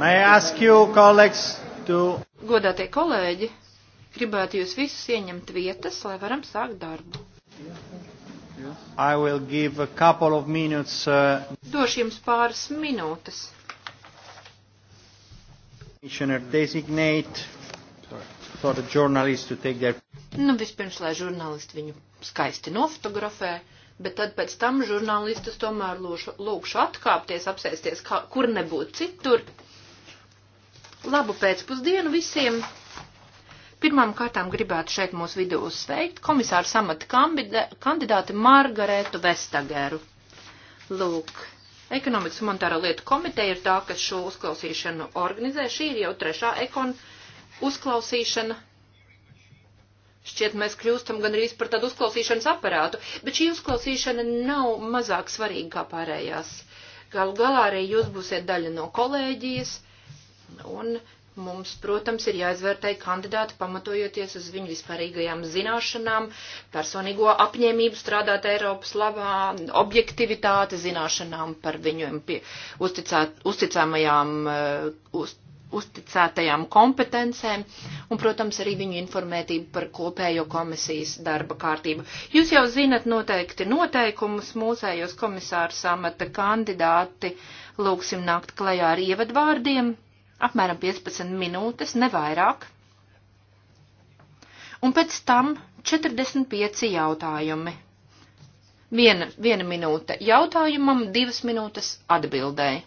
May I ask you, colleagues, to... Godātie kolēģi, gribētu jūs visus ieņemt vietas, lai varam sākt darbu. I will give a couple of minutes. Uh... Došu jums pāris minūtes. Commissioner designate for the journalists to take their... Nu, vispirms, lai žurnālisti viņu skaisti nofotografē bet tad pēc tam žurnālistus tomēr lūšu, lūkšu atkāpties, apsēsties, kā, kur nebūtu citur. Labu pēcpusdienu visiem! Pirmām kārtām gribētu šeit mūsu vidū sveikt komisāru samata kandidāti Margaretu Vestageru. Lūk, Ekonomikas un monetāro lietu komiteja ir tā, kas šo uzklausīšanu organizē. Šī ir jau trešā ekon uzklausīšana Šķiet, mēs kļūstam gandrīz par tādu uzklausīšanas aparātu, bet šī uzklausīšana nav mazāk svarīga kā pārējās. Galu galā arī jūs būsiet daļa no kolēģijas, un mums, protams, ir jāizvērtē kandidāti pamatojoties uz viņu vispārīgajām zināšanām, personīgo apņēmību strādāt Eiropas labā, objektivitāti zināšanām par viņiem pie, uzticā, uzticamajām, eh, uz, uzticētajām kompetencēm un, protams, arī viņu informētību par kopējo komisijas darba kārtību. Jūs jau zinat noteikti noteikumus mūsējos komisāra samata kandidāti. Lūksim nākt klajā ar ievadvārdiem, apmēram 15 minūtes, nevairāk. Un pēc tam 45 jautājumi. Viena, viena minūte jautājumam, divas minūtes atbildēji.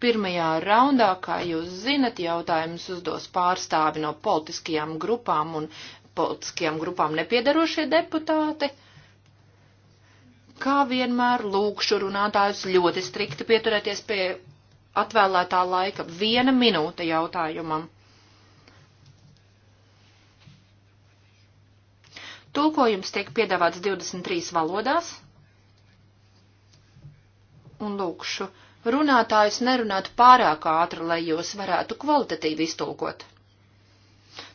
Pirmajā raundā, kā jūs zinat, jautājumus uzdos pārstāvi no politiskajām grupām un politiskajām grupām nepiedarošie deputāti. Kā vienmēr lūkšu runātājus ļoti strikti pieturēties pie atvēlētā laika viena minūte jautājumam. Tulkojums tiek piedāvāts 23 valodās. Un lūkšu runātājs nerunātu pārāk ātri, lai jūs varētu kvalitatīvi iztulkot.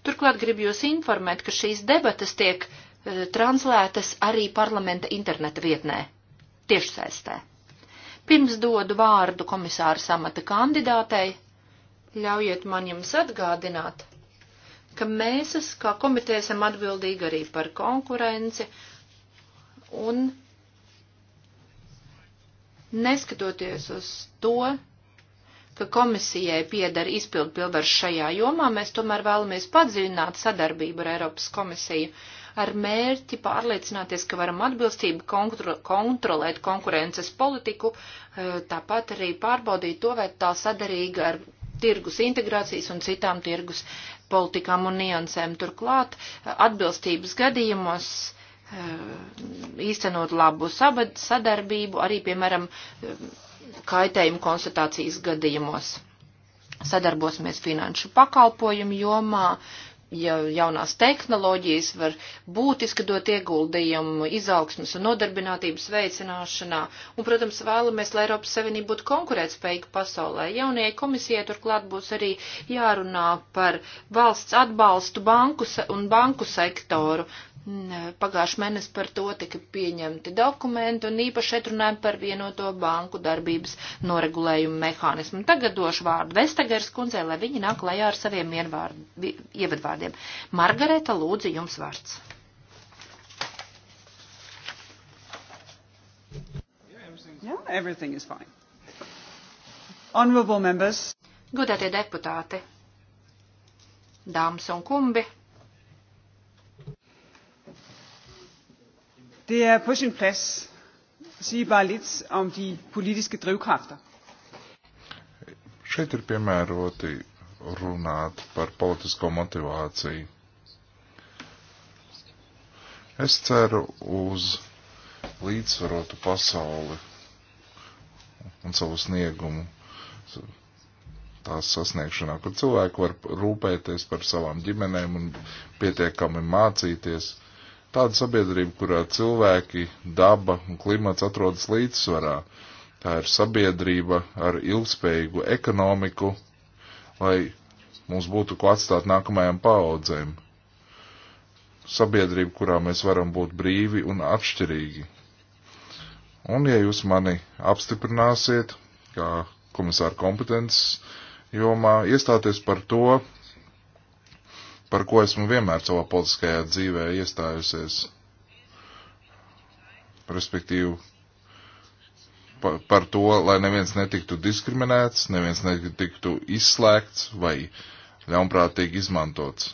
Turklāt gribu jūs informēt, ka šīs debatas tiek e, translētas arī parlamenta interneta vietnē, tiešsaistē. Pirms dodu vārdu komisāra samata kandidātei, ļaujiet man jums atgādināt, ka mēs, kā komiteja, esam atbildīgi arī par konkurenci un Neskatoties uz to, ka komisijai piedara izpildu pilvars šajā jomā, mēs tomēr vēlamies padziļināt sadarbību ar Eiropas komisiju ar mērķi pārliecināties, ka varam atbilstību kontro, kontrolēt konkurences politiku, eh, tāpat arī pārbaudīt to, vai tā sadarīga ar tirgus integrācijas un citām tirgus politikām un niansēm. Turklāt eh, atbilstības gadījumos Eh, īstenot labu sadarbību, arī, piemēram, eh, kaitējumu konstatācijas gadījumos. Sadarbosimies finanšu pakalpojumu jomā, ja jaunās tehnoloģijas var būtiski dot ieguldījumu izaugsmas un nodarbinātības veicināšanā, un, protams, vēlamies, lai Eiropas Savienība būtu konkurētspējīga pasaulē. Jaunajai komisijai turklāt būs arī jārunā par valsts atbalstu banku un banku sektoru, Pagājuši mēnesi par to tika pieņemti dokumenti un īpaši šeit runājam par vienoto banku darbības noregulējumu mehānismu. Tagad došu vārdu Vestagers kundzei, lai viņi nāk lajā ar saviem ienvārdu, ievadvārdiem. Margareta, lūdzu, jums vārds. Yeah, everything is fine. Honorable members. Godātie deputāti, dāmas un kumbi. Det er på sin plads at sige bare lidt om de politiske drivkræfter. Šeit ir piemēroti runāt par politisko motivāciju. Es ceru uz līdzsvarotu pasauli un savu sniegumu tās sasniegšanā, kur cilvēki var rūpēties par savām ģimenēm un pietiekami mācīties tāda sabiedrība, kurā cilvēki, daba un klimats atrodas līdzsvarā. Tā ir sabiedrība ar ilgspējīgu ekonomiku, lai mums būtu ko atstāt nākamajām paaudzēm. Sabiedrība, kurā mēs varam būt brīvi un atšķirīgi. Un, ja jūs mani apstiprināsiet, kā komisāra kompetences jomā, iestāties par to, par ko esmu vienmēr savā politiskajā dzīvē iestājusies. Respektīvi, par, par to, lai neviens netiktu diskriminēts, neviens netiktu izslēgts vai ļaunprātīgi izmantots.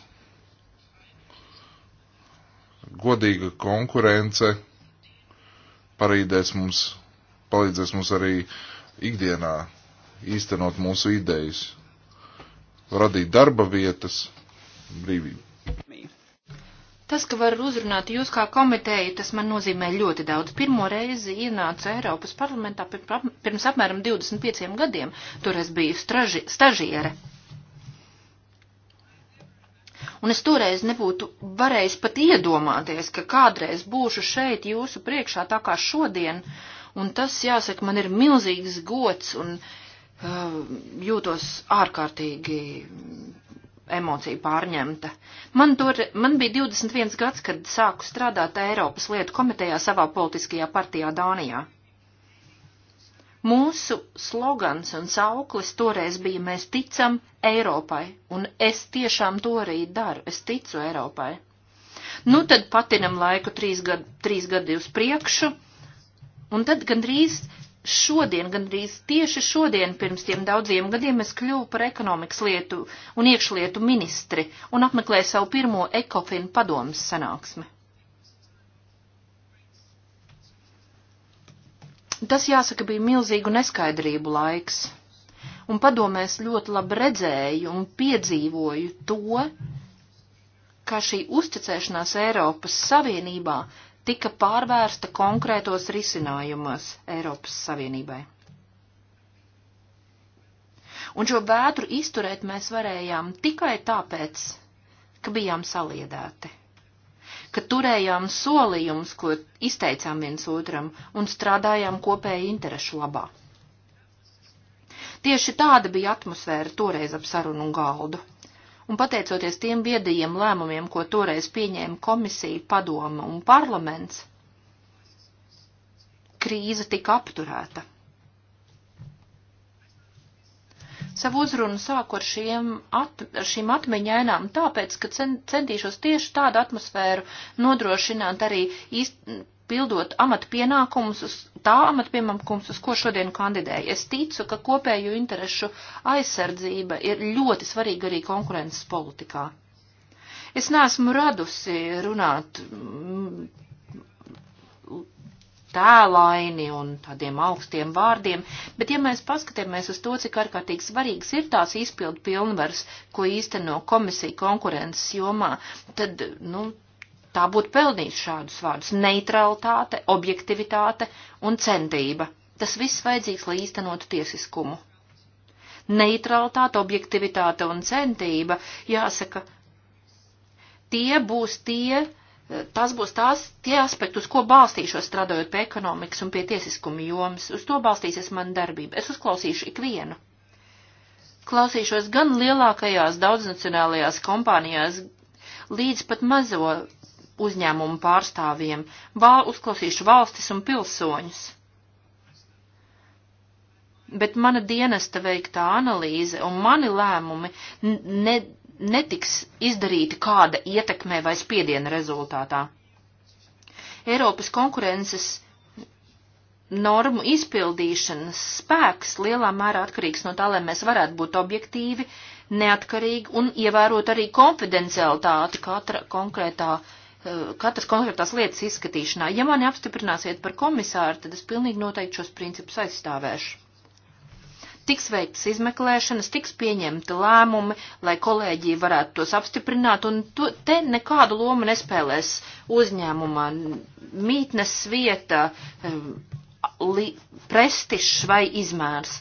Godīga konkurence parīdēs mums, palīdzēs mums arī ikdienā īstenot mūsu idejas, radīt darba vietas, brīvību. Tas, ka varu uzrunāt jūs kā komiteju, tas man nozīmē ļoti daudz. Pirmo reizi ienācu Eiropas parlamentā pirms apmēram 25 gadiem. Tur es biju straži, stažiere. Un es toreiz nebūtu varējis pat iedomāties, ka kādreiz būšu šeit jūsu priekšā tā kā šodien. Un tas, jāsaka, man ir milzīgs gods un uh, jūtos ārkārtīgi emocija pārņemta. Man, tur, man bija 21 gads, kad sāku strādāt Eiropas lietu komitejā savā politiskajā partijā Dānijā. Mūsu slogans un sauklis toreiz bija mēs ticam Eiropai, un es tiešām to arī daru, es ticu Eiropai. Nu tad patinam laiku trīs, gad, trīs gadi uz priekšu, un tad gandrīz šodien, gandrīz tieši šodien pirms tiem daudziem gadiem, es kļuvu par ekonomikas lietu un iekšlietu ministri un apmeklēju savu pirmo ekofinu padomas sanāksmi. Tas, jāsaka, bija milzīgu neskaidrību laiks, un padomēs ļoti labi redzēju un piedzīvoju to, kā šī uzticēšanās Eiropas Savienībā tika pārvērsta konkrētos risinājumos Eiropas Savienībai. Un šo vētru izturēt mēs varējām tikai tāpēc, ka bijām saliedēti ka turējām solījumus, ko izteicām viens otram un strādājām kopēji interešu labā. Tieši tāda bija atmosfēra toreiz ap sarunu galdu un pateicoties tiem viedajiem lēmumiem, ko toreiz pieņēma komisija, padoma un parlaments, krīze tika apturēta. Savu uzrunu sāku ar, šiem at, ar šīm atmiņainām, tāpēc, ka centīšos tieši tādu atmosfēru nodrošināt arī īst, pildot amata pienākumus, uz, tā amata pienākumus, uz ko šodien kandidēju. Es ticu, ka kopēju interešu aizsardzība ir ļoti svarīga arī konkurences politikā. Es neesmu radusi runāt mm, tēlaini un tādiem augstiem vārdiem, bet ja mēs paskatāmies uz to, cik ārkārtīgi svarīgs ir tās izpildu pilnvars, ko īsteno komisija konkurences jomā, tad, nu, Tā būtu pelnījusi šādus vārdus - neutralitāte, objektivitāte un centība. Tas viss vajadzīgs, lai īstenotu tiesiskumu. Neutralitāte, objektivitāte un centība, jāsaka, tie būs tie, tas būs tās, tie aspekti, uz ko balstīšos strādājot pie ekonomikas un pie tiesiskuma jomas. Uz to balstīsies mana darbība. Es uzklausīšu ikvienu. Klausīšos gan lielākajās daudznacionālajās kompānijās, līdz pat mazo uzņēmumu pārstāvjiem, Val, uzklausīšu valstis un pilsoņus. Bet mana dienesta veiktā analīze un mani lēmumi ne, netiks izdarīti kāda ietekmē vai spiediena rezultātā. Eiropas konkurences normu izpildīšanas spēks lielā mērā atkarīgs no tā, lai mēs varētu būt objektīvi, neatkarīgi un ievērot arī konfidencialitāti katra konkrētā Eh, katras konkrētās lietas izskatīšanā. Ja mani apstiprināsiet par komisāru, tad es pilnīgi noteikti šos principus aizstāvēšu. Tiks veikts izmeklēšanas, tiks pieņemta lēmumi, lai kolēģija varētu tos apstiprināt, un to, te nekādu lomu nespēlēs uzņēmumā mītnes vieta, eh, li, prestižs vai izmērs.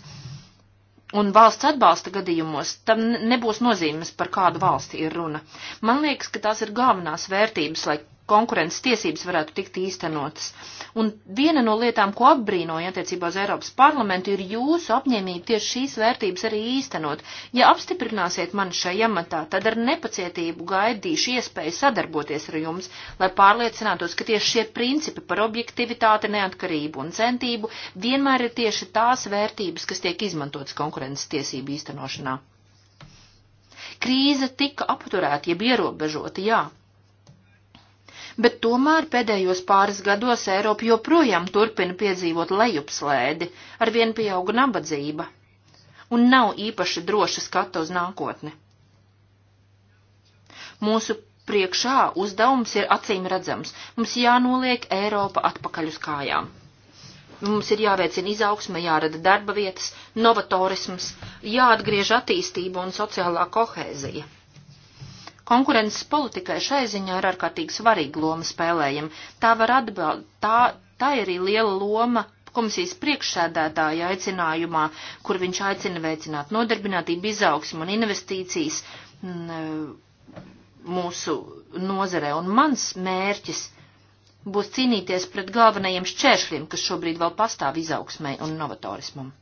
Un valsts atbalsta gadījumos tam nebūs nozīmes, par kādu valsti ir runa. Man liekas, ka tās ir galvenās vērtības, lai konkurences tiesības varētu tikt īstenotas. Un viena no lietām, ko apbrīnoja attiecībā uz Eiropas parlamentu, ir jūsu apņēmība tieši šīs vērtības arī īstenot. Ja apstiprināsiet mani šajā amatā, tad ar nepacietību gaidīšu iespēju sadarboties ar jums, lai pārliecinātos, ka tieši šie principi par objektivitāti, neatkarību un centību vienmēr ir tieši tās vērtības, kas tiek izmantotas konkurences tiesību īstenošanā. Krīze tika apturēta, jeb ierobežota, jā, bet tomēr pēdējos pāris gados Eiropa joprojām turpina piedzīvot lejupslēdi, arvien pieauga nabadzība, un nav īpaši droša skata uz nākotni. Mūsu priekšā uzdevums ir acīm redzams. Mums jānoliek Eiropa atpakaļ uz kājām. Mums ir jāveicina izaugsme, jārada darba vietas, novatorisms, jāatgriež attīstība un sociālā kohēzija. Konkurences politikai šai ziņā ir ārkārtīgi svarīga loma spēlējama. Tā var atbald, tā, tā ir arī liela loma komisijas priekšsēdētāja aicinājumā, kur viņš aicina veicināt nodarbinātību, izaugsmu un investīcijas mm, e, mūsu nozarē. Un mans mērķis būs cīnīties pret galvenajiem šķēršļiem, kas šobrīd vēl pastāv izaugsmai un novatorismam.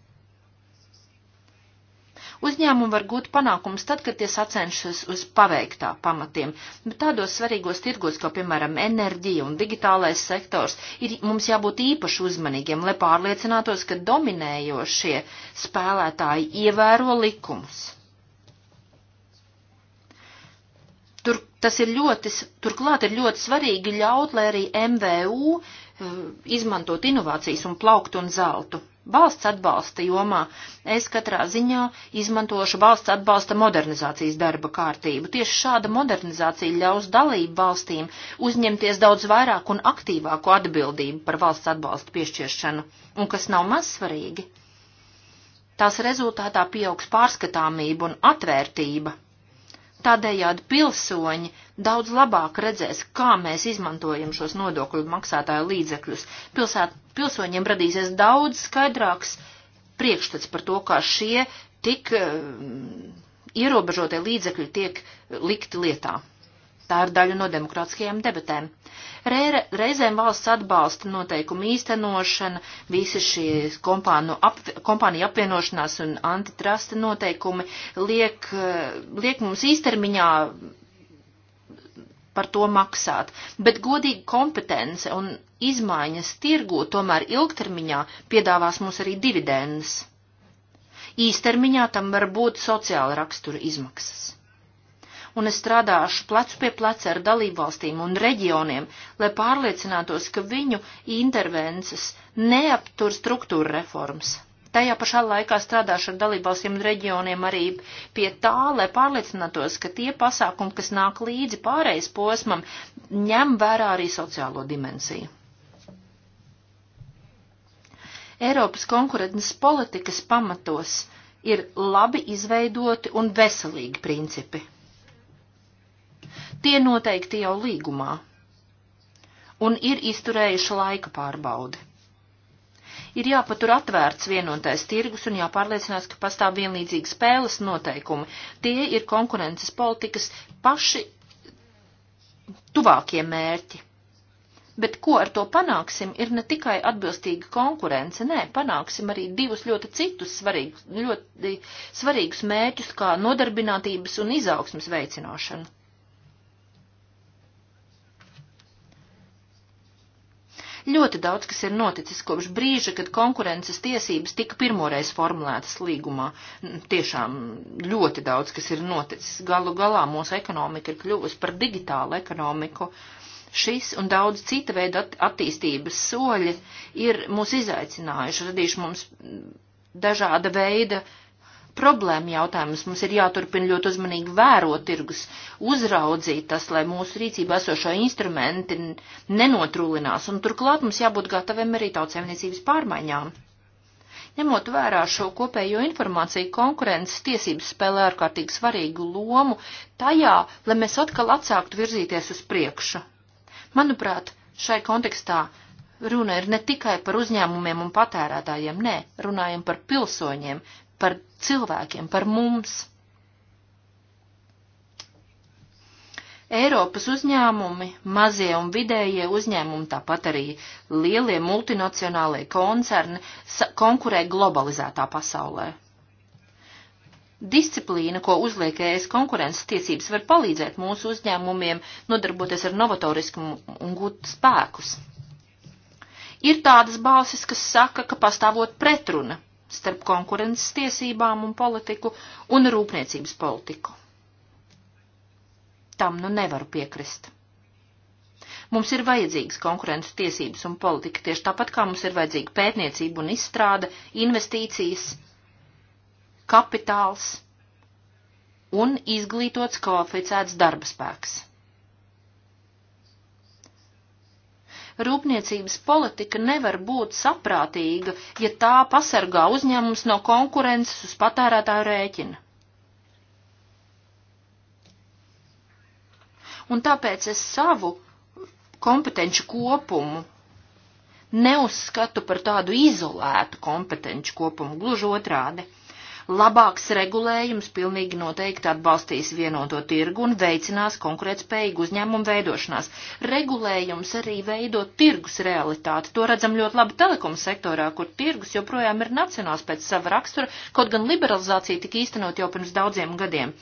Uzņēmumi var gūt panākumus tad, kad tie sacenšas uz paveiktā pamatiem, bet tādos svarīgos tirgos, kā piemēram enerģija un digitālais sektors, ir mums jābūt īpaši uzmanīgiem, lai pārliecinātos, ka dominējošie spēlētāji ievēro likumus. Tur, tas ir ļoti, turklāt ir ļoti svarīgi ļaut, lai arī MVU eh, izmantot inovācijas un plaukt un zeltu valsts atbalsta jomā es katrā ziņā izmantošu valsts atbalsta modernizācijas darba kārtību. Tieši šāda modernizācija ļaus dalību valstīm uzņemties daudz vairāk un aktīvāku atbildību par valsts atbalsta piešķiršanu, un kas nav maz svarīgi. Tās rezultātā pieaugs pārskatāmība un atvērtība Tādējādi pilsoņi daudz labāk redzēs, kā mēs izmantojam šos nodokļu maksātāju līdzekļus. Pilsēt, pilsoņiem radīsies daudz skaidrāks priekšstats par to, kā šie tik uh, ierobežotie līdzekļi tiek likti lietā. Tā ir daļa no demokrātiskajām debatēm. Re, reizēm valsts atbalsta noteikumu īstenošana, visi šie kompānu, ap, kompāniju apvienošanās un antitrusta noteikumi liek, liek mums īstermiņā par to maksāt, bet godīga kompetence un izmaiņas tirgū tomēr ilgtermiņā piedāvās mums arī dividendes. Īstermiņā tam var būt sociāla rakstura izmaksas un es strādāšu plecu pie pleca ar dalībvalstīm un reģioniem, lai pārliecinātos, ka viņu intervences neaptur struktūra reformas. Tajā pašā laikā strādāšu ar dalībvalstīm un reģioniem arī pie tā, lai pārliecinātos, ka tie pasākumi, kas nāk līdzi pārējais posmam, ņem vērā arī sociālo dimensiju. Eiropas konkurētnes politikas pamatos ir labi izveidoti un veselīgi principi. Tie noteikti jau līgumā un ir izturējuši laika pārbaudi. Ir jāpatur atvērts vienotais tirgus un jāpārliecinās, ka pastāv vienlīdzīgi spēles noteikumi. Tie ir konkurences politikas paši tuvākie mērķi. Bet ko ar to panāksim, ir ne tikai atbilstīga konkurence, nē, panāksim arī divus ļoti citus svarīgus, ļoti svarīgus mērķus, kā nodarbinātības un izaugsmas veicināšanu. Ļoti daudz, kas ir noticis kopš brīža, kad konkurences tiesības tika pirmoreiz formulētas līgumā. Tiešām ļoti daudz, kas ir noticis. Galu galā mūsu ekonomika ir kļuvusi par digitālu ekonomiku. Šis un daudz cita veida attīstības soļi ir mūs izaicinājuši, radījuši mums dažāda veida uh, problēma jautājums. Mums ir jāturpina ļoti uzmanīgi vērot tirgus, uzraudzīt tas, lai mūsu rīcībā esošo instrumenti nenotrūlinās, un turklāt mums jābūt gataviem arī tautsēmniecības pārmaiņām. Ņemot vērā šo kopējo informāciju, konkurences tiesības spēlē ārkārtīgi svarīgu lomu tajā, lai mēs atkal atsāktu virzīties uz priekšu. Manuprāt, šai kontekstā runa ir ne tikai par uzņēmumiem un patērētājiem, nē, runājam par pilsoņiem, par cilvēkiem, par mums. Eiropas uzņēmumi, mazie un vidējie uzņēmumi, tāpat arī lielie multinacionālie koncerni konkurē globalizētā pasaulē. Disciplīna, ko uzliek ES konkurences tiesības, var palīdzēt mūsu uzņēmumiem nodarboties ar novatoriskumu un gūt spēkus. Ir tādas balsis, kas saka, ka pastāvot pretruna starp konkurences tiesībām un politiku un rūpniecības politiku. Tam nu nevaru piekrist. Mums ir vajadzīgas konkurences tiesības un politika, tieši tāpat kā mums ir vajadzīga pētniecība un izstrāde, investīcijas, kapitāls un izglītots kvalificēts darba spēks. Rūpniecības politika nevar būt saprātīga, ja tā pasargā uzņēmums no konkurences uz patērētāju rēķina. Un tāpēc es savu kompetenci kopumu neuzskatu par tādu izolētu kompetenci kopumu, gluži otrādi. Labāks regulējums pilnīgi noteikti atbalstīs vienoto tirgu un veicinās konkurētspējīgu uzņēmumu veidošanās. Regulējums arī veido tirgus realitāti. To redzam ļoti labi telekom sektorā, kur tirgus joprojām ir nacionāls pēc sava rakstura, kaut gan liberalizācija tika īstenot jau pirms daudziem gadiem.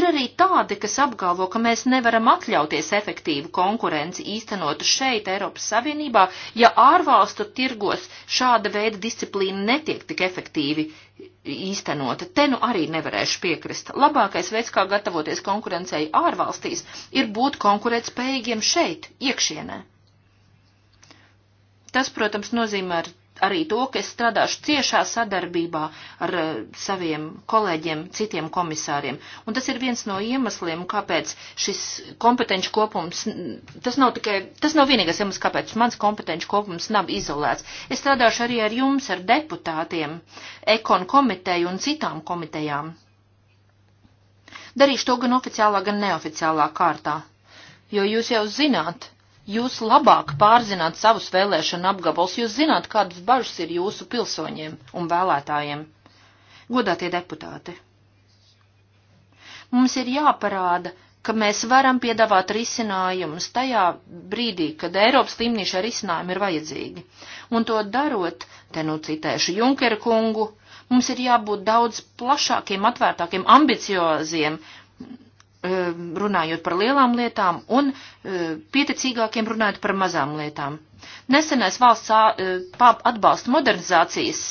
Ir arī tādi, kas apgalvo, ka mēs nevaram atļauties efektīvu konkurenci īstenot šeit, Eiropas Savienībā, ja ārvalstu tirgos šāda veida disciplīna netiek tik efektīvi īstenota. Te nu arī nevarēšu piekrist. Labākais veids, kā gatavoties konkurencei ārvalstīs, ir būt konkurētspējīgiem šeit, iekšienē. Tas, protams, nozīmē ar arī to, ka es strādāšu ciešā sadarbībā ar eh, saviem kolēģiem, citiem komisāriem. Un tas ir viens no iemesliem, kāpēc šis kompetenci kopums, tas nav tikai, tas nav vienīgais iemesls, kāpēc mans kompetenci kopums nav izolēts. Es strādāšu arī ar jums, ar deputātiem, ekon komiteju un citām komitejām. Darīšu to gan oficiālā, gan neoficiālā kārtā. Jo jūs jau zināt, jūs labāk pārzināt savus vēlēšanu apgabals, jūs zināt, kādas bažas ir jūsu pilsoņiem un vēlētājiem. Godātie deputāti! Mums ir jāparāda, ka mēs varam piedāvāt risinājumus tajā brīdī, kad Eiropas līmenī šie risinājumi ir vajadzīgi. Un to darot, te nu citēšu Junkera kungu, mums ir jābūt daudz plašākiem, atvērtākiem, ambicioziem Um, runājot par lielām lietām un uh, pieticīgākiem runājot par mazām lietām. Nesenais valsts uh, atbalsta modernizācijas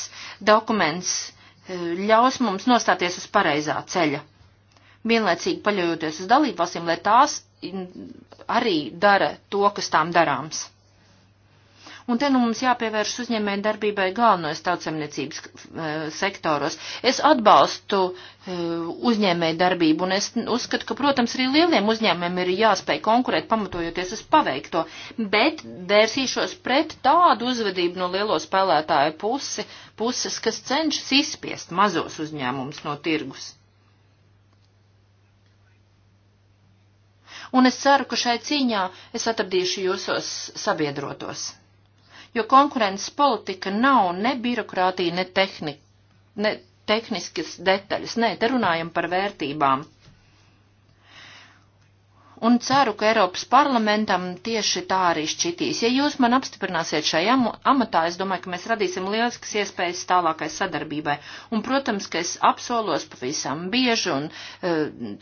dokuments uh, ļaus mums nostāties uz pareizā ceļa, vienlaicīgi paļaujoties uz dalībvalstīm, lai tās arī dara to, kas tām darāms. Un te nu mums jāpievērš uzņēmēju darbībai galvenojas tautsemniecības eh, sektoros. Es atbalstu eh, uzņēmēju darbību un es uzskatu, ka, protams, arī lieliem uzņēmēm ir jāspēj konkurēt pamatojoties uz paveikto, bet vērsīšos pret tādu uzvedību no lielo spēlētāju pusi, puses, kas cenšas izspiest mazos uzņēmumus no tirgus. un es ceru, ka šai cīņā es atradīšu jūsos sabiedrotos jo konkurences politika nav ne birokrātija, ne, tehni, ne tehniskas detaļas. Nē, te runājam par vērtībām un ceru, ka Eiropas parlamentam tieši tā arī šķitīs. Ja jūs man apstiprināsiet šajā amatā, es domāju, ka mēs radīsim lieliskas iespējas tālākai sadarbībai. Un, protams, ka es apsolos pavisam bieži un e,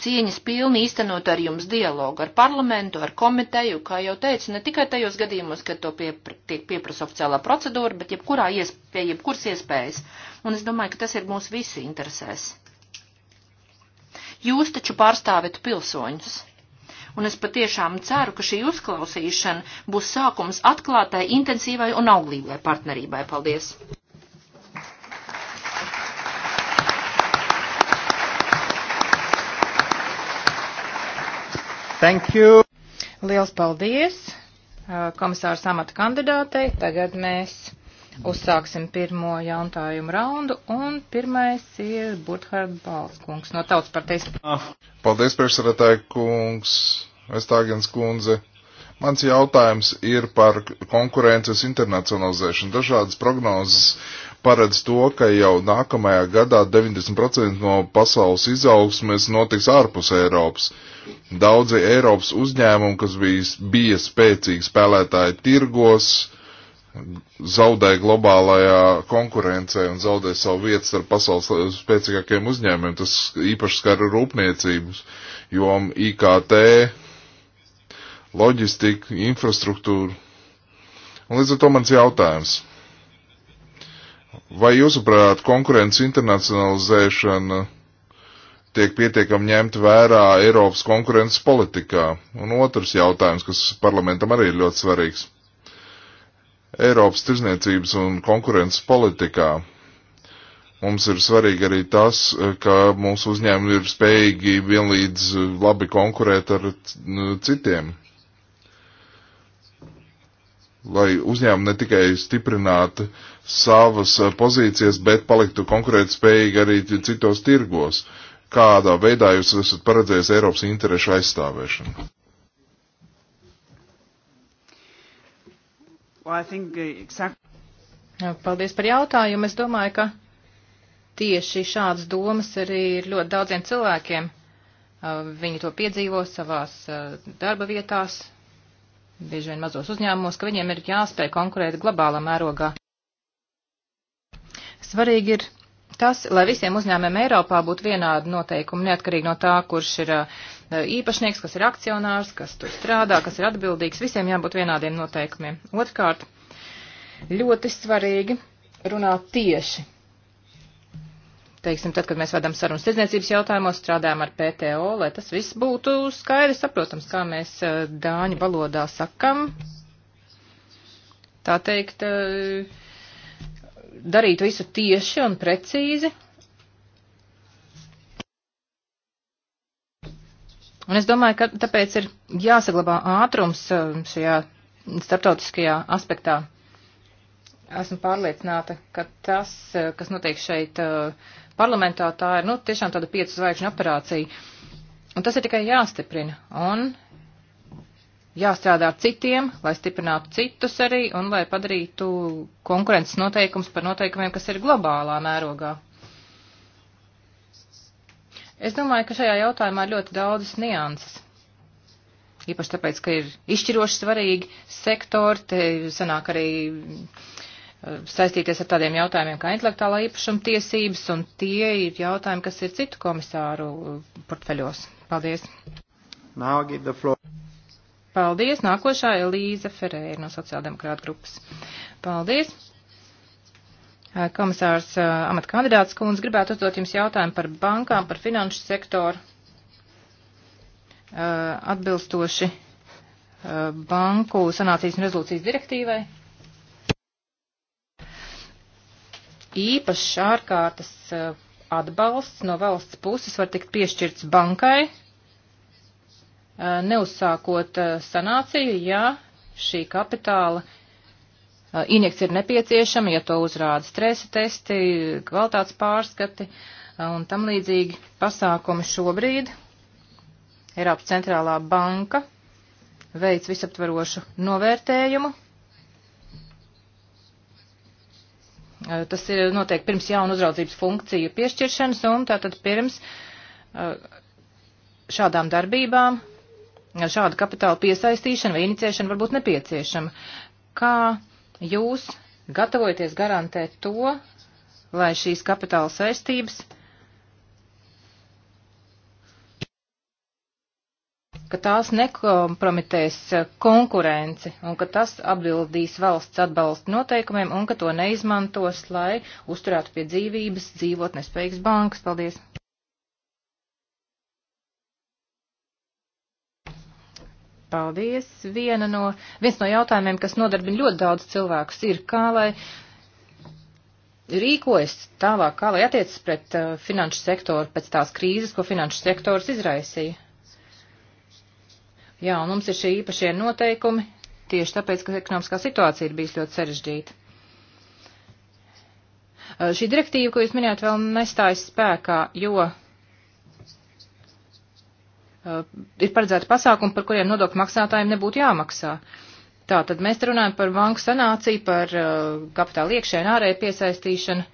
cieņas pilni īstenot ar jums dialogu, ar parlamentu, ar komiteju, kā jau teicu, ne tikai tajos gadījumos, kad to piepr tiek pieprasa oficiālā procedūra, bet jebkurā iespēja, jebkuras iespējas. Un es domāju, ka tas ir mūsu visu interesēs. Jūs taču pārstāvētu pilsoņus un es patiešām ceru, ka šī uzklausīšana būs sākums atklātai, intensīvai un auglīgai partnerībai. Paldies! Thank you! Liels paldies komisāra samata kandidātei. Tagad mēs Uzsāksim pirmo jautājumu raundu, un pirmais ir Burkhard Balskungs no Tautas partijas. Paldies, priekšsarētāji kungs, Vestāgens kundze. Mans jautājums ir par konkurences internacionalizēšanu. Dažādas prognozes paredz to, ka jau nākamajā gadā 90% no pasaules izaugsmes notiks ārpus Eiropas. Daudzi Eiropas uzņēmumi, kas bija, bija spēcīgi spēlētāji tirgos, zaudē globālajā konkurencē un zaudē savu vietu ar pasaules spēcīgākiem uzņēmumiem. Tas īpaši skar rūpniecības, jom IKT, loģistika, infrastruktūra. Un līdz ar to mans jautājums. Vai jūsuprāt konkurences internacionalizēšana tiek pietiekam ņemt vērā Eiropas konkurences politikā? Un otrs jautājums, kas parlamentam arī ir ļoti svarīgs Eiropas tirzniecības un konkurences politikā. Mums ir svarīgi arī tas, eh, ka mūsu uzņēmumi ir spējīgi vienlīdz eh, labi konkurēt ar citiem. Lai uzņēmumi ne tikai stiprinātu savas eh, pozīcijas, bet paliktu konkurēt spējīgi arī citos tirgos. Kādā veidā jūs esat paredzējis Eiropas interešu aizstāvēšanu? Well, uh, exactly... Paldies par jautājumu. Es domāju, ka tieši šādas domas arī ir ļoti daudziem cilvēkiem. Uh, viņi to piedzīvo savās uh, darba vietās, bieži vien mazos uzņēmumos, ka viņiem ir jāspēj konkurēt globālā mērogā. Svarīgi ir tas, lai visiem uzņēmumiem Eiropā būtu vienādi noteikumi, neatkarīgi no tā, kurš ir uh, Eh, īpašnieks, kas ir akcionārs, kas tur strādā, kas ir atbildīgs, visiem jābūt vienādiem noteikumiem. Otrkārt, ļoti svarīgi runāt tieši. Teiksim, tad, kad mēs vedam sarunas tirdzniecības jautājumos, strādājam ar PTO, lai tas viss būtu skaidrs, saprotams, kā mēs eh, dāņu valodā sakam. Tā teikt, eh, darīt visu tieši un precīzi, Un es domāju, ka tāpēc ir jāsaglabā ātrums eh, šajā starptautiskajā aspektā. Esmu pārliecināta, ka tas, eh, kas notiek šeit eh, parlamentā, tā ir, nu, tiešām tāda piecu zvaigžņu operācija. Un tas ir tikai jāstiprina. Un jāstrādā ar citiem, lai stiprinātu citus arī un lai padarītu konkurences noteikums par noteikumiem, kas ir globālā mērogā. Es domāju, ka šajā jautājumā ir ļoti daudzas nianses. Īpaši tāpēc, ka ir izšķiroši svarīgi sektori, te sanāk arī eh, saistīties ar tādiem jautājumiem kā intelektuālā īpašuma tiesības, un tie ir jautājumi, kas ir citu komisāru eh, portfeļos. Paldies. Paldies. Nākošā Elīza Ferēra no sociāldemokrāta grupas. Paldies. Eh, komisārs eh, amat kandidāts kundze, gribētu uzdot jums jautājumu par bankām, par finanšu sektoru. Eh, atbilstoši banku sanācijas un rezolūcijas direktīvai. Īpašs ārkārtas atbalsts no valsts puses var tikt piešķirts bankai, neuzsākot sanāciju, ja šī kapitāla uh, Uh, injekcija ir nepieciešama, ja to uzrāda stresa testi, kvalitātes pārskati uh, un tam līdzīgi pasākumi šobrīd. Eiropas centrālā banka veic visaptvarošu novērtējumu. Uh, tas ir noteikti pirms jaunu uzraudzības funkciju piešķiršanas un tātad pirms šādām darbībām šāda kapitāla piesaistīšana vai inicēšana var būt nepieciešama. Kā jūs gatavojaties garantēt to, lai šīs kapitāla saistības, ka tās nekompromitēs konkurenci un ka tas atbildīs valsts atbalsta noteikumiem un ka to neizmantos, lai uzturētu pie dzīvības dzīvot nespējīgas bankas. Paldies! Paldies. Viena no, viens no jautājumiem, kas nodarbina ļoti daudz cilvēkus, ir, kā lai rīkojas tālāk, kā lai attiecas pret uh, finanšu sektoru pēc tās krīzes, ko finanšu sektors izraisīja. Jā, un mums ir šie īpašie noteikumi, tieši tāpēc, ka ekonomiskā situācija ir bijis ļoti sarežģīta. Uh, šī direktīva, ko jūs minējāt, vēl nestājas spēkā, jo Eh, ir paredzēti pasākumi, par kuriem nodokļu maksātājiem nebūtu jāmaksā. Tā tad mēs te runājam par banku sanāciju, par uh, kapitāla iekšē un ārēju piesaistīšanu.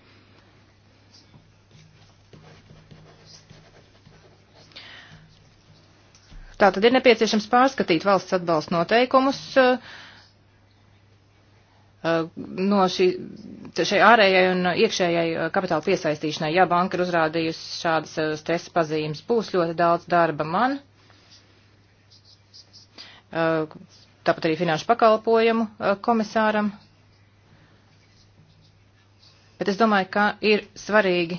Tā tad ir nepieciešams pārskatīt valsts atbalsta noteikumus. Uh, Uh, no šī, šai ārējai un iekšējai uh, kapitāla piesaistīšanai. Ja banka ir uzrādījusi šādas uh, stresa pazīmes, būs ļoti daudz darba man, tāpat arī finanšu pakalpojumu komisāram. Bet es domāju, ka ir svarīgi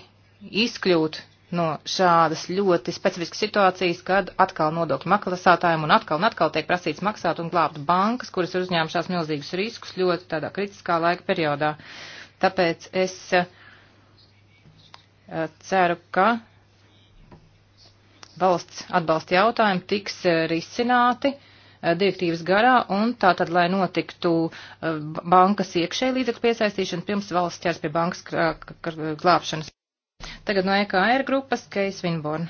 izkļūt no šādas ļoti specifiskas situācijas, kad atkal nodokļu maksātājiem un atkal un atkal tiek prasīts maksāt un glābt bankas, kuras ir uzņēmušās milzīgus riskus ļoti tādā kritiskā laika periodā. Tāpēc es eh, ceru, ka valsts atbalsta jautājumi tiks eh, risināti eh, direktīvas garā, un tā tad, lai notiktu bankas iekšēji līdzekļu piesaistīšana, pirms valsts ķers pie bankas glābšanas. Tagad no EKR grupas Keis Vinborn.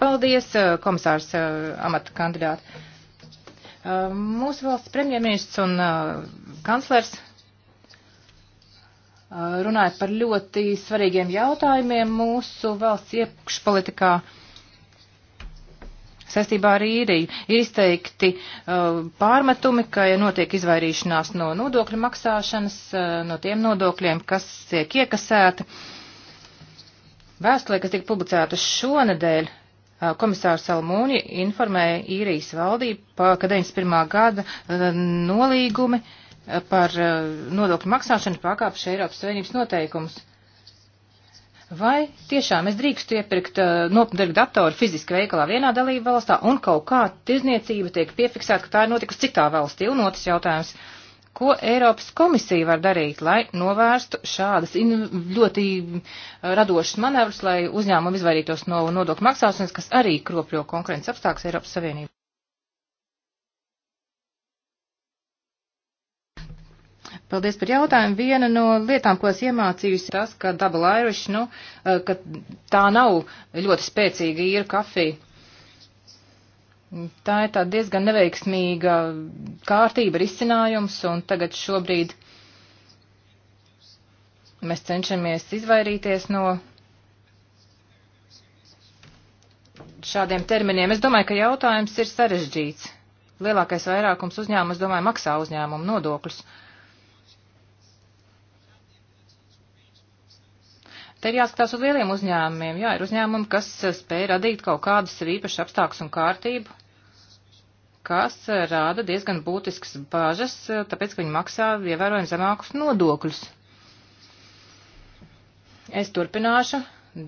Paldies, eh, komisārs eh, amata kandidāti. Eh, mūsu valsts premjerministrs un kanclers runāja par ļoti svarīgiem jautājumiem mūsu valsts iekšpolitikā. politikā saistībā ar īriju. Ir izteikti uh, pārmetumi, ka ja notiek izvairīšanās no nodokļu maksāšanas, uh, no tiem nodokļiem, kas tiek iekasēti. Vēstulē, kas tika publicēta šonadēļ, uh, komisārs Salmūni informēja īrijas valdību, ka 91. gada uh, nolīgumi uh, par nodokļu maksāšanu pakāpšu Eiropas Savienības noteikumus. Vai tiešām es drīkstu iepirkt uh, nopirkt datoru fiziski veikalā vienā dalību valstā un kaut kā tirzniecība tiek piefiksēta, ka tā ir notikusi citā valstī? Un otrs jautājums. Ko Eiropas komisija var darīt, lai novērstu šādas ļoti uh, radošas manevras, lai uzņēmumi izvairītos no nodokļu maksāšanas, kas arī kropļo konkurences apstākļus Eiropas Savienībā? Paldies par jautājumu. Viena no lietām, ko es iemācījusi, tas, ka Double Irish, nu, eh, ka tā nav ļoti spēcīga īra kafija. Tā ir tā diezgan neveiksmīga kārtība risinājums, un tagad šobrīd mēs cenšamies izvairīties no šādiem terminiem. Es domāju, ka jautājums ir sarežģīts. Lielākais vairākums uzņēmums, domāju, maksā uzņēmumu nodokļus. Uh, Te ir jāskatās uz lieliem uzņēmumiem. Jā, ir uzņēmumi, kas spēj radīt kaut kādus sev īpašus apstākļus un kārtību, kas rāda diezgan būtiskas bāžas, tāpēc, ka viņi maksā ievērojami zemākus nodokļus. Es turpināšu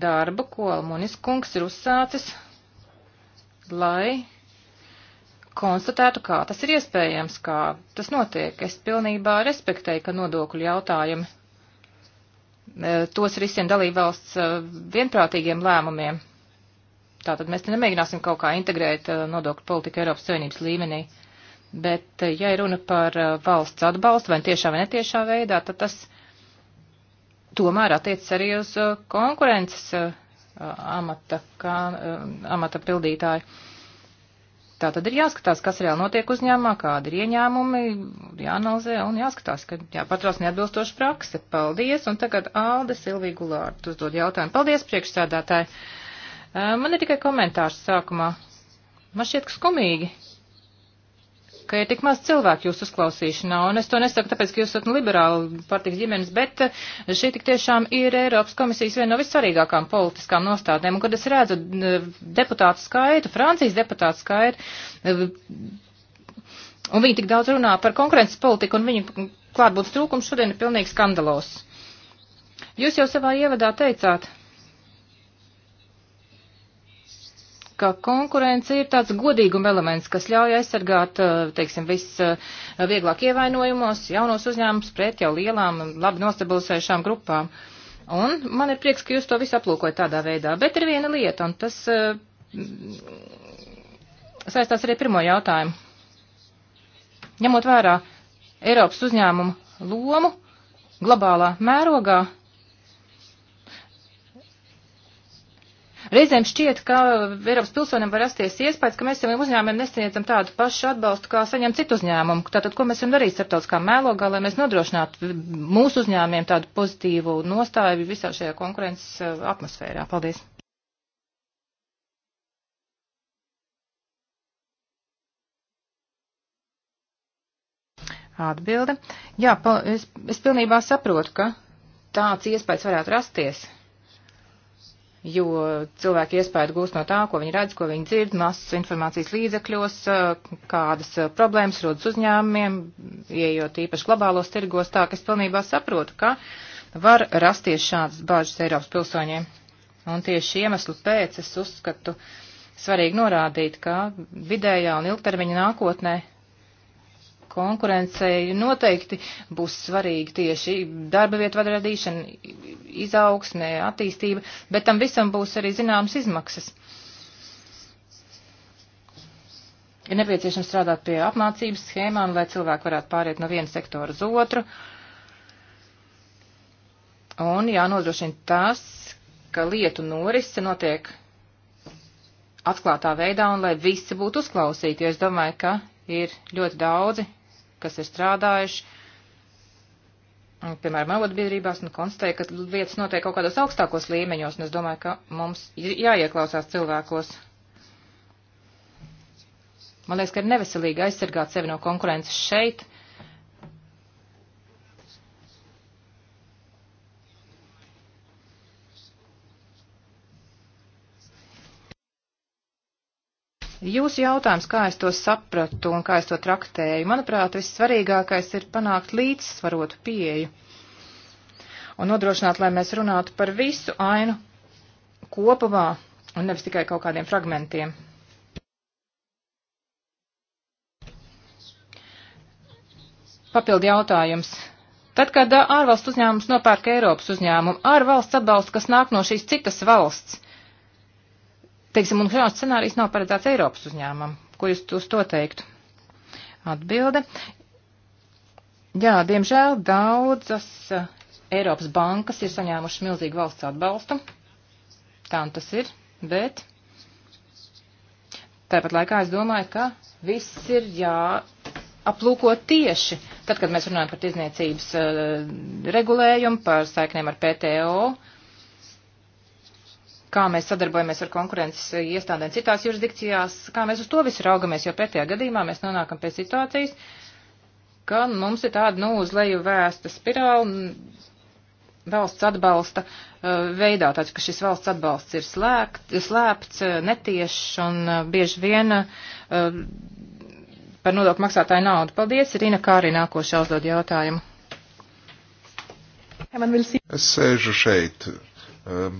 darbu, ko Almunis kungs ir uzsācis, lai konstatētu, kā tas ir iespējams, kā tas notiek. Es pilnībā respektēju, ka nodokļu jautājumi Eh, tos risina dalībvalsts eh, vienprātīgiem lēmumiem. Tātad mēs te nemēģināsim kaut kā integrēt eh, nodokļu politiku Eiropas Savienības līmenī. Bet, ja ir runa par valsts atbalstu, vai tiešā vai netiešā veidā, tad tas tomēr attiecas arī uz konkurences amata, kā, amata pildītāju. Tā tad ir jāskatās, kas reāli notiek uzņēmumā, kāda ir ieņēmumi, jāanalizē un jāskatās, ka jāpatrās neatbilstoši prakse. Paldies, un tagad Alde Silvija Gulārta uzdod jautājumu. Paldies, priekšsēdētāji. Man ir tikai komentārs sākumā. Man šķiet, ka skumīgi, ka ir tik maz cilvēku jūsu uzklausīšanā, un es to nesaku tāpēc, ka jūs esat liberāli partijas ģimenes, bet eh, šī tik tiešām ir Eiropas komisijas viena no vissvarīgākām politiskām nostādēm, un kad es redzu eh, deputātu skaitu, Francijas deputātu skaitu, eh, un viņi tik daudz runā par konkurences politiku, un viņu klātbūtnes trūkums šodien ir pilnīgi skandalos. Jūs jau savā ievadā teicāt, ka konkurence ir tāds godīguma elements, kas ļauj aizsargāt, eh, teiksim, visvieglāk eh, ievainojumos jaunos uzņēmumus pret jau lielām, labi nostabilizējušām grupām. Un man ir prieks, ka jūs to visu aplūkojat tādā veidā. Bet ir viena lieta, un tas eh, saistās arī pirmo jautājumu. Ņemot vērā Eiropas uzņēmumu lomu globālā mērogā, Reizēm šķiet, ka Eiropas pilsoniem var rasties iespējas, ka mēs saviem uzņēmumiem nesniedzam tādu pašu atbalstu, kā saņem citu uzņēmumu. Tātad, ko mēs varam darīt starptautiskā mēlogā, lai mēs nodrošinātu mūsu uzņēmumiem tādu pozitīvu nostāju visā šajā konkurences uh, atmosfērā? Paldies! Atbilde. Jā, pa, es, es pilnībā saprotu, ka tāds iespējas varētu rasties jo cilvēki iespēju gūst no tā, ko viņi redz, ko viņi dzird, masas informācijas līdzekļos, eh, kādas eh, problēmas rodas uzņēmumiem, ieejot īpaši globālos tirgos, tā ka es pilnībā saprotu, ka var rasties šādas bāžas Eiropas pilsoņiem. Un tieši iemeslu pēc es uzskatu svarīgi norādīt, ka vidējā un ilgtermiņa nākotnē konkurencei noteikti būs svarīgi tieši darba vietu radīšana, izaugsmē, attīstība, bet tam visam būs arī zināmas izmaksas. Ir nepieciešams strādāt pie apmācības schēmām, lai cilvēki varētu pāriet no viena sektora uz otru. Un jānodrošina tas, ka lietu norise notiek atklātā veidā un lai visi būtu uzklausīti, jo es domāju, ka ir ļoti daudzi kas ir strādājuši, piemēram, avotbiedrībās, un konstatēja, ka lietas notiek kaut kādos augstākos līmeņos, un es domāju, ka mums ir jāieklausās cilvēkos. Man liekas, ka ir neveselīgi aizsargāt sevi no konkurences šeit, Jūsu jautājums, kā es to sapratu un kā es to traktēju, manuprāt, vissvarīgākais ir panākt līdzsvarotu pieeju un nodrošināt, lai mēs runātu par visu ainu kopumā un nevis tikai kaut kādiem fragmentiem. Papildi jautājums. Tad, kad ārvalstu uzņēmums nopērk Eiropas uzņēmumu, ārvalsts atbalsts, kas nāk no šīs citas valsts, Teiksim, un šāds scenārijs nav paredzēts Eiropas uzņēmumam. Ko jūs uz to teiktu? Atbilde. Jā, diemžēl daudzas eh, Eiropas bankas ir saņēmušas milzīgu valsts atbalstu. Tā un tas ir, bet tāpat laikā es domāju, ka viss ir jāaplūko tieši. Tad, kad mēs runājam par tirzniecības uh, regulējumu, par saiknēm ar PTO, uh, kā mēs sadarbojamies ar konkurences iestādēm citās jurisdikcijās, kā mēs uz to visu raugamies, jo pretējā gadījumā mēs nonākam pie situācijas, ka mums ir tāda, nu, uz leju vēsta spirāla mm, valsts atbalsta uh, veidā, tāds, ka šis valsts atbalsts ir slēgt, slēpts, uh, netiešs un uh, bieži vien par nodokļu maksātāju naudu. Paldies, Rīna Kārī nākošā uzdod jautājumu. Es sēžu šeit. Um,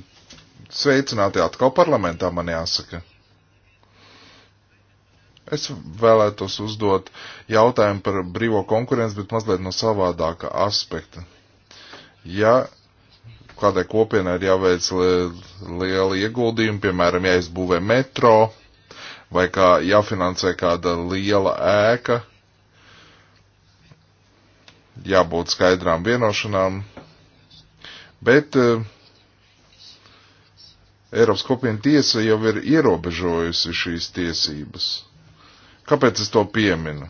Sveicināti atkal parlamentā, man jāsaka. Es vēlētos uzdot jautājumu par brīvo konkurenci, bet mazliet no savādāka aspekta. Ja kādai kopienai ir jāveic lieli ieguldījumi, piemēram, ja izbūvē metro vai kā jāfinansē kāda liela ēka, jābūt skaidrām vienošanām, bet uh, Eiropas kopiena tiesa jau ir ierobežojusi šīs tiesības. Kāpēc es to pieminu?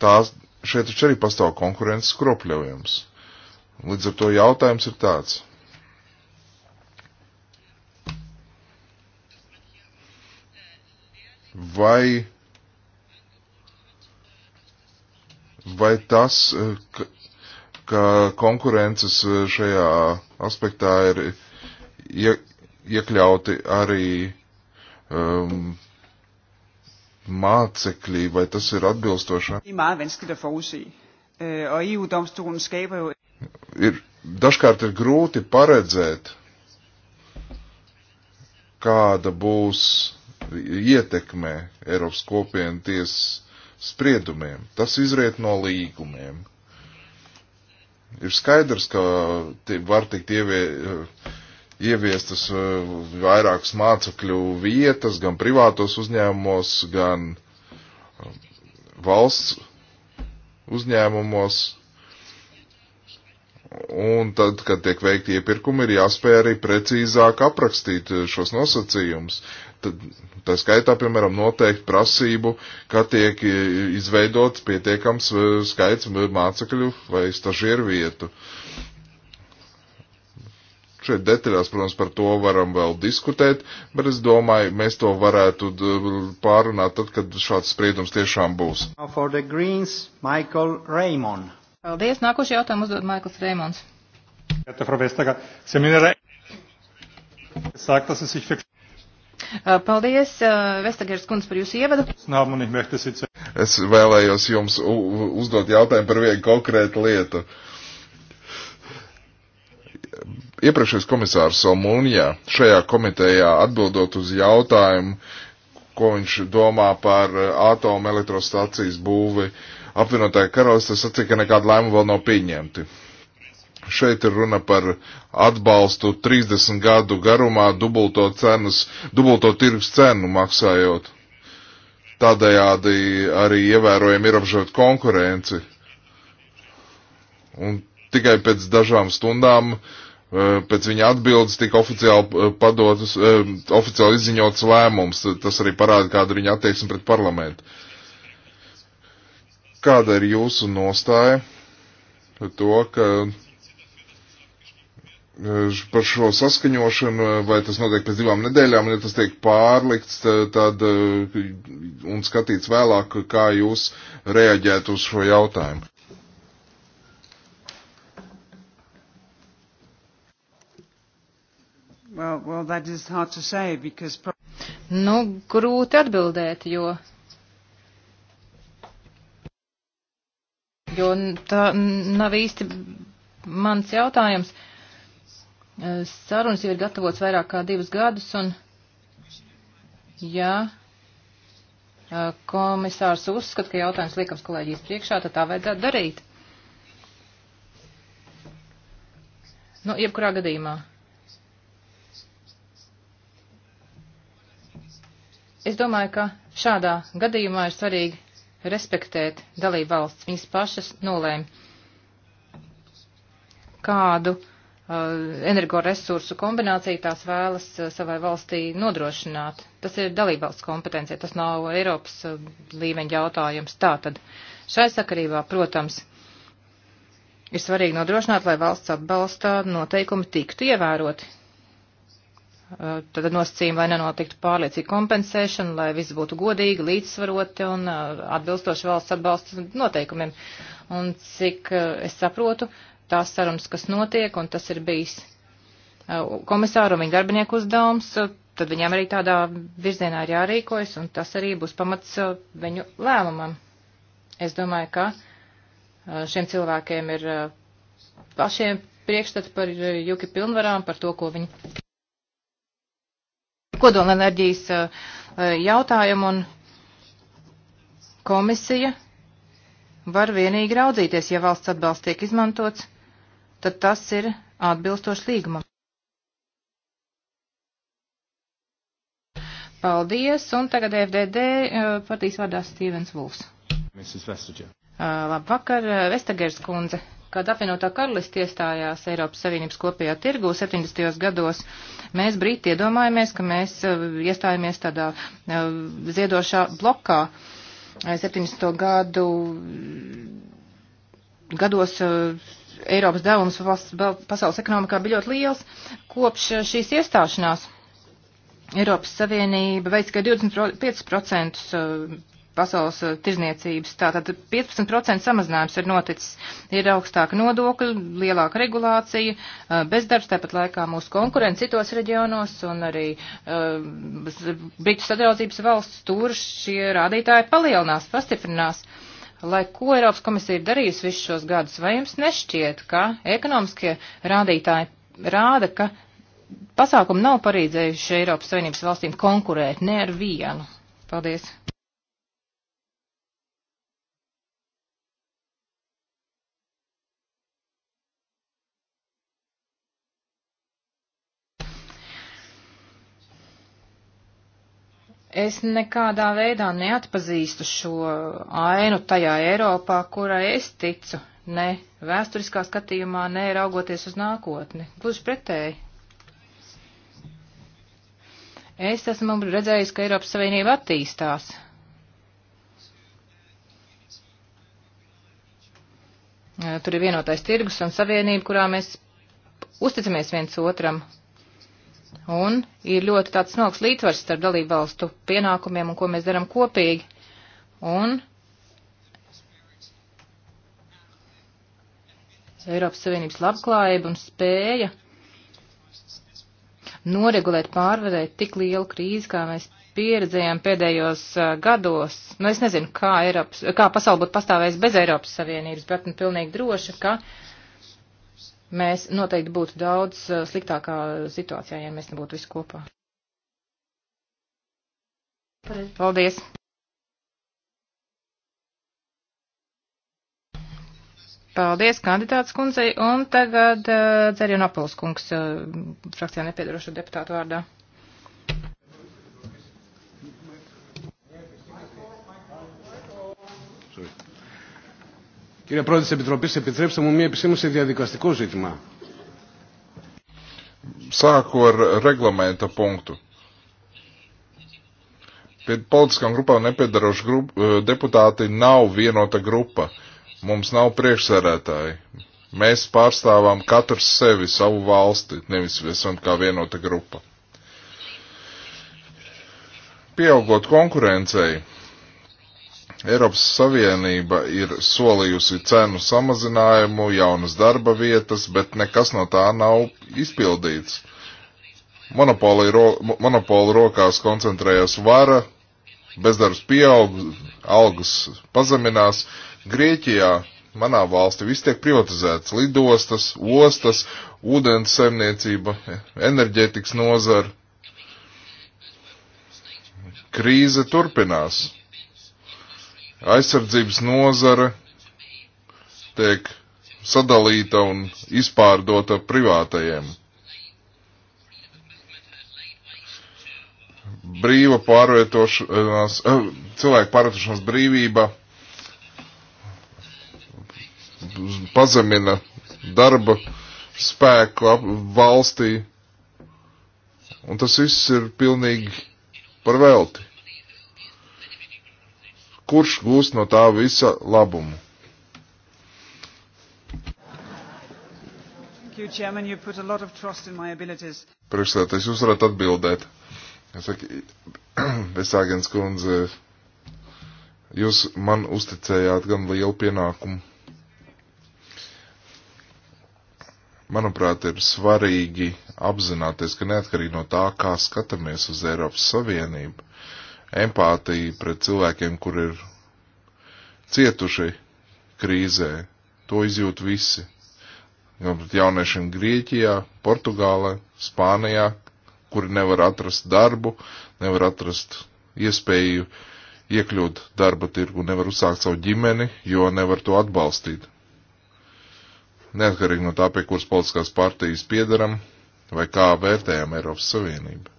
Tās šeit taču arī pastāv konkurences kropļojums. Līdz ar to jautājums ir tāds. Vai, vai tas, eh, ka, ka konkurences eh, šajā aspektā ir iekļauti arī um, mācekļi, vai tas ir atbilstoši? Er øh, e ir, dažkārt ir grūti paredzēt, kāda būs ietekme Eiropas kopienu tiesas spriedumiem. Tas izriet no līgumiem. Ir skaidrs, ka var tikt ieviest ieviestas eh, vairākas mācakļu vietas gan privātos uzņēmumos, gan eh, valsts uzņēmumos. Un tad, kad tiek veikti iepirkumi, ir jāspēj arī precīzāk aprakstīt eh, šos nosacījumus. Tad, tā skaitā, piemēram, noteikti prasību, ka tiek izveidots pietiekams skaits mācekļu vai stažieru vietu. Šeit detaļās, protams, par to varam vēl diskutēt, bet es domāju, mēs to varētu pārunāt tad, kad šāds spriedums tiešām būs. Greens, Paldies. Nākošais jautājums uzdod Maikls Reimons. Uh, paldies, uh, Vestagers kundz, par jūsu ievadu. Es vēlējos jums uzdot jautājumu par vienu konkrētu lietu. Uh, Iepriekšējais komisārs Salmūnijā šajā komitejā atbildot uz jautājumu, ko viņš domā par eh, atomu elektrostācijas būvi apvienotāja karalistē, sacīja, ka nekāda lēma vēl nav pieņemti. Šeit ir runa par atbalstu 30 gadu garumā dubulto, cenas, dubulto tirgus cenu maksājot. Tādējādi arī ievērojami ir apžot konkurenci. Un tikai pēc dažām stundām uh, Eh, pēc viņa atbildes tika oficiāli eh, padotas, eh, oficiāli izziņots lēmums. Tas arī parāda, kāda ir viņa attieksme pret parlamentu. Kāda ir jūsu nostāja par to, ka par šo saskaņošanu, vai tas notiek pēc divām nedēļām, ja tas tiek pārlikts, tad un skatīts vēlāk, kā jūs reaģētu uz šo jautājumu? Well, well, that is hard to say because. Nu, grūti atbildēt, jo. Jo tā nav īsti mans jautājums. Eh, sarunas jau ir gatavots vairāk kā divus gadus, un ja eh, komisārs uzskata, ka jautājums liekams kolēģijas priekšā, tad tā vajadzētu darīt. Nu, jebkurā gadījumā. Es domāju, ka šādā gadījumā ir svarīgi respektēt dalību valsts. Viņas pašas nolēma, kādu uh, energoresursu kombināciju tās vēlas uh, savai valstī nodrošināt. Tas ir dalību valsts kompetencija, tas nav Eiropas uh, līmeņa jautājums. Tātad šai sakarībā, protams, ir svarīgi nodrošināt, lai valsts atbalsta noteikumi tiktu ievēroti. Eh, tad nosacījumi, lai nenotiktu pārliecīga kompensēšana, lai viss būtu godīgi, līdzsvaroti un eh, atbilstoši valsts atbalsta noteikumiem. Un cik eh, es saprotu, tās sarunas, kas notiek, un tas ir bijis komisāru un viņa darbinieku uzdevums, tad viņiem arī tādā virzienā ir jārīkojas, un tas arī būs pamats viņu lēmumam. Es domāju, ka šiem cilvēkiem ir pašiem priekšstats par juki pilnvarām, par to, ko viņi kodolenerģijas eh, eh, jautājumu un komisija var vienīgi raudzīties, ja valsts atbalsts tiek izmantots, tad tas ir atbilstoši līgumam. Paldies, un tagad FDD eh, partijas vārdā Stīvens Vulfs. Labvakar, Vestagers kundze kad apvienotā karalisti iestājās Eiropas Savienības kopējā tirgu 70. gados, mēs brīti iedomājamies, ka mēs eh, iestājāmies tādā eh, ziedošā blokā 70. Eh, gadu gados. Eiropas devums pasaules ekonomikā bija ļoti liels. Kopš šīs iestāšanās Eiropas Savienība veids tikai 25% pasaules eh, tirzniecības. Tātad 15% samazinājums ir noticis. Ir augstāka nodokļa, lielāka regulācija, eh, bezdarbs, tāpat laikā mūsu konkurence citos reģionos un arī eh, Britu sadraudzības valsts tur šie rādītāji palielinās, pastiprinās. Lai ko Eiropas komisija ir darījusi visus šos gadus, vai jums nešķiet, ka ekonomiskie rādītāji rāda, ka pasākumi nav parīdzējuši Eiropas Savienības valstīm konkurēt ne ar vienu? Paldies! Es nekādā veidā neatpazīstu šo ainu tajā Eiropā, kurai es ticu, ne vēsturiskā skatījumā, ne raugoties uz nākotni. Gluži pretēji. Es esmu redzējis, ka Eiropas Savienība attīstās. Tur ir vienotais tirgus un savienība, kurā mēs uzticamies viens otram Un ir ļoti tāds smalks līdzsvars starp dalībvalstu pienākumiem un ko mēs darām kopīgi. Un Eiropas Savienības labklājība un spēja noregulēt, pārvarēt tik lielu krīzi, kā mēs pieredzējām pēdējos uh, gados. Nu, es nezinu, kā, Eiropas, kā pasauli būtu pastāvējis bez Eiropas Savienības, bet nu, pilnīgi droši, ka uh, mēs noteikti būtu daudz eh, sliktākā situācijā, ja mēs nebūtu visi kopā. Paldies! Paldies kandidāts kundzei, un tagad uh, eh, Dzerjana Apelskungs, uh, eh, frakcijā nepiedarošo deputātu vārdā. Κύριε Πρόεδρε της Επιτροπής, επιτρέψτε μου μία επισήμωση διαδικαστικό ζήτημα. Sāku ar reglamenta punktu. Pie politiskām grupām nepiedarošu grup, eh, deputāti nav vienota grupa. Mums nav priekšsēdētāji. Mēs pārstāvām katrs sevi, savu valsti, nevis esam kā vienota grupa. Pieaugot konkurencei, Eiropas Savienība ir solījusi cenu samazinājumu, jaunas darba vietas, bet nekas no tā nav izpildīts. Monopoli, ro, monopoli rokās koncentrējas vara, bezdarbs pieaug, algas pazeminās. Grieķijā, manā valstī, viss tiek privatizēts - lidostas, ostas, ūdens saimniecība, enerģētikas nozara. Krīze turpinās Aizsardzības nozara tiek sadalīta un izpārdota privātajiem. Brīva pārvietošanās, eh, cilvēku pārvietošanās brīvība pazemina darba spēku valstī, un tas viss ir pilnīgi par velti kurš gūs no tā visa labumu. Priekšsēdētājs, jūs varat atbildēt. Es saku, Vesāgens kundze, jūs man uzticējāt gan lielu pienākumu. Manuprāt, ir svarīgi apzināties, ka neatkarīgi no tā, kā skatāmies uz Eiropas Savienību, uh, empātiju pret cilvēkiem, kur ir cietuši krīzē. To izjūt visi. Gan pret jauniešiem Grieķijā, Portugālē, Spānijā, kuri nevar atrast darbu, nevar atrast iespēju iekļūt darba tirgu, nevar uzsākt savu ģimeni, jo nevar to atbalstīt. Neatkarīgi no tā, pie kuras politiskās partijas piedaram vai kā vērtējam Eiropas Savienību.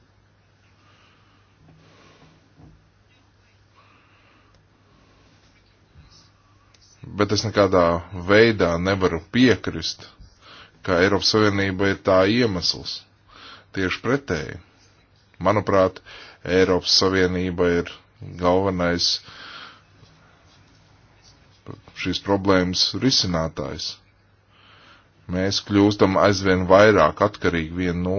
bet es nekādā veidā nevaru piekrist, ka Eiropas Savienība ir tā iemesls. Tieši pretēji. Manuprāt, Eiropas Savienība ir galvenais šīs problēmas risinātājs. Mēs kļūstam aizvien vairāk atkarīgi vien no,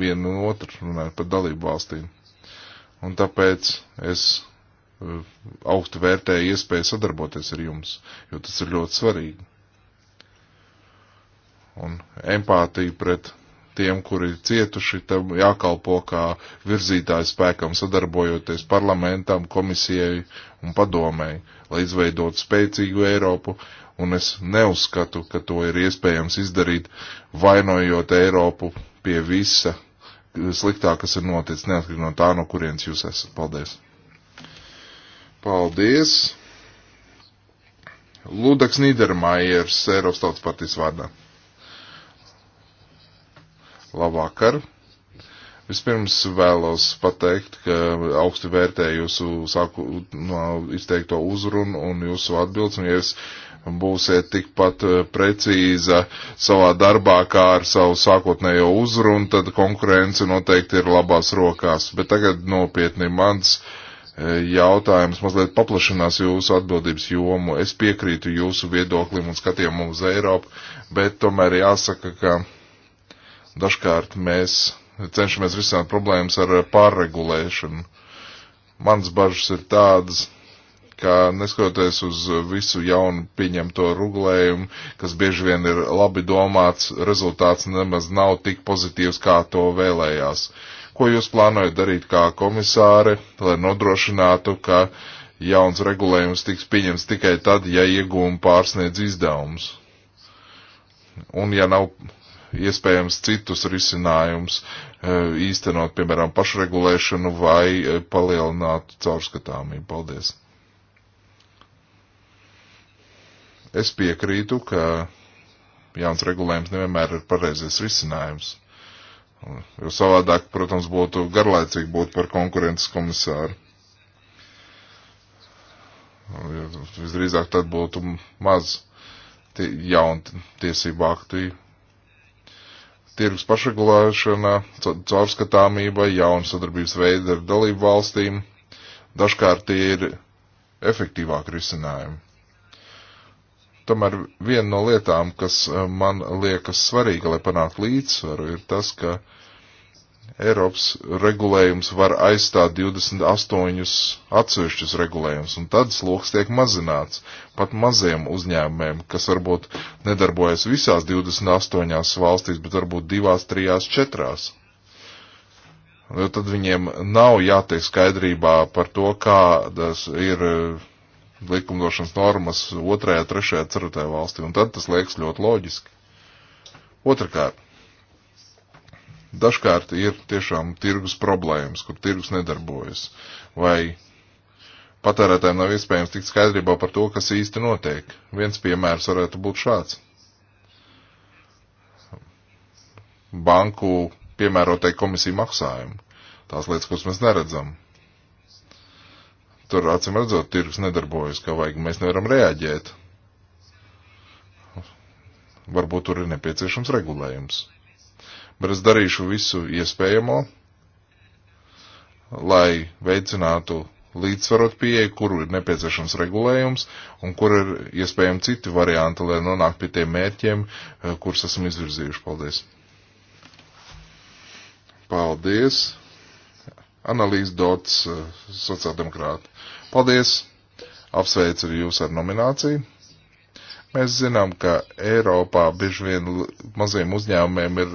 vien no otru, runājot par dalību valstīm. Un tāpēc es Eh, augstu vērtēju iespēju sadarboties ar jums, jo tas ir ļoti svarīgi. Un empātija pret tiem, kuri cietuši, tam jākalpo kā virzītājs spēkam sadarbojoties parlamentam, komisijai un padomēji, lai izveidotu spēcīgu Eiropu, un es neuzskatu, ka to ir iespējams izdarīt, vainojot Eiropu pie visa sliktā, kas ir noticis, neatkarīgi no tā, no kurienes jūs esat. Paldies! Paldies! Ludaks Nīdermājers, Eiropas Tautas partijas vārdā. Labvakar! Vispirms vēlos pateikt, ka augstu vērtēju jūsu sāku, no, izteikto uzrunu un jūsu atbildes, un ja jūs būsiet tikpat eh, precīza savā darbā kā ar savu sākotnējo uzrunu, tad konkurence noteikti ir labās rokās. Bet tagad nopietni mans. Uh, E, jautājums mazliet paplašinās jūsu atbildības jomu. Es piekrītu jūsu viedoklim un skatījumam uz Eiropu, bet tomēr jāsaka, ka dažkārt mēs cenšamies risināt problēmas ar pārregulēšanu. Mans bažas ir tādas, ka neskatoties uz visu jaunu pieņemto regulējumu, kas bieži vien ir labi domāts, rezultāts nemaz nav tik pozitīvs, kā to vēlējās. Uh, Ko jūs plānojat darīt kā komisāre, lai nodrošinātu, ka jauns regulējums tiks pieņems tikai tad, ja iegūmi pārsniedz izdevumus? Un ja nav iespējams citus risinājumus e, īstenot, piemēram, pašregulēšanu vai e, palielināt caurskatāmību. Paldies! Es piekrītu, ka jauns regulējums nevienmēr ir pareizais risinājums. Jo savādāk, protams, būtu garlaicīgi būt par konkurences komisāru. Visdrīzāk tad būtu maz tie, jaunu tiesību aktu. Tirgus pašregulēšana, caurskatāmība, jauna sadarbības veida ar dalību valstīm. Dažkārt tie ir efektīvāki risinājumi. Tomēr viena no lietām, kas eh, man liekas svarīga, lai panāktu līdzsvaru, ir tas, ka Eiropas regulējums var aizstāt 28 atsevišķus regulējumus, un tad sloks tiek mazināts pat maziem uzņēmumiem, kas varbūt nedarbojas visās 28 valstīs, bet varbūt divās, trijās, četrās. Jo tad viņiem nav jātiek skaidrībā par to, kādas ir uh, likumdošanas normas otrajā, trešajā, ceturtajā valstī, un tad tas liekas ļoti loģiski. Otrakārt, dažkārt ir tiešām tirgus problēmas, kur tirgus nedarbojas, vai patērētājiem nav iespējams tikt skaidrībā par to, kas īsti notiek. Viens piemērs varētu būt šāds. Banku piemērotai komisija maksājumu. Tās lietas, kuras mēs neredzam. Tur acīm redzot, tirgus nedarbojas, kā vajag, mēs nevaram reaģēt. Varbūt tur ir nepieciešams regulējums. Bet es darīšu visu iespējamo, lai veicinātu līdzsvarot pieeja, kur ir nepieciešams regulējums un kur ir iespējami citi varianti, lai nonāktu pie tiem mērķiem, eh, kurus esam izvirzījuši. Paldies! Paldies! Analīze Dots, eh, sociāldemokrāti. Paldies! Apsveicu jūs ar nomināciju. Mēs zinām, ka Eiropā bieži vien maziem uzņēmumiem ir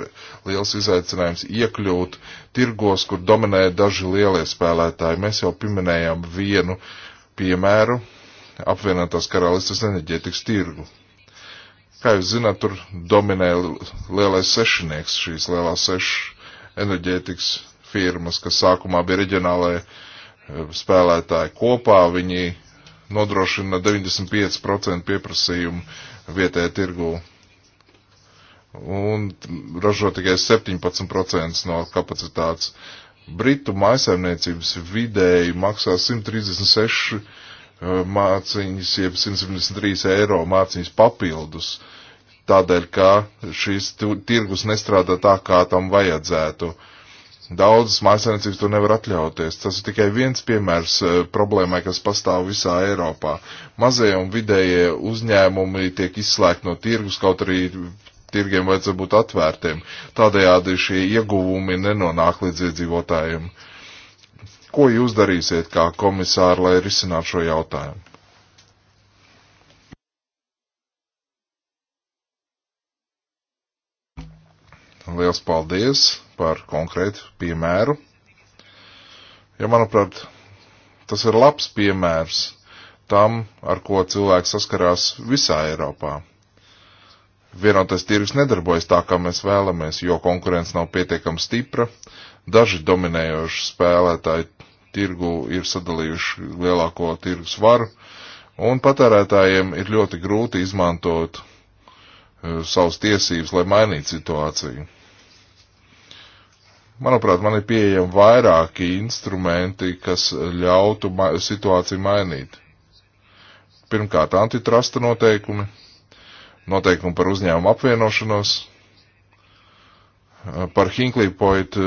liels izaicinājums iekļūt tirgos, kur dominē daži lielie spēlētāji. Mēs jau pieminējām vienu piemēru apvienotās karalistas enerģētikas tirgu. Kā jūs zināt, tur dominē lielais sešinieks, šīs lielās sešas enerģētikas firmas, kas sākumā bija reģionālai eh, spēlētāji kopā, viņi nodrošina 95% pieprasījumu vietējā tirgū. Un ražo tikai 17% no kapacitātes. Britu maisaimniecības vidēji maksā 136 eh, māciņas, jeb 173 eiro māciņas papildus, tādēļ, ka šīs tirgus nestrādā tā, kā tam vajadzētu. Uh, Daudzas mājasainicības to nevar atļauties. Tas ir tikai viens piemērs eh, problēmai, kas pastāv visā Eiropā. Mazie un vidējie uzņēmumi tiek izslēgti no tirgus, kaut arī tirgiem vajadzētu būt atvērtiem. Tādējādi šie ieguvumi nenonāk līdz iedzīvotājiem. Ko jūs darīsiet kā komisāri, lai risinātu šo jautājumu? Liels paldies! par konkrētu piemēru, jo, ja, manuprāt, tas ir labs piemērs tam, ar ko cilvēks saskarās visā Eiropā. Vienotais tirgus nedarbojas tā, kā mēs vēlamies, jo konkurence nav pietiekami stipra. Daži dominējoši spēlētāji tirgu ir sadalījuši lielāko tirgus varu, un patērētājiem ir ļoti grūti izmantot uh, savas tiesības, lai mainītu situāciju. Manuprāt, man ir pieejami vairāki instrumenti, kas ļautu ma situāciju mainīt. Pirmkārt, antitrusta noteikumi, noteikumi par uzņēmumu apvienošanos, eh, par Hinkley Point eh,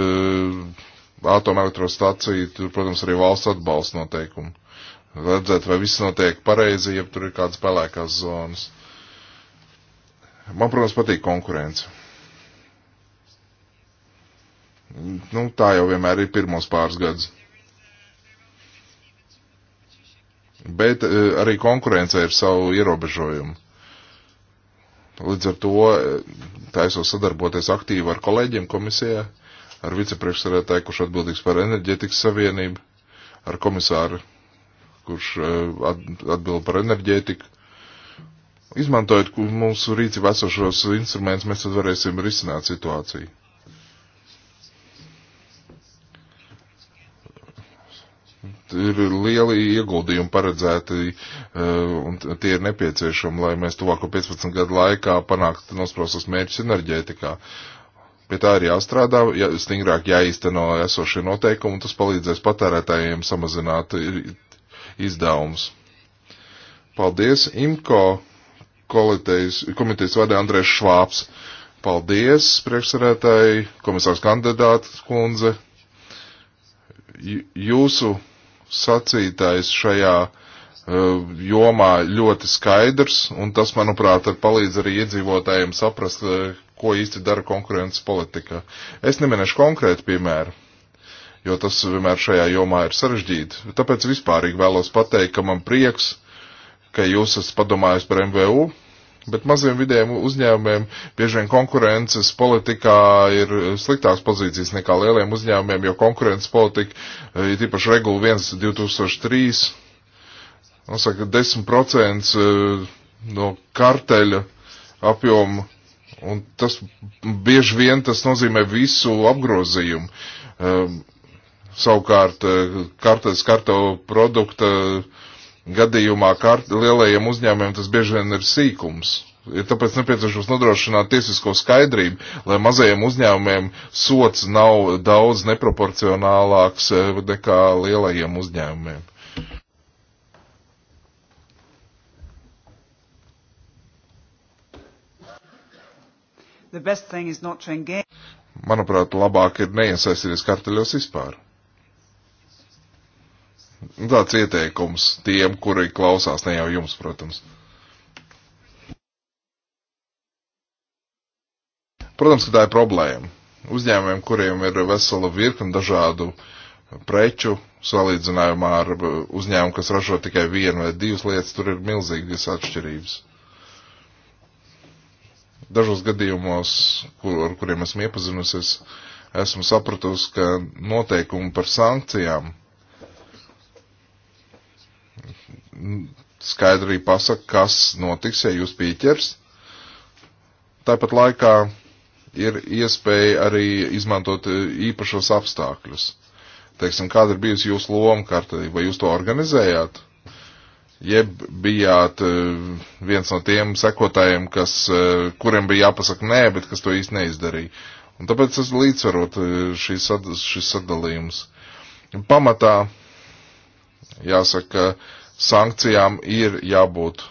atomelektrostaciju, protams, arī valsts atbalsta noteikumi. Redzēt, vai viss notiek pareizi, ja tur ir kādas pelēkās zonas. Man, protams, patīk konkurence Nu, tā jau vienmēr ir pirmos pāris gadus. Bet e, arī konkurence ir savu ierobežojumu. Līdz ar to e, taisos sadarboties aktīvi ar kolēģiem komisijā, ar vicepriekšsarētāju, kurš atbildīgs par enerģētikas savienību, ar komisāru, kurš e, atbild par enerģētiku. Izmantojot mūsu rīcību esošos instrumentus, mēs tad varēsim risināt situāciju. ir lieli ieguldījumi paredzēti, eh, un tie ir nepieciešami, lai mēs tuvāko 15 gadu laikā panāktu nosprostos mērķus enerģētikā. Pie tā ir jāstrādā, ja, stingrāk jāīsteno esošie noteikumi, un tas palīdzēs patērētājiem samazināt izdevumus. Paldies, IMCO kolitejas, komitejas vadē Andrēs Švāps. Paldies, priekšsarētāji, komisārs kandidāts kundze. Jūsu sacītais šajā uh, jomā ļoti skaidrs, un tas, manuprāt, palīdz arī iedzīvotājiem saprast, uh, ko īsti dara konkurences politika. Es neminēšu konkrētu piemēru, jo tas vienmēr šajā jomā ir sarežģīti. Tāpēc vispārīgi vēlos pateikt, ka man prieks, ka jūs esat padomājis par MVU Bet maziem vidējiem uzņēmumiem bieži vien konkurences politikā ir sliktāks pozīcijas nekā lieliem uzņēmumiem, jo konkurences politika, eh, ir īpaši regula 1 2003, nosaka 10% eh, no karteļa apjomu, un tas bieži vien tas nozīmē visu apgrozījumu. Eh, savukārt kartes karto produkta gadījumā kārt, lielajiem uzņēmumiem tas bieži vien ir sīkums. Ir tāpēc nepieciešams nodrošināt tiesisko skaidrību, lai mazajiem uzņēmumiem sots nav daudz neproporcionālāks eh, nekā lielajiem uzņēmumiem. Manuprāt, labāk ir neiesaistīties karteļos vispār. Tāds ieteikums tiem, kuri klausās, ne jau jums, protams. Protams, ka tā ir problēma. Uzņēmumiem, kuriem ir vesela virkne dažādu preču, salīdzinājumā ar uzņēmumu, kas ražo tikai vienu vai divas lietas, tur ir milzīgas atšķirības dažos gadījumos, kur, ar kuriem esmu iepazinusies, esmu sapratusi, ka noteikumi par sankcijām skaidri pasaka, kas notiks, ja jūs pieķers. Tāpat laikā ir iespēja arī izmantot e, īpašos apstākļus. Teiksim, kāda ir bijusi jūsu loma kārtībā, vai jūs to organizējāt? Jeb bijāt e, viens no tiem sekotājiem, kas, e, kuriem bija jāpasaka nē, bet kas to īsti neizdarīja. Un tāpēc es līdzsvarot šis, sad, šis sadalījums. Pamatā jāsaka, ka sankcijām ir jābūt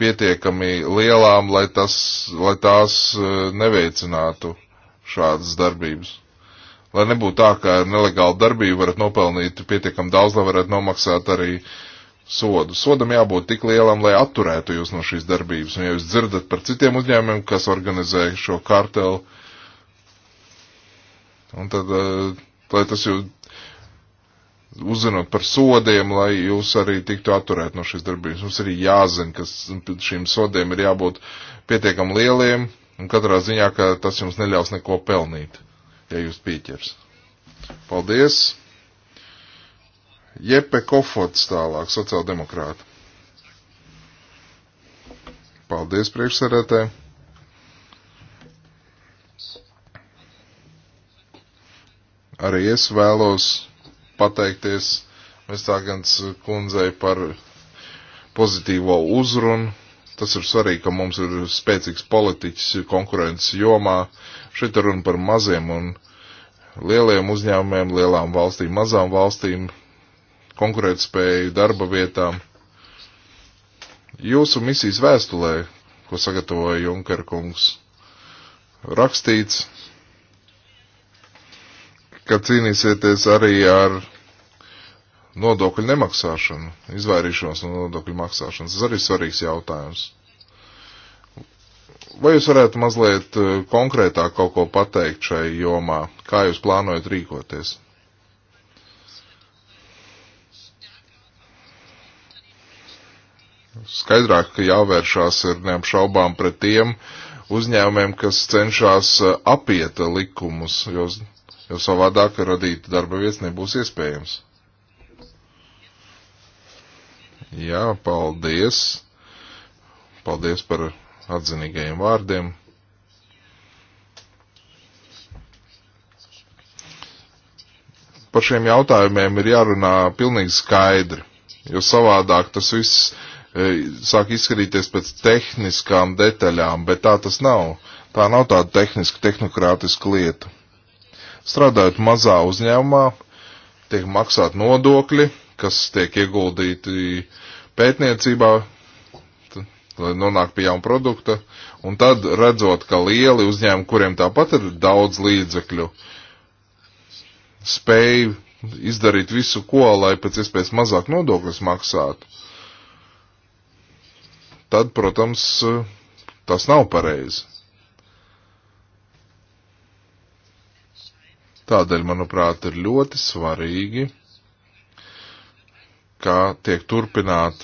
pietiekami lielām, lai, tas, lai tās e, neveicinātu šādas darbības. Lai nebūtu tā, ka ar nelegālu darbību varat nopelnīt pietiekami daudz, lai varētu nomaksāt arī sodu. Sodam jābūt tik lielam, lai atturētu jūs no šīs darbības. Un ja jūs dzirdat par citiem uzņēmumiem, kas organizē šo kartelu, un tad, e, lai tas jūs uzzinot par sodiem, lai jūs arī tiktu atturēt no šīs darbības. Mums arī jāzina, ka šīm sodiem ir jābūt pietiekam lieliem, un katrā ziņā, ka tas jums neļaus neko pelnīt, ja jūs pieķers. Paldies! Jepe Kofots tālāk, sociāldemokrāta. Paldies priekšsarētē. Arī es vēlos pateikties Vestāgans kundzei par pozitīvo uzrunu. Tas ir svarīgi, ka mums ir spēcīgs politiķis konkurences jomā. Šeit ir runa par maziem un lieliem uzņēmumiem, lielām valstīm, mazām valstīm, konkurētspēju, darba vietām. Jūsu misijas vēstulē, ko sagatavoja Junker kungs, rakstīts, ka cīnīsieties arī ar nodokļu nemaksāšanu, izvairīšanos no nodokļu maksāšanas. Tas arī svarīgs jautājums. Vai jūs varētu mazliet eh, konkrētāk kaut ko pateikt šai jomā? Kā jūs plānojat rīkoties? Skaidrāk, ka jāvēršās ir neapšaubām pret tiem uzņēmumiem, kas cenšas eh, apiet likumus, jo jo savādāk radīt darba vietas nebūs iespējams. Jā, paldies. Paldies par atzinīgajiem vārdiem. Par šiem jautājumiem ir jārunā pilnīgi skaidri, jo savādāk tas viss e, sāk izskatīties pēc tehniskām detaļām, bet tā tas nav. Tā nav tāda tehniska, tehnokrātiska lieta. Strādājot mazā uzņēmumā, tiek maksāt nodokļi, kas tiek ieguldīti pētniecībā, lai nonāktu pie jauna produkta, un tad redzot, ka lieli uzņēmumi, kuriem tāpat ir daudz līdzekļu, spēj izdarīt visu ko, lai pēc iespējas mazāk nodokļus maksātu, tad, protams, tas nav pareizi. Tādēļ, manuprāt, ir ļoti svarīgi, kā tiek turpināt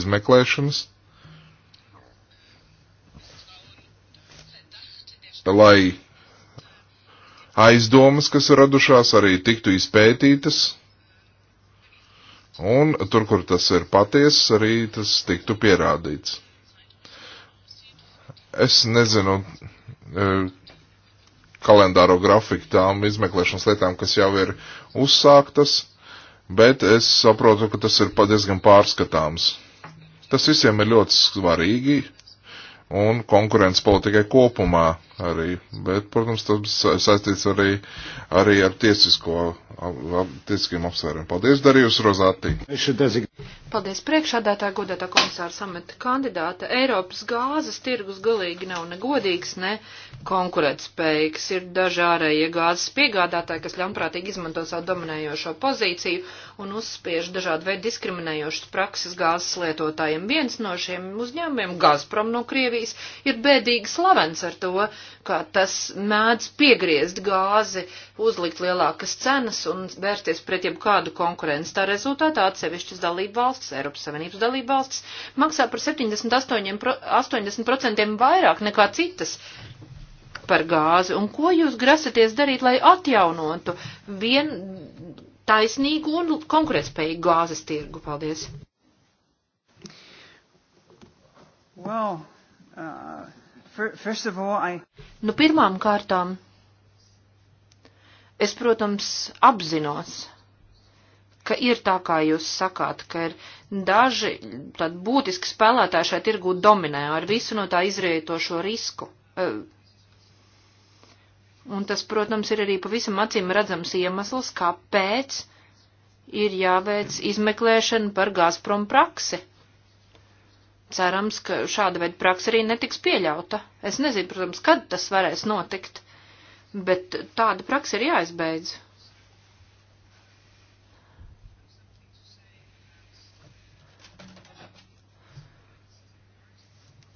izmeklēšanas, lai aizdomas, kas ir radušās, arī tiktu izpētītas, un tur, kur tas ir patiesas, arī tas tiktu pierādīts. Es nezinu, eh, kalendāro grafiku tām izmeklēšanas lietām, kas jau ir uzsāktas, bet es saprotu, ka tas ir diezgan pārskatāms. Tas visiem ir ļoti svarīgi, un konkurences politikai kopumā arī. Bet, protams, tas saistīts arī, arī ar tiesisko, tiesiskiem apsvērumiem. Paldies, Darījus Rozātī. Paldies, priekšādātā godātā komisāra sameta kandidāta. Eiropas gāzes tirgus galīgi nav ne godīgs, ne konkurētspējīgs. Ir dažārējie gāzes piegādātāji, kas ļaunprātīgi izmanto savu dominējošo pozīciju un uzspiež dažādu veidu diskriminējošas prakses gāzes lietotājiem. Viens no šiem uzņēmumiem, Gazprom no Krievijas, Krievijas, ir bēdīgi slavens ar to, ka tas mēdz piegriezt gāzi, uzlikt lielākas cenas un vērsties pret jebkādu konkurenci. Tā rezultātā atsevišķas dalību valsts, Eiropas Savienības dalību valsts, maksā par 78% vairāk nekā citas par gāzi, un ko jūs grasaties darīt, lai atjaunotu vien taisnīgu un konkurētspējīgu gāzes tirgu? Paldies! Wow. Uh, first of all, I... Nu, pirmām kārtām, es, protams, apzinos, ka ir tā, kā jūs sakāt, ka ir daži tad būtiski spēlētāji šai tirgū dominē ar visu no tā izrietošo risku. Uh, un tas, protams, ir arī pavisam acīm redzams iemesls, kāpēc ir jāveic izmeklēšana par Gazprom praksi Cerams, ka šāda veida praksa arī netiks pieļauta. Es nezinu, protams, kad tas varēs notikt, bet tāda praksa ir jāizbeidz.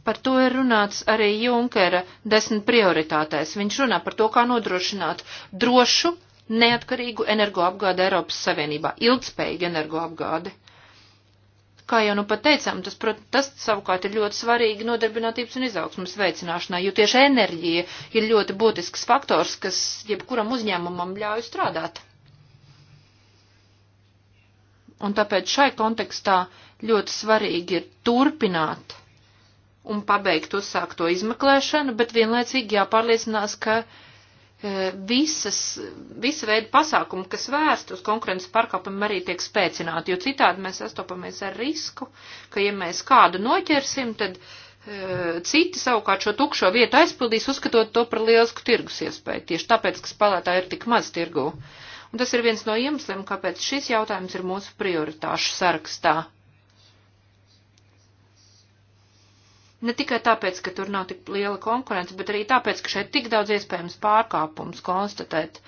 Par to ir runāts arī Junkera desmit prioritātēs. Viņš runā par to, kā nodrošināt drošu, neatkarīgu energoapgādi Eiropas Savienībā, ilgspējīgu energoapgādi. Kā jau nu pat teicām, tas, prot, tas savukārt ir ļoti svarīgi nodarbinātības un izaugsmas veicināšanai, jo tieši enerģija ir ļoti būtisks faktors, kas jebkuram uzņēmumam ļauj strādāt. Un tāpēc šai kontekstā ļoti svarīgi ir turpināt un pabeigt uzsākto izmeklēšanu, bet vienlaicīgi jāpārliecinās, ka uh, Eh, visas, visa veida pasākumi, kas vērst uz konkurences pārkāpumu, arī tiek spēcināti, jo citādi mēs sastopamies ar risku, ka ja mēs kādu noķersim, tad uh, citi savukārt šo tukšo vietu aizpildīs, uzskatot to par lielisku tirgus iespēju, tieši tāpēc, ka spēlētāji ir tik maz tirgū. Un tas ir viens no iemesliem, kāpēc šis jautājums ir mūsu prioritāšu sarakstā Ne tikai tāpēc, ka tur nav tik liela konkurence, bet arī tāpēc, ka šeit tik daudz iespējams pārkāpums konstatēt.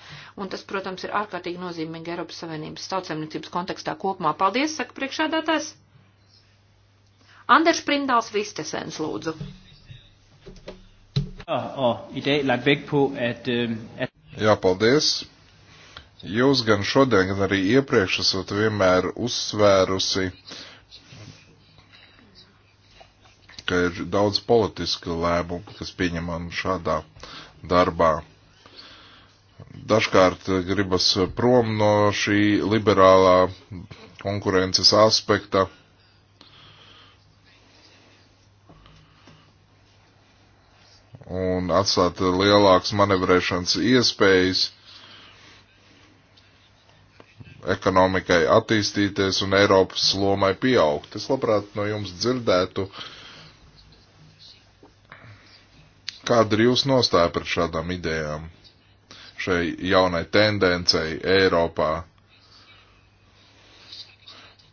Un tas, protams, ir ārkārtīgi nozīmīgi Eiropas Savienības tautsēmniecības kontekstā kopumā. Paldies, saka priekšādātājs. Anders Prindals Vistesens, lūdzu. Jā, paldies. Jūs gan šodien, gan arī iepriekš esat vienmēr uzsvērusi uh, ka ir daudz politisku lēmumu, kas pieņemam šādā darbā. Dažkārt gribas prom no šī liberālā konkurences aspekta. un atstāt lielākas manevrēšanas iespējas ekonomikai attīstīties un Eiropas lomai pieaugt. Es labprāt no jums dzirdētu uh, Kāda ir jūsu nostāja par šādām idejām, šai jaunai tendencei Eiropā?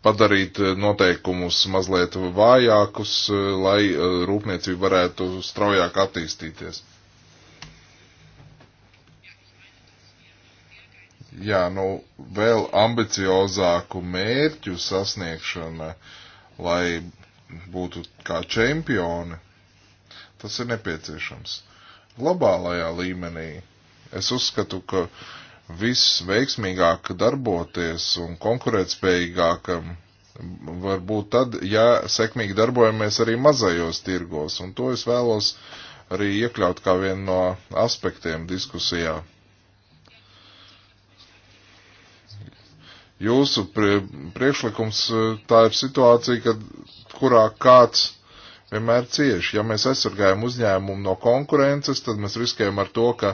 Padarīt noteikumus mazliet vājākus, lai eh, rūpniecība varētu straujāk attīstīties. Jā, nu vēl ambiciozāku mērķu sasniegšana, lai būtu kā čempioni Tas ir nepieciešams. Globālajā līmenī es uzskatu, ka viss veiksmīgāk darboties un konkurētspējīgākam var būt tad, ja sekmīgi darbojamies arī mazajos tirgos, un to es vēlos arī iekļaut kā vienu no aspektiem diskusijā. Jūsu priekšlikums tā ir situācija, kad kurā kāds vienmēr cieši. Ja mēs aizsargājam uzņēmumu no konkurences, tad mēs riskējam ar to, ka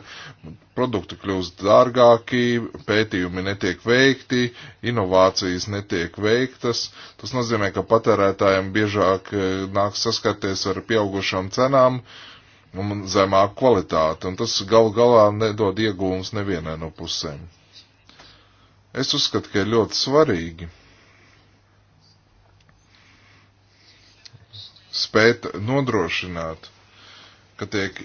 produkti kļūst dārgāki, pētījumi netiek veikti, inovācijas netiek veiktas. Tas nozīmē, ka patērētājiem biežāk e, nāk saskarties ar pieaugušām cenām un zemāku kvalitāti, un tas gal galā nedod iegūmus nevienai no pusēm. Es uzskatu, ka ir ļoti svarīgi spēt nodrošināt, ka tiek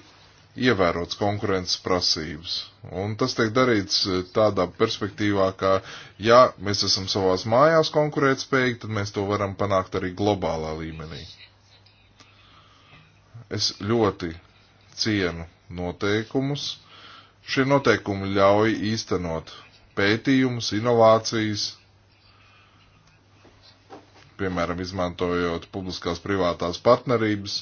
ievērots konkurences prasības. Un tas tiek darīts eh, tādā perspektīvā, ka, ja mēs esam savās mājās konkurētspējīgi, tad mēs to varam panākt arī globālā līmenī. Es ļoti cienu noteikumus. Šie noteikumi ļauj īstenot pētījumus, inovācijas, piemēram, izmantojot publiskās privātās partnerības.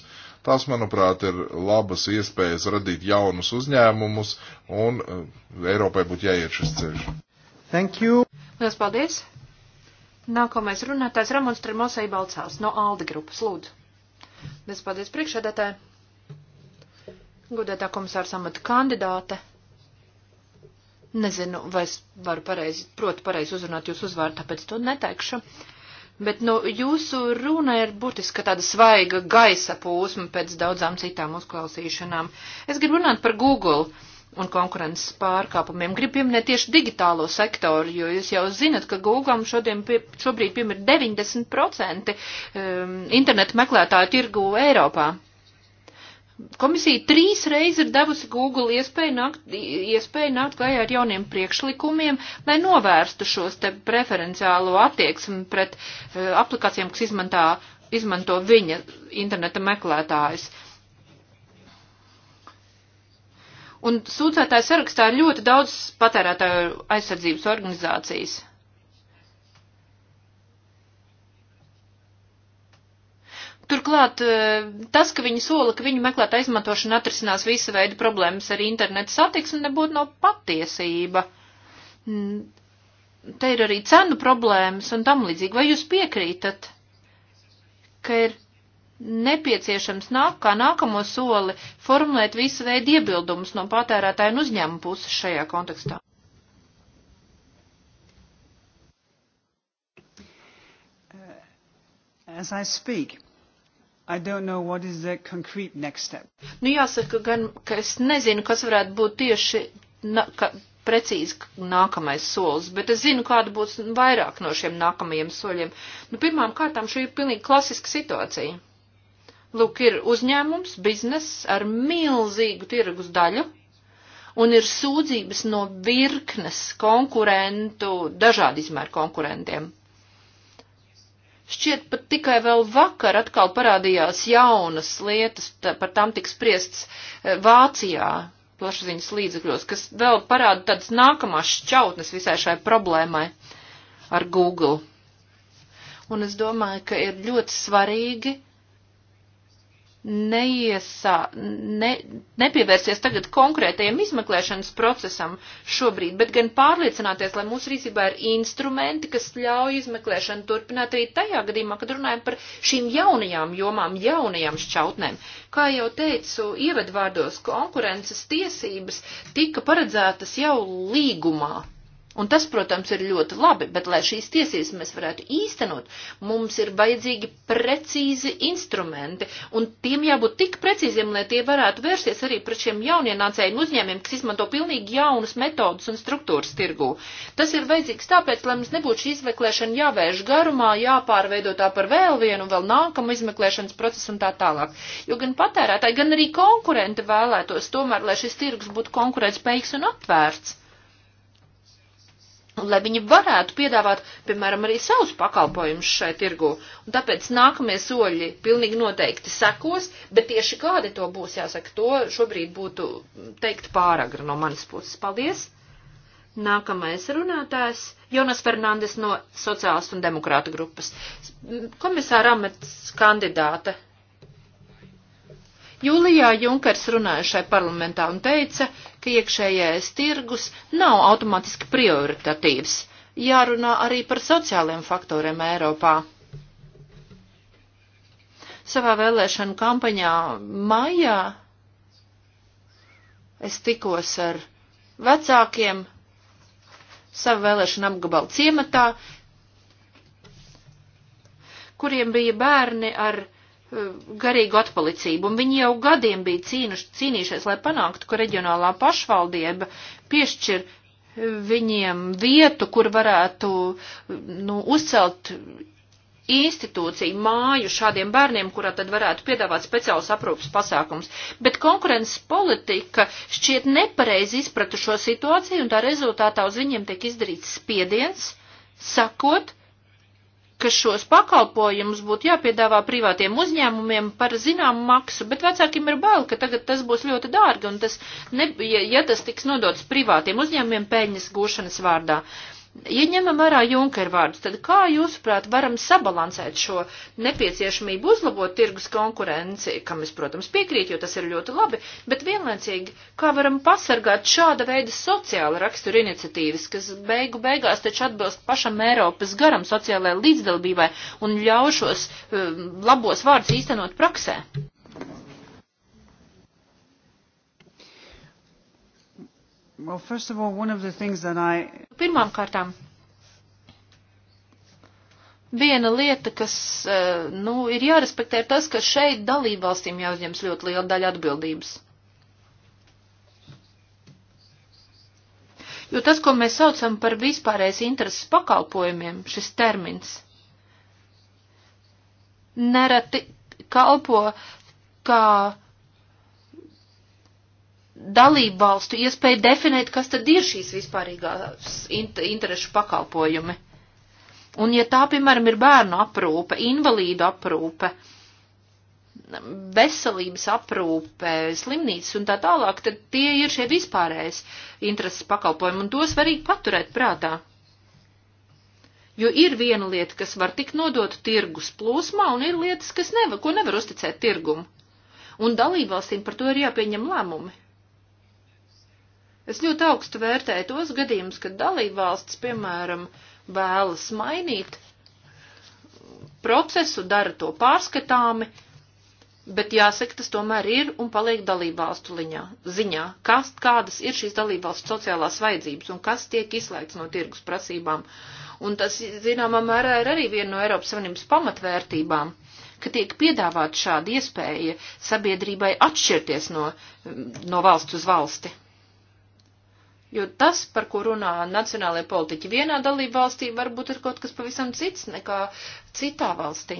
Tas, manuprāt, ir labas iespējas radīt jaunus uzņēmumus, un uh, Eiropai būtu jāiet šis ceļš. Thank you! Lielas paldies! Nākamais runātājs Ramons Tremosai Balcāls no Alde grupas. Lūdzu! Lielas paldies priekšādātāji! Godētā komisāra samata kandidāte! Nezinu, vai es varu pareizi, protu pareizi uzrunāt jūsu uzvārdu, tāpēc to neteikšu. Uh, Bet nu, jūsu runa ir būtiski tāda svaiga gaisa pūsma pēc daudzām citām uzklausīšanām. Es gribu runāt par Google un konkurences pārkāpumiem. Gribu pieminēt tieši digitālo sektoru, jo jūs jau zinat, ka Google šodien pie, šobrīd piemēr 90% um, internetu meklētāju tirgu Eiropā. Komisija trīs reizes ir devusi Google iespēju nākt, iespēju nākt klajā ar jauniem priekšlikumiem, lai novērstu šos te preferenciālo attieksmi pret uh, aplikācijām, kas izmantā, izmanto viņa interneta meklētājs. Un sūdzētāju sarakstā ir ļoti daudz patērētāju aizsardzības organizācijas. Turklāt eh, tas, ka viņi sola, ka viņu meklētā izmantošana atrisinās visa veida problēmas ar internetu satiksmi, nebūtu nav patiesība. Mm, te ir arī cenu problēmas un tam līdzīgi. Vai jūs piekrītat, ka ir nepieciešams nāk, kā nākamo soli formulēt visu veidu iebildumus no patērētāju un uzņēmumu puses šajā kontekstā? Uh, as I speak, Nu, jāsaka gan, ka es nezinu, kas varētu būt tieši na, ka, precīzi nākamais solis, bet es zinu, kāda būs vairāk no šiem nākamajiem soļiem. Nu, pirmām kārtām šī ir pilnīgi klasiska situācija. Lūk, ir uzņēmums, biznes ar milzīgu tirgus daļu, un ir sūdzības no virknes konkurentu, dažādi izmēru konkurentiem. Šķiet, pat tikai vēl vakar atkal parādījās jaunas lietas, tā, par tām tiks priests e, Vācijā plašsaziņas līdzekļos, kas vēl parāda tādas nākamās šķautnes visai šai problēmai ar Google. Un es domāju, ka ir ļoti svarīgi neiesā, ne, nepievērsies tagad konkrētajam izmeklēšanas procesam šobrīd, bet gan pārliecināties, lai mūsu rīcībā ir instrumenti, kas ļauj izmeklēšanu turpināt arī tajā gadījumā, kad runājam par šīm jaunajām jomām, jaunajām šķautnēm. Kā jau teicu, ievadvārdos konkurences tiesības tika paredzētas jau līgumā Un tas, protams, ir ļoti labi, bet, lai šīs tiesības mēs varētu īstenot, mums ir vajadzīgi precīzi instrumenti, un tiem jābūt tik precīziem, lai tie varētu vērsties arī pret šiem jaunienācējiem uzņēmiem, kas izmanto pilnīgi jaunas metodas un struktūras tirgū. Tas ir vajadzīgs tāpēc, lai mums nebūtu šī izmeklēšana jāvērš garumā, jāpārveido tā par vēl vienu, vēl nākamu izmeklēšanas procesu un tā tālāk. Jo gan patērētāji, gan arī konkurenti vēlētos tomēr, lai šis tirgus būtu konkurētspējīgs un atvērts un lai viņi varētu piedāvāt, piemēram, arī savus pakalpojumus šai tirgu. Un tāpēc nākamie soļi pilnīgi noteikti sekos, bet tieši kādi to būs, jāsaka, to šobrīd būtu teikt pāragri no manas puses. Paldies! Nākamais runātājs - Jonas Fernandes no Sociālistu un Demokrāta grupas. Komisāra amats kandidāte. Jūlijā Junkers runāja šai parlamentā un teica, ka iekšējais tirgus nav automātiski prioritatīvs. Jārunā arī par sociāliem faktoriem Eiropā. Savā vēlēšanu kampaņā maijā es tikos ar vecākiem savu vēlēšanu apgabalu ciematā, kuriem bija bērni ar garīgu atpalicību, un viņi jau gadiem bija cīnuši, cīnījušies, lai panāktu, ka reģionālā pašvaldība piešķir viņiem vietu, kur varētu nu, uzcelt institūciju, māju šādiem bērniem, kurā tad varētu piedāvāt speciālus aprūpas pasākums. Bet konkurences politika šķiet nepareizi izprata šo situāciju, un tā rezultātā uz viņiem tiek izdarīts spiediens, sakot, ka šos pakalpojumus būtu jāpiedāvā privātiem uzņēmumiem par zināmu maksu, bet vecākiem ir bail, ka tagad tas būs ļoti dārgi un tas, ne, ja, ja tas tiks nodots privātiem uzņēmumiem peļņas gūšanas vārdā. Uh, Ja ņemam vērā Junker vārdus, tad kā jūsuprāt varam sabalansēt šo nepieciešamību uzlabot tirgus konkurenci, kam es, protams, piekrītu, jo tas ir ļoti labi, bet vienlaicīgi, kā varam pasargāt šāda veida sociāla rakstura iniciatīvas, kas beigu beigās taču atbilst pašam Eiropas garam sociālajai līdzdalībai un ļaušos um, eh, labos vārdus īstenot praksē? Well, first of all, one of the things that I... Pirmām kārtām, viena lieta, kas, eh, nu, ir jārespektē, ir tas, ka šeit dalībvalstīm jāuzņems ļoti liela daļa atbildības. Jo tas, ko mēs saucam par vispārējais intereses pakalpojumiem, šis termins, nereti kalpo kā dalību valstu iespēju definēt, kas tad ir šīs vispārīgās interešu pakalpojumi. Un ja tā, piemēram, ir bērnu aprūpe, invalīdu aprūpe, veselības aprūpe, slimnīcas un tā tālāk, tad tie ir šie vispārējais intereses pakalpojumi, un to svarīgi paturēt prātā. Jo ir viena lieta, kas var tikt nodota tirgus plūsmā, un ir lietas, kas nevar, ko nevar uzticēt tirgumu. Un dalībvalstīm par to ir jāpieņem lēmumi. Es ļoti augstu vērtēju tos gadījumus, kad dalībvalsts, piemēram, vēlas mainīt procesu, dara to pārskatāmi, bet jāsaka, tas tomēr ir un paliek dalībvalstu liņā, ziņā, kas, kādas ir šīs dalībvalstu sociālās vajadzības un kas tiek izslēgts no tirgus prasībām. Un tas, zināmā mērā, ir arī viena no Eiropas Savienības pamatvērtībām ka tiek piedāvāta šāda iespēja sabiedrībai atšķirties no, no valsts uz valsti. Jo tas, par ko runā nacionālajie politiķi vienā dalību valstī, varbūt ir kaut kas pavisam cits nekā citā valstī.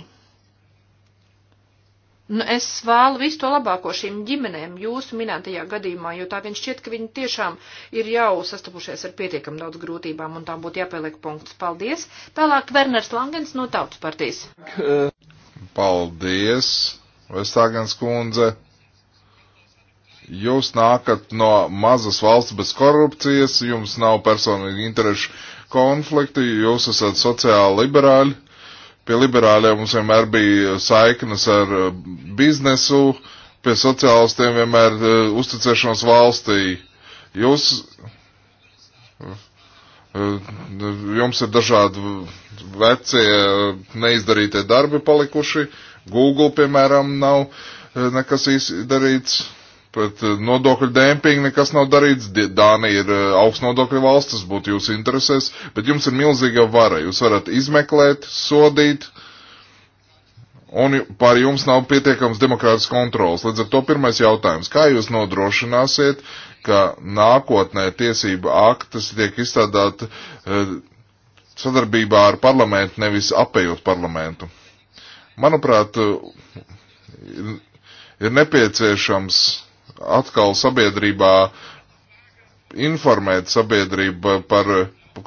Nu, es vēlu visu to labāko šīm ģimenēm jūsu minētajā gadījumā, jo tā viņš šķiet, ka viņi tiešām ir jau sastapušies ar pietiekam daudz grūtībām, un tām būtu jāpieliek punkts. Paldies! Tālāk Werners Langens no Tautas partijas. Paldies, Vestāgens kundze! Jūs nākat no mazas valsts bez korupcijas, jums nav personīgi interešu konflikti, jūs esat sociāli liberāļi. Pie liberāļiem mums vienmēr bija saiknes ar eh, biznesu, pie sociālistiem vienmēr uh, eh, uzticēšanos valstī. Jūs, uh, jums ir dažādi vecie neizdarītie darbi palikuši, Google, piemēram, nav uh, nekas īsti darīts Pret eh, nodokļu dēmpingu nekas nav darīts. Dānija ir eh, augsts nodokļu valsts, tas būtu jūsu interesēs, bet jums ir milzīga vara. Jūs varat izmeklēt, sodīt, un pār jums nav pietiekams demokrātas kontrols. Līdz ar to pirmais jautājums. Kā jūs nodrošināsiet, ka nākotnē tiesība aktas tiek izstrādāta eh, sadarbībā ar parlamentu, nevis apējot parlamentu? Manuprāt, ir nepieciešams atkal sabiedrībā informēt sabiedrību par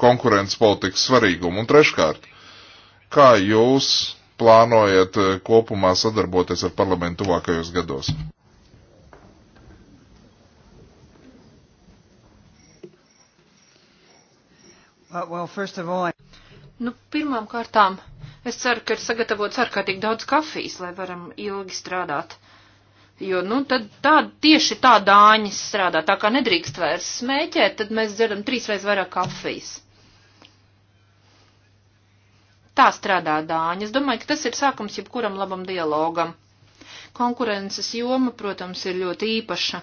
konkurences politikas svarīgumu. Un treškārt, kā jūs plānojat kopumā sadarboties ar parlamentu tuvākajos gados? Well, all, I... Nu, pirmām kārtām, es ceru, ka ir sagatavots ārkārtīgi daudz kafijas, lai varam ilgi strādāt. Uh, Jo, nu, tad tā, tieši tā dāņas strādā, tā kā nedrīkst vairs smēķēt, tad mēs dzeram trīsreiz vairāk kafijas. Tā strādā dāņi. Es domāju, ka tas ir sākums jebkuram labam dialogam. Konkurences joma, protams, ir ļoti īpaša,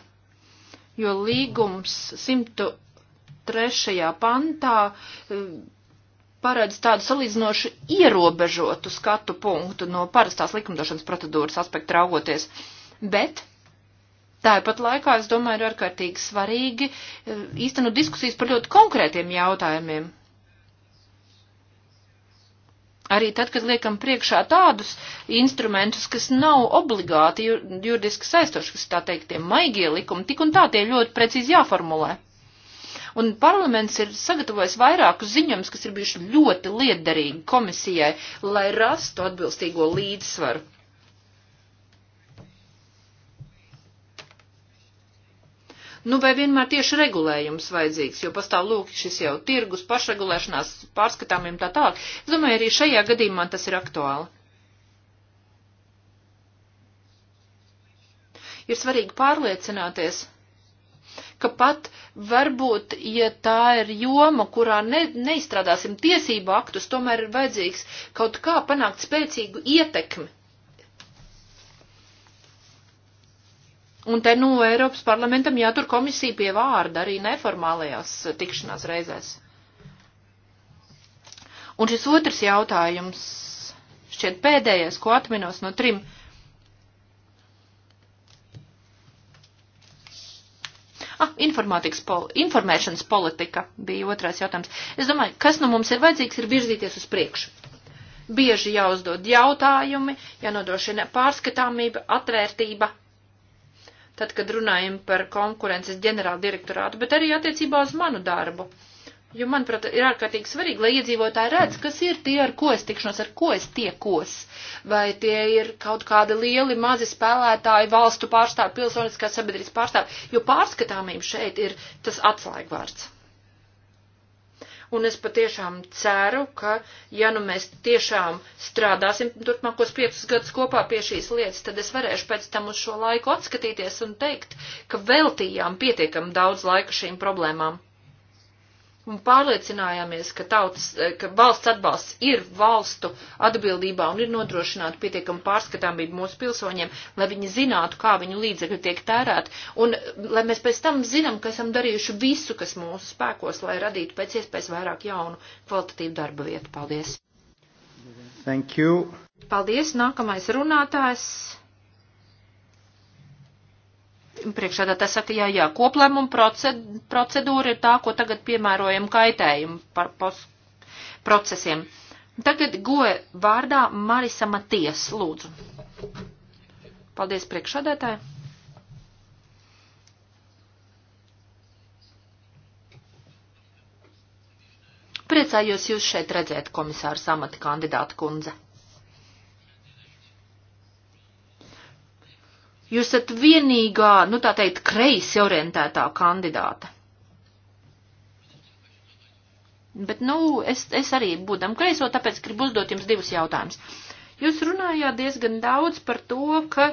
jo līgums 103. pantā e, paredz tādu salīdzinoši ierobežotu skatu punktu no parastās likumdošanas procedūras aspekta raugoties. Uh, bet Tāpat laikā, es domāju, ir ārkārtīgi svarīgi eh, īstenot diskusijas par ļoti konkrētiem jautājumiem. Arī tad, kad liekam priekšā tādus instrumentus, kas nav obligāti juridiski saistoši, kas tā teikt, tie maigie likumi, tik un tā tie ļoti precīzi jāformulē. Un parlaments ir sagatavojis vairākus ziņojumus, kas ir bijuši ļoti liederīgi komisijai, lai rastu atbilstīgo līdzsvaru. Nu, vai vienmēr tieši regulējums vajadzīgs, jo pastāv lūk šis jau tirgus, pašregulēšanās, pārskatāmiem tā tālāk. Es domāju, arī šajā gadījumā tas ir aktuāli. Ir svarīgi pārliecināties, ka pat varbūt, ja tā ir joma, kurā ne, neizstrādāsim tiesību aktus, tomēr ir vajadzīgs kaut kā panākt spēcīgu ietekmi Un te, nu, Eiropas parlamentam jātur komisija pie vārda arī neformālajās tikšanās reizēs. Un šis otrs jautājums, šķiet pēdējais, ko atminos no trim. Ah, informātikas pol informēšanas politika bija otrais jautājums. Es domāju, kas nu mums ir vajadzīgs, ir virzīties uz priekšu bieži jāuzdod jautājumi, jānodrošina pārskatāmība, atvērtība tad, kad runājam par konkurences ģenerāla direktorātu, bet arī attiecībā uz manu darbu. Jo, manuprāt, ir ārkārtīgi svarīgi, lai iedzīvotāji redz, kas ir tie, ar ko es tikšanos, ar ko es tiekos. Vai tie ir kaut kādi lieli, mazi spēlētāji, valstu pārstāvi, pilsoniskās sabiedrības pārstāvi, jo pārskatāmība šeit ir tas atslēgvārds un es patiešām ceru, ka, ja nu mēs tiešām strādāsim turpmākos piecus gadus kopā pie šīs lietas, tad es varēšu pēc tam uz šo laiku atskatīties un teikt, ka veltījām pietiekam daudz laika šīm problēmām un pārliecinājāmies, ka, tautas, eh, ka valsts atbalsts ir valstu atbildībā un ir nodrošināta pietiekama pārskatāmība mūsu pilsoņiem, lai viņi zinātu, kā viņu līdzekļi tiek tērēti, un eh, lai mēs pēc tam zinām, ka esam darījuši visu, kas mūsu spēkos, lai radītu pēc iespējas vairāk jaunu kvalitatīvu darba vietu. Paldies! Thank you. Paldies! Nākamais runātājs Priekšādā tas saka, jā, jā, koplēmuma procedūra ir tā, ko tagad piemērojam kaitējumu par procesiem. Tagad goja vārdā Marisa Maties, lūdzu. Paldies priekšādētāji. Priecājos jūs šeit redzēt, komisāra samata kandidāta kundze. Jūs esat vienīgā, nu tā teikt, kreisi orientētā kandidāte. Bet, nu, es, es arī būdam kreiso, tāpēc gribu uzdot jums divus jautājumus. Jūs runājāt diezgan daudz par to, ka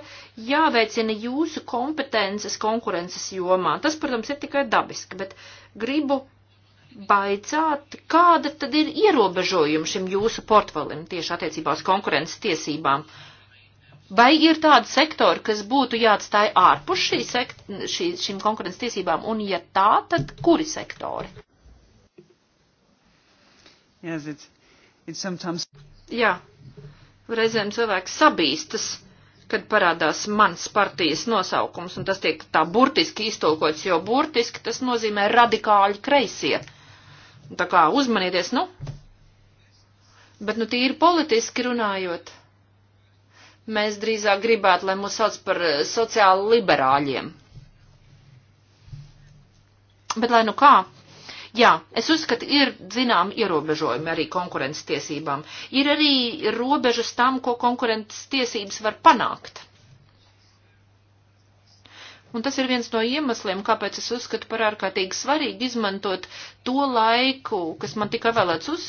jāveicina jūsu kompetences konkurences jomā. Tas, protams, ir tikai dabiski, bet gribu baicāt, kāda tad ir ierobežojuma šim jūsu portfelim tieši attiecībā uz konkurences tiesībām. Uh, Vai ir tādi sektori, kas būtu jāatstāj ārpus šī sekt, šī, šīm konkurences tiesībām, un ja tā, tad kuri sektori? Yes, it's, it's sometimes... Jā, reizēm cilvēks sabīstas, kad parādās mans partijas nosaukums, un tas tiek tā burtiski iztulkots, jo burtiski tas nozīmē radikāļi kreisie. Tā kā uzmanieties, nu, bet nu tīri politiski runājot. Mēs drīzāk gribētu, lai mūs sauc par eh, sociāli liberāļiem. Bet lai nu kā, Jā, es uzskatu, ir zinām ierobežojumi arī konkurences tiesībām. Ir arī robežas tam, ko konkurences tiesības var panākt. Un tas ir viens no iemesliem, kāpēc es uzskatu par ārkārtīgi svarīgi izmantot to laiku, kas man tika vēlēts uz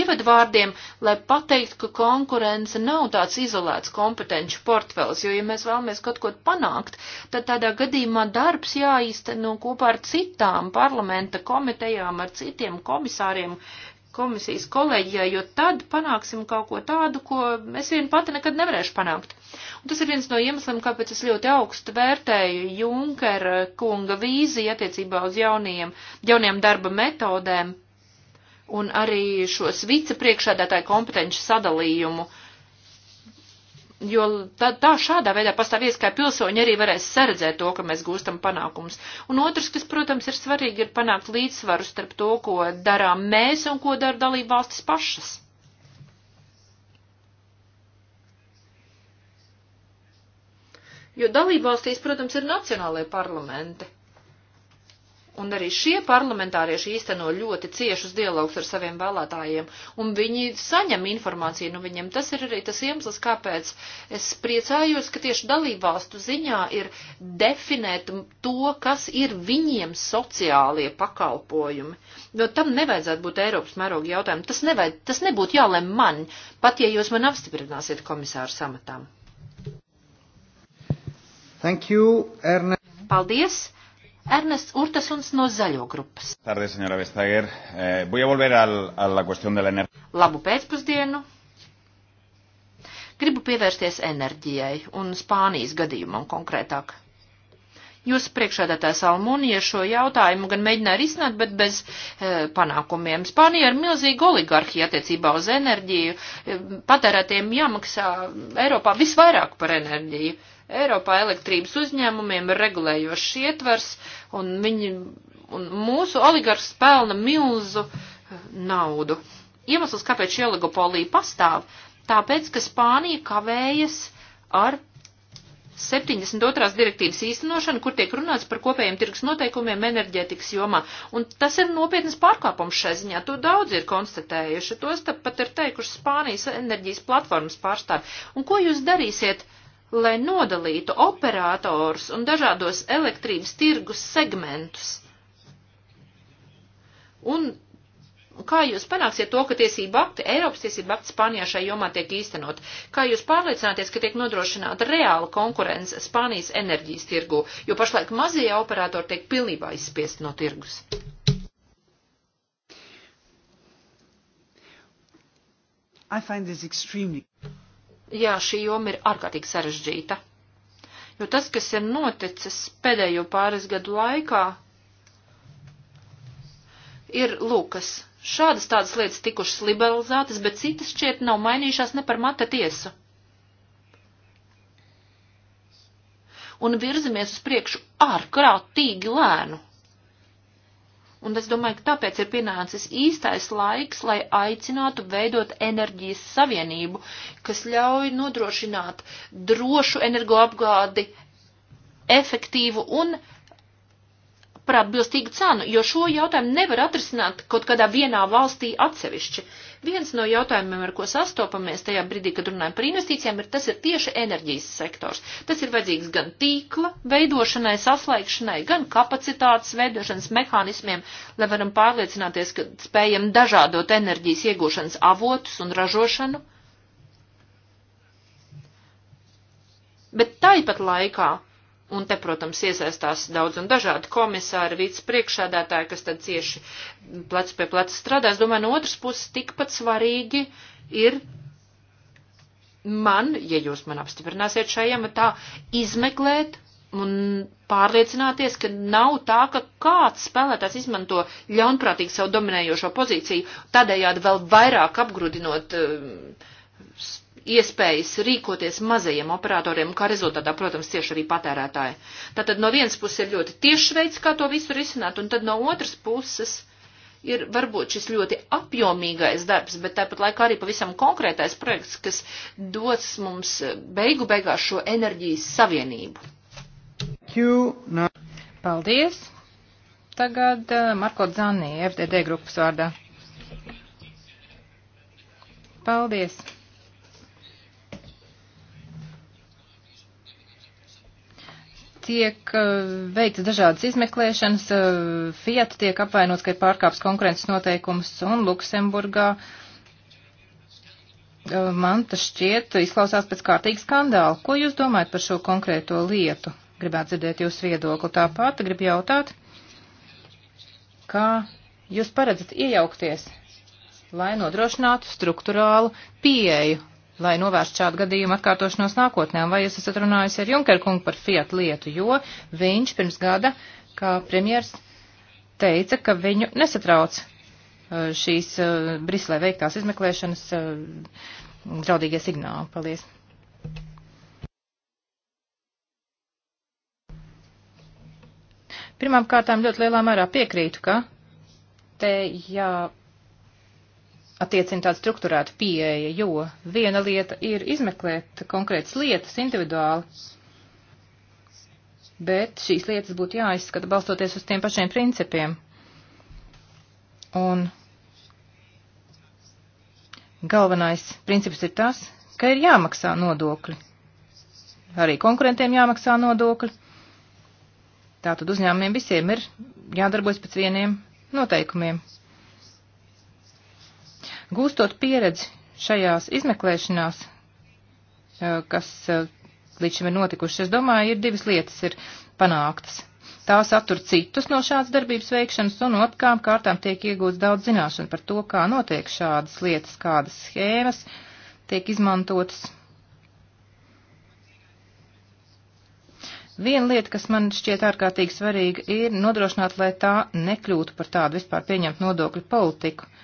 ievadvārdiem, lai pateiktu, ka konkurence nav tāds izolēts kompetenci portfels, jo, ja mēs vēlamies kaut ko panākt, tad tādā gadījumā darbs jāīsteno kopā ar citām parlamenta komitejām, ar citiem komisāriem, komisijas kolēģijai, jo tad panāksim kaut ko tādu, ko es vien pati nekad nevarēšu panākt. Un tas ir viens no iemesliem, kāpēc es ļoti augstu vērtēju Junkera kunga vīziju attiecībā uz jauniem, jauniem darba metodēm un arī šo svica priekšādātāju kompetenci sadalījumu. Uh, jo tā, tā šādā veidā pastāv ieskāja pilsoņi arī varēs saredzēt to, ka mēs gūstam panākumus. Un otrs, kas, protams, ir svarīgi, ir panākt līdzsvaru starp to, ko darām mēs un ko dara dalība valstis pašas. Jo dalībvalstīs, protams, ir nacionālajie parlamenti. Un arī šie parlamentārieši īsteno ļoti ciešus dialogus ar saviem vēlētājiem, un viņi saņem informāciju no nu viņiem. Tas ir arī tas iemesls, kāpēc es priecājos, ka tieši dalībvalstu ziņā ir definēt to, kas ir viņiem sociālie pakalpojumi. Jo tam nevajadzētu būt Eiropas mēroga jautājumu. Tas, nevajad, tas nebūtu jālem man, pat ja jūs man apstiprināsiet komisāru samatām. Thank you, Ernest. Paldies! Ernests Urtasuns no Zaļo grupas. Tardes, senjora Vestager. Eh, voy a volver al, a la cuestión de la energía. Labu pēcpusdienu. Gribu pievērsties enerģijai un Spānijas gadījumam konkrētāk. Jūsu priekšādātājs Almunija šo jautājumu gan mēģināja risināt, bet bez e, panākumiem. Spānija ir milzīga oligarhija attiecībā uz enerģiju. E, patērētiem jāmaksā Eiropā visvairāk par enerģiju. E, Eiropā elektrības uzņēmumiem ir regulējošs ietvers, un, viņi, un mūsu oligarhs pelna milzu eh, naudu. Iemesls, kāpēc šī oligopolija pastāv, tāpēc, ka Spānija kavējas ar 72. direktīvas īstenošanu, kur tiek runāts par kopējiem tirgus noteikumiem enerģētikas jomā. Un tas ir nopietnas pārkāpums šai ziņā. To daudz ir konstatējuši. Tos pat ir teikuši Spānijas enerģijas platformas pārstāvi. Un ko jūs darīsiet? Uh, lai nodalītu operators un dažādos elektrības tirgus segmentus. Un kā jūs panāksiet to, ka tiesība akti, Eiropas tiesība akti Spānijā šai jomā tiek īstenot? Kā jūs pārliecināties, ka tiek nodrošināta reāla konkurence Spānijas enerģijas tirgu, jo pašlaik mazie operatori tiek pilnībā izspiest no tirgus? I find this extremely jā, šī joma ir ārkārtīgi sarežģīta. Jo tas, kas ir noticis pēdējo pāris gadu laikā, ir lūkas. Šādas tādas lietas tikušas liberalizētas, bet citas šķiet nav mainījušās ne par mata tiesu. Un virzamies uz priekšu ārkārtīgi lēnu. Un es domāju, ka tāpēc ir pienācis īstais laiks, lai aicinātu veidot enerģijas savienību, kas ļauj nodrošināt drošu energoapgādi, efektīvu un par atbilstīgu cenu, jo šo jautājumu nevar atrisināt kaut kādā vienā valstī atsevišķi. Viens no jautājumiem, ar ko sastopamies tajā brīdī, kad runājam par investīcijām, ir tas ir tieši enerģijas sektors. Tas ir vajadzīgs gan tīkla veidošanai, saslēgšanai, gan kapacitātes veidošanas mehānismiem, lai varam pārliecināties, ka spējam dažādot enerģijas iegūšanas avotus un ražošanu. Bet tāpat laikā Un te, protams, iesaistās daudz un dažādi komisāri, vicepriekšādātāji, kas tad cieši plec pie pleca strādā. Es domāju, no otras puses tikpat svarīgi ir man, ja jūs man apstiprināsiet šajā matā, izmeklēt un pārliecināties, ka nav tā, ka kāds spēlētājs izmanto ļaunprātīgi savu dominējošo pozīciju, tādējādi vēl vairāk apgrūdinot uh, iespējas rīkoties mazajiem operatoriem, kā rezultātā, protams, cieši arī patērētāji. Tātad no vienas puses ir ļoti tieši veids, kā to visu risināt, un tad no otras puses ir varbūt šis ļoti apjomīgais darbs, bet tāpat laikā arī pavisam konkrētais projekts, kas dos mums beigu beigās šo enerģijas savienību. Paldies! Tagad eh, Marko Dzanī, FDD grupas vārdā. Paldies! tiek eh, veikts dažādas izmeklēšanas, eh, Fiat tiek apvainots, ka ir pārkāps konkurences noteikums un Luksemburgā eh, man tas šķiet izklausās pēc kārtīgi skandāla. Ko jūs domājat par šo konkrēto lietu? Gribētu dzirdēt jūsu viedokli tāpat, gribu jautāt, kā jūs paredzat iejaukties, lai nodrošinātu struktūrālu pieeju lai novērstu šādu gadījumu atkārtošanos nākotnē. Vai jūs esat runājis ar Junker kungu par Fiat lietu, jo viņš pirms gada, kā premjers, teica, ka viņu nesatrauc uh, šīs uh, Briselē veiktās izmeklēšanas uh, draudīgie signāli. Paldies! Pirmām kārtām ļoti lielā mērā piekrītu, ka te jā. Ja attiecina tāda struktūrēta pieeja, jo viena lieta ir izmeklēt konkrētas lietas individuāli, bet šīs lietas būtu jāizskata balstoties uz tiem pašiem principiem. Un galvenais princips ir tas, ka ir jāmaksā nodokļi. Arī konkurentiem jāmaksā nodokļi. Tātad uzņēmumiem visiem ir jādarbojas pēc vieniem noteikumiem. Gūstot pieredzi šajās izmeklēšanās, eh, kas eh, līdz šim ir notikušas, es domāju, ir divas lietas ir panāktas. Tā satur citus no šādas darbības veikšanas, un otrām kārtām tiek iegūts daudz zināšanu par to, kā notiek šādas lietas, kādas schēmas tiek izmantotas. Viena lieta, kas man šķiet ārkārtīgi svarīga, ir nodrošināt, lai tā nekļūtu par tādu vispār pieņemtu nodokļu politiku. Uh,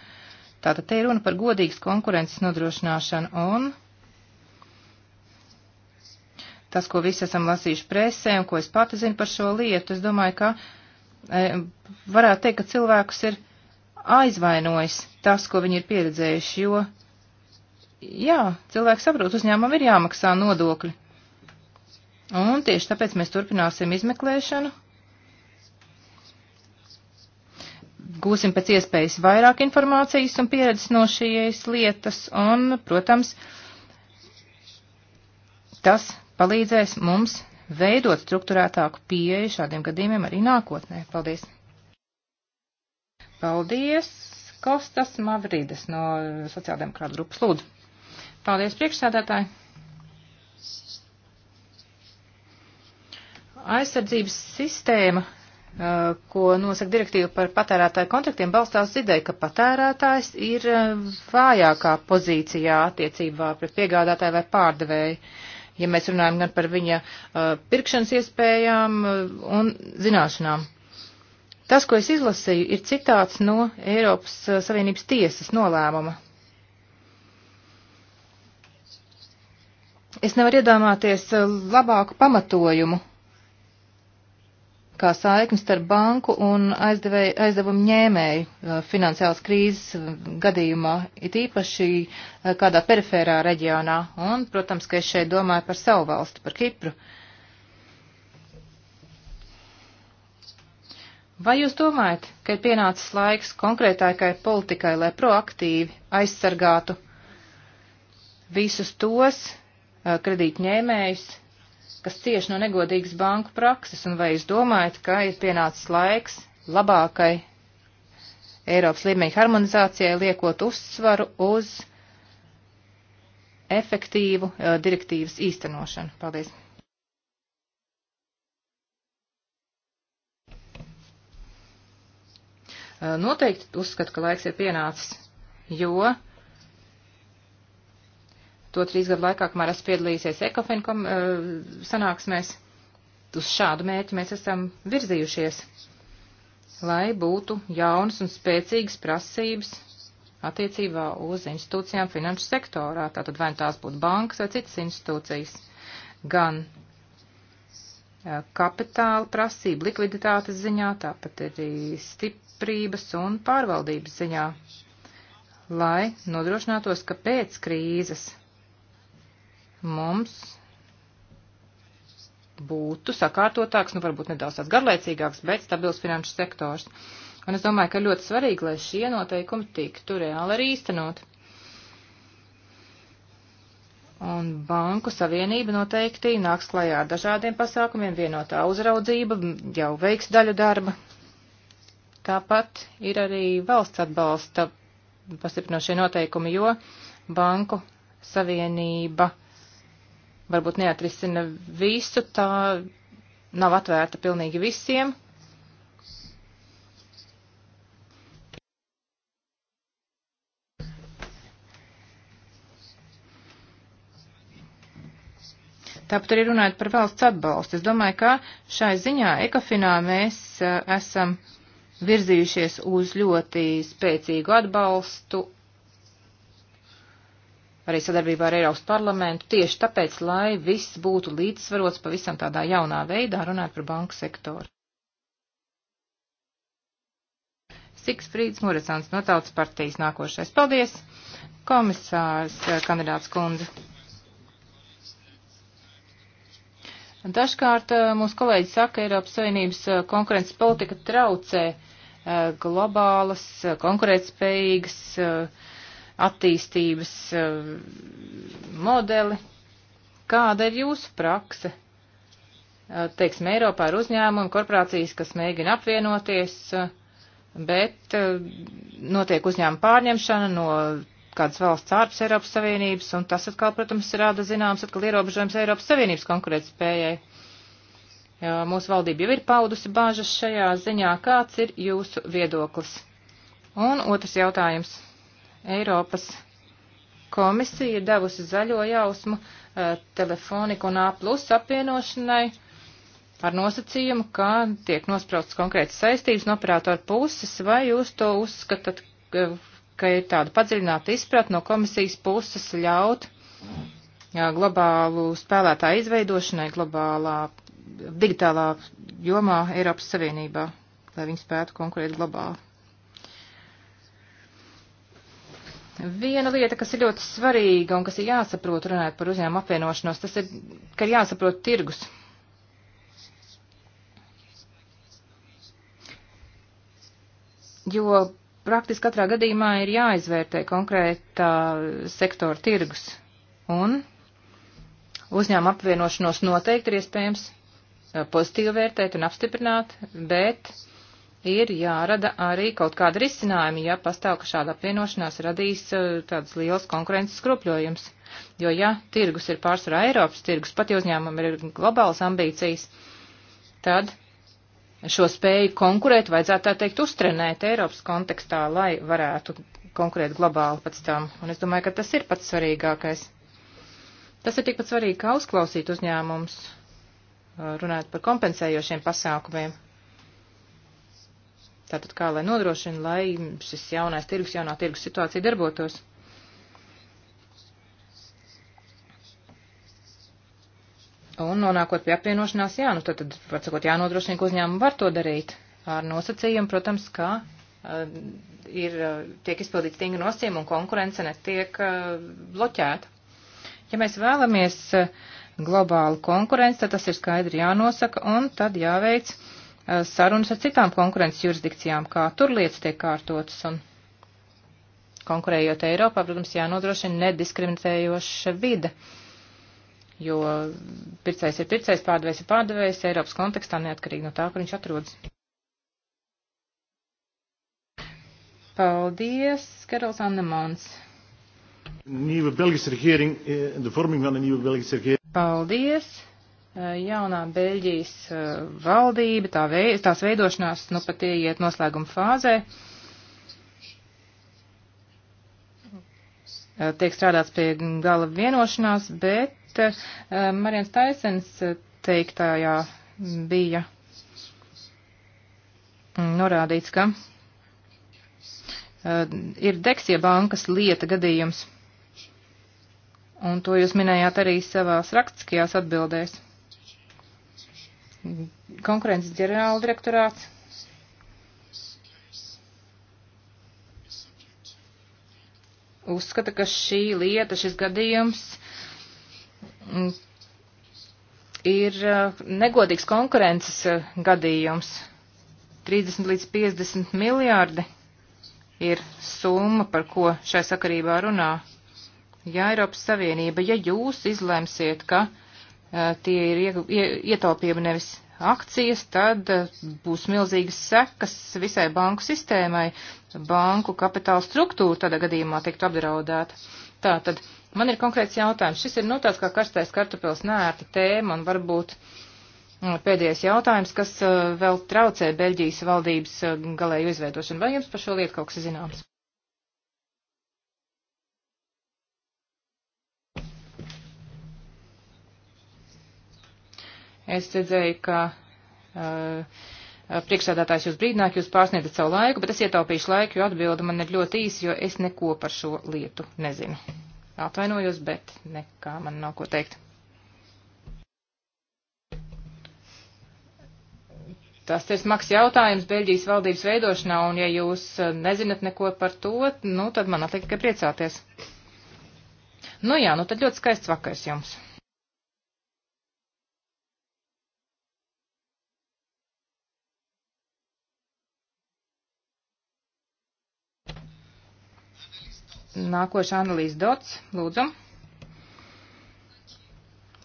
Tātad te ir runa par godīgas konkurences nodrošināšanu un tas, ko visi esam lasījuši presē un ko es pati zinu par šo lietu, es domāju, ka e, varētu teikt, ka cilvēkus ir aizvainojis tas, ko viņi ir pieredzējuši, jo, jā, cilvēki saprot, uzņēmumam ir jāmaksā nodokļi. Un tieši tāpēc mēs turpināsim izmeklēšanu gūsim pēc iespējas vairāk informācijas un pieredzes no šīs lietas, un, protams, tas palīdzēs mums veidot struktūrētāku pieeju šādiem gadījumiem arī nākotnē. Paldies! Paldies! Kostas Mavrides no sociāldemokrāta grupas lūdzu. Paldies priekšsēdētāji! Aizsardzības sistēma Eh, ko nosaka direktīva par patērētāju kontraktiem, balstās ideja, ka patērētājs ir eh, vājākā pozīcijā attiecībā pret piegādātāju vai pārdevēju. Ja mēs runājam gan par viņa eh, pirkšanas iespējām un zināšanām. Tas, ko es izlasīju, ir citāts no Eiropas Savienības tiesas nolēmuma. Es nevaru iedomāties labāku pamatojumu kā saiknes starp banku un aizdevumu ņēmēju uh, finansiālas krīzes uh, gadījumā, it īpaši uh, kādā perifērā reģionā. Un, protams, ka es šeit domāju par savu valstu, par Kipru. Vai jūs domājat, ka ir pienācis laiks konkrētākai politikai, lai proaktīvi aizsargātu visus tos kredītņēmējus, kas cieši no negodīgas banku prakses, un vai jūs domājat, ka ir pienācis laiks labākai Eiropas līmeņa harmonizācijai liekot uzsvaru uz efektīvu uh, direktīvas īstenošanu? Paldies! Eh, noteikti uzskatu, ka laiks ir pienācis, jo uh, to trīs gadu laikā, kamēr esmu piedalījusies ekofinkam eh, sanāksmēs. Uz šādu mērķi mēs esam virzījušies, lai būtu jaunas un spēcīgas prasības attiecībā uz institūcijām finanšu sektorā, tātad vai nu tās būtu bankas vai citas institūcijas, gan eh, kapitāla prasība likviditātes ziņā, tāpat arī stiprības un pārvaldības ziņā, lai nodrošinātos, ka pēc krīzes mums būtu sakārtotāks, nu varbūt nedaudz tāds garlaicīgāks, bet stabils finanšu sektors. Un es domāju, ka ļoti svarīgi, lai šie noteikumi tiktu reāli arī īstenot. Un Banku Savienība noteikti nāks klajā ar dažādiem pasākumiem, vienotā uzraudzība jau veiks daļu darba. Tāpat ir arī valsts atbalsta pastiprinošie noteikumi, jo Banku Savienība varbūt neatrisina visu, tā nav atvērta pilnīgi visiem. Tāpat arī runājot par valsts atbalstu. Es domāju, ka šai ziņā ekofinā mēs eh, esam virzījušies uz ļoti spēcīgu atbalstu arī sadarbībā ar Eiropas parlamentu, tieši tāpēc, lai viss būtu līdzsvarots pavisam tādā jaunā veidā, runājot par banku sektoru. Siksfrīds Muresants no Tautas partijas nākošais. Paldies, komisārs eh, kandidāts kundze. Dažkārt eh, mūsu kolēģi saka, Eiropas Savienības eh, konkurences politika traucē globālas, konkurētspējīgas uh, attīstības eh, modeli. Kāda ir jūsu prakse? Eh, teiksim, Eiropā ir uzņēmumi, korporācijas, kas mēģina apvienoties, eh, bet notiek uzņēmuma pārņemšana no kādas valsts ārpus Eiropas Savienības, un tas atkal, protams, rāda zināms atkal ierobežojums Eiropas Savienības konkurētspējai. Mūsu valdība jau ir paudusi bāžas šajā ziņā. Kāds ir jūsu viedoklis? Un otrs jautājums Eiropas komisija devusi zaļo jausmu eh, telefoniku un A plus apvienošanai ar nosacījumu, ka tiek nospraustas konkrētas saistības no operatora puses, vai jūs to uzskatat, ka ir tāda padziļināta izpratne no komisijas puses ļaut eh, globālu spēlētāju izveidošanai globālā digitālā jomā Eiropas Savienībā, lai viņi spētu konkurēt globāli. Viena lieta, kas ir ļoti svarīga un kas ir jāsaprot, runājot par uzņēmumu apvienošanos, tas ir, ka ir jāsaprot tirgus. Jo praktiski katrā gadījumā ir jāizvērtē konkrētā sektora tirgus. Un uzņēmumu apvienošanos noteikti ir iespējams eh, pozitīvi vērtēt un apstiprināt, bet uh, ir jārada arī kaut kāda risinājuma, ja pastāv, ka šāda apvienošanās radīs uh, tādas liels konkurences skrupļojums. Jo, ja tirgus ir pārsvarā Eiropas tirgus, pat ja uzņēmumam ir globālas ambīcijas, tad šo spēju konkurēt vajadzētu tā teikt uztrenēt Eiropas kontekstā, lai varētu konkurēt globāli pēc tam. Un es domāju, ka tas ir pats svarīgākais. Tas ir tikpat svarīgi, kā uzklausīt uzņēmums, uh, runāt par kompensējošiem pasākumiem, Tātad kā lai nodrošina, lai šis jaunais tirgus, jaunā tirgus situācija darbotos. Un nonākot pie apvienošanās, jā, nu tad, var sakot, jānodrošina, ka uzņēmumi var to darīt. Ar nosacījumu, protams, ka uh, ir, uh, tiek izpildīts stingri nosacījumi un konkurence netiek uh, bloķēta. Ja mēs vēlamies uh, globālu konkurenci, tad tas ir skaidri jānosaka un tad jāveic. Uh, Eh, sarunas ar citām konkurences jurisdikcijām, kā tur lietas tiek kārtotas. Un konkurējot Eiropā, protams, jānodrošina nediskriminējoša vide, jo pircējs ir pircējs, pārdevējs ir pārdevējs Eiropas kontekstā neatkarīgi no tā, kur viņš atrodas. Paldies, Karols Annemans. Nieuwe Belgische regering, eh, de vorming van een nieuwe Belgische regering. Paldies jaunā Beļģijas eh, valdība, tā vei, tās veidošanās, nu pat ieiet noslēguma fāzē. Eh, tiek strādāts pie gala vienošanās, bet eh, Marians Taisens teiktājā bija norādīts, ka ir Deksija bankas lieta gadījums. Un to jūs minējāt arī savās rakstiskajās atbildēs konkurences ģenerāla direktorāts. Uzskata, ka šī lieta, šis gadījums mm, ir eh, negodīgs konkurences eh, gadījums. 30 līdz 50 miljārdi ir summa, par ko šai sakarībā runā. Ja Eiropas Savienība, ja jūs izlemsiet, ka uh, Eh, tie ir ietaupījumi nevis akcijas, tad eh, būs milzīgas sekas visai banku sistēmai, banku kapitāla struktūra tādā gadījumā tiktu apdraudēta. Tā tad man ir konkrēts jautājums. Šis ir nu tāds kā karstais kartupils nērta tēma un varbūt mm, pēdējais jautājums, kas eh, vēl traucē Beļģijas valdības galēju izveidošanu. Vai jums par šo lietu kaut kas zināms? Es redzēju, ka uh, priekšsēdētājs jūs brīdināja, ka jūs pārsniedzat savu laiku, bet es ietaupīšu laiku, jo atbildi man ir ļoti īsi, jo es neko par šo lietu nezinu. Atvainojos, bet nekā man nav ko teikt. Tas ir smags jautājums Beļģijas valdības veidošanā, un ja jūs uh, nezinat neko par to, nu, tad man atliek tikai priecāties. Nu jā, nu tad ļoti skaists vakars jums. Nākošais analīzes dots, lūdzu.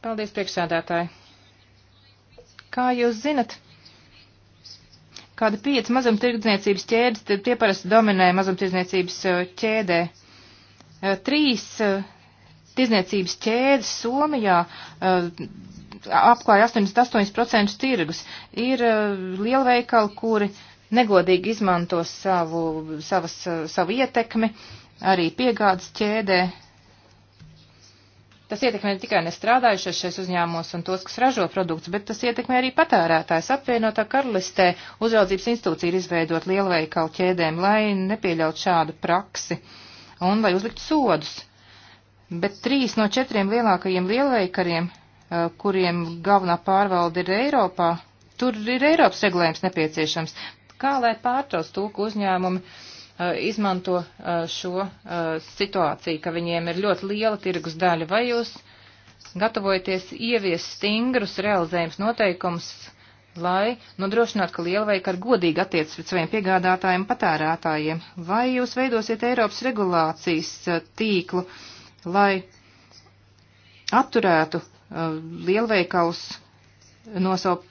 Paldies, priekšsēdētāji. Kā jūs zinat, kāda pieci mazumtirdzniecības ķēdes, tie parasti dominē mazumtirdzniecības eh, ķēdē. Eh, trīs eh, tirdzniecības ķēdes Somijā apklāja 88% tirgus. Ir lielveikali, kuri negodīgi izmanto savu, savas, savu ietekmi arī piegādes ķēdē. Tas ietekmē ne tikai nestrādājušos šais uzņēmumos un tos, kas ražo produktus, bet tas ietekmē arī patērētājs. Apvienotā karalistē uzraudzības institūcija ir izveidot lielveikalu ķēdēm, lai nepieļaut šādu praksi un lai uzliktu sodus. Bet trīs no četriem lielākajiem lielveikariem, eh, kuriem galvenā pārvalde ir Eiropā, tur ir Eiropas regulējums nepieciešams. Kā lai pārtrauc to, ka uzņēmumi Uh, izmanto uh, šo uh, situāciju, ka viņiem ir ļoti liela tirgus daļa, vai jūs gatavojaties ievies stingrus realizējums noteikums, lai nodrošinātu, ka lielveikari godīgi attiecas pret saviem piegādātājiem un patērētājiem, vai jūs veidosiet Eiropas regulācijas tīklu, lai atturētu lielveikals no savu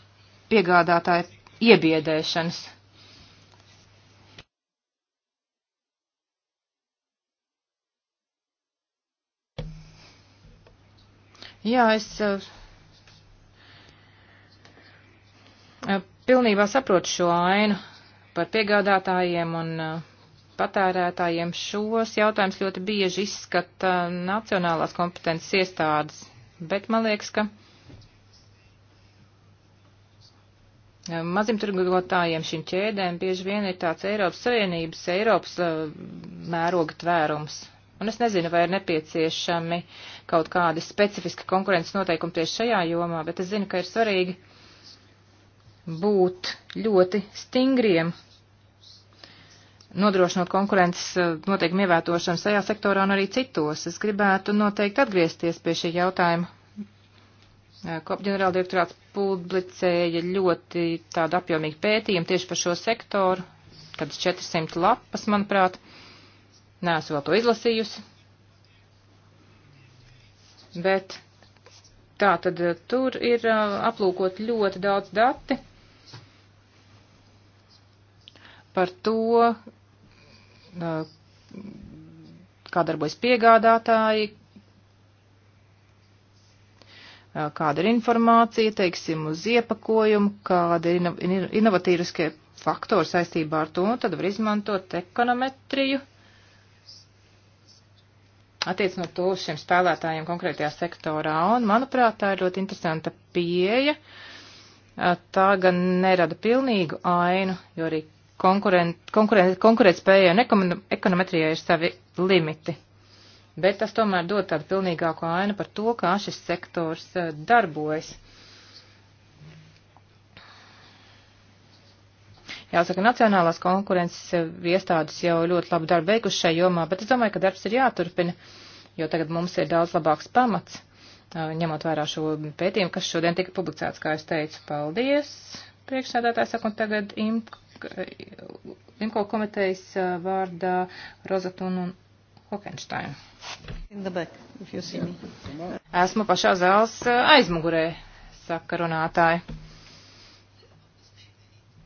piegādātāju iebiedēšanas Jā, es eh, eh, pilnībā saprotu šo ainu par piegādātājiem un eh, patērētājiem. Šos jautājumus ļoti bieži izskata nacionālās kompetences iestādes, bet man liekas, ka mazimtirgotājiem šīm ķēdēm bieži vien ir tāds Eiropas Savienības, Eiropas mēroga tvērums. Un es nezinu, vai ir nepieciešami kaut kādi specifiski konkurences noteikumi tieši šajā jomā, bet es zinu, ka ir svarīgi būt ļoti stingriem, nodrošinot konkurences eh, noteikumu ievētošanu šajā sektorā un arī citos. Es gribētu noteikti atgriezties pie šī jautājuma. Eh, kop ģenerāldirektorāts publicēja ļoti tādu apjomīgu pētījumu tieši par šo sektoru, kādas 400 lapas, manuprāt. Uh, Nēsu vēl to izlasījusi. Bet tā tad eh, tur ir eh, aplūkot ļoti daudz dati par to, eh, kā darbojas piegādātāji, kāda ir informācija, teiksim, uz iepakojumu, kāda ir inovatīviskie faktori saistībā ar to, tad var izmantot ekonometriju attiecinot to uz šiem spēlētājiem konkrētajā sektorā. Un, manuprāt, tā ir ļoti interesanta pieeja. Tā gan nerada pilnīgu ainu, jo arī konkurēt, konkurēt, konkurēt spējai un ekonometrijai ir savi limiti. Bet tas tomēr dod tādu pilnīgāku ainu par to, kā šis sektors darbojas. Uh, Jāsaka, nacionālās konkurences iestādes jau ļoti labu darbu veikuši šajā jomā, bet es domāju, ka darbs ir jāturpina, jo tagad mums ir daudz labāks pamats, ņemot vērā šo pētījumu, kas šodien tika publicēts, kā es teicu. Paldies! Priekšsēdētājs saka, un tagad IMKO komitejas vārdā Rozatun un Hokenštainu. Esmu pašā zāles aizmugurē, saka runātāji.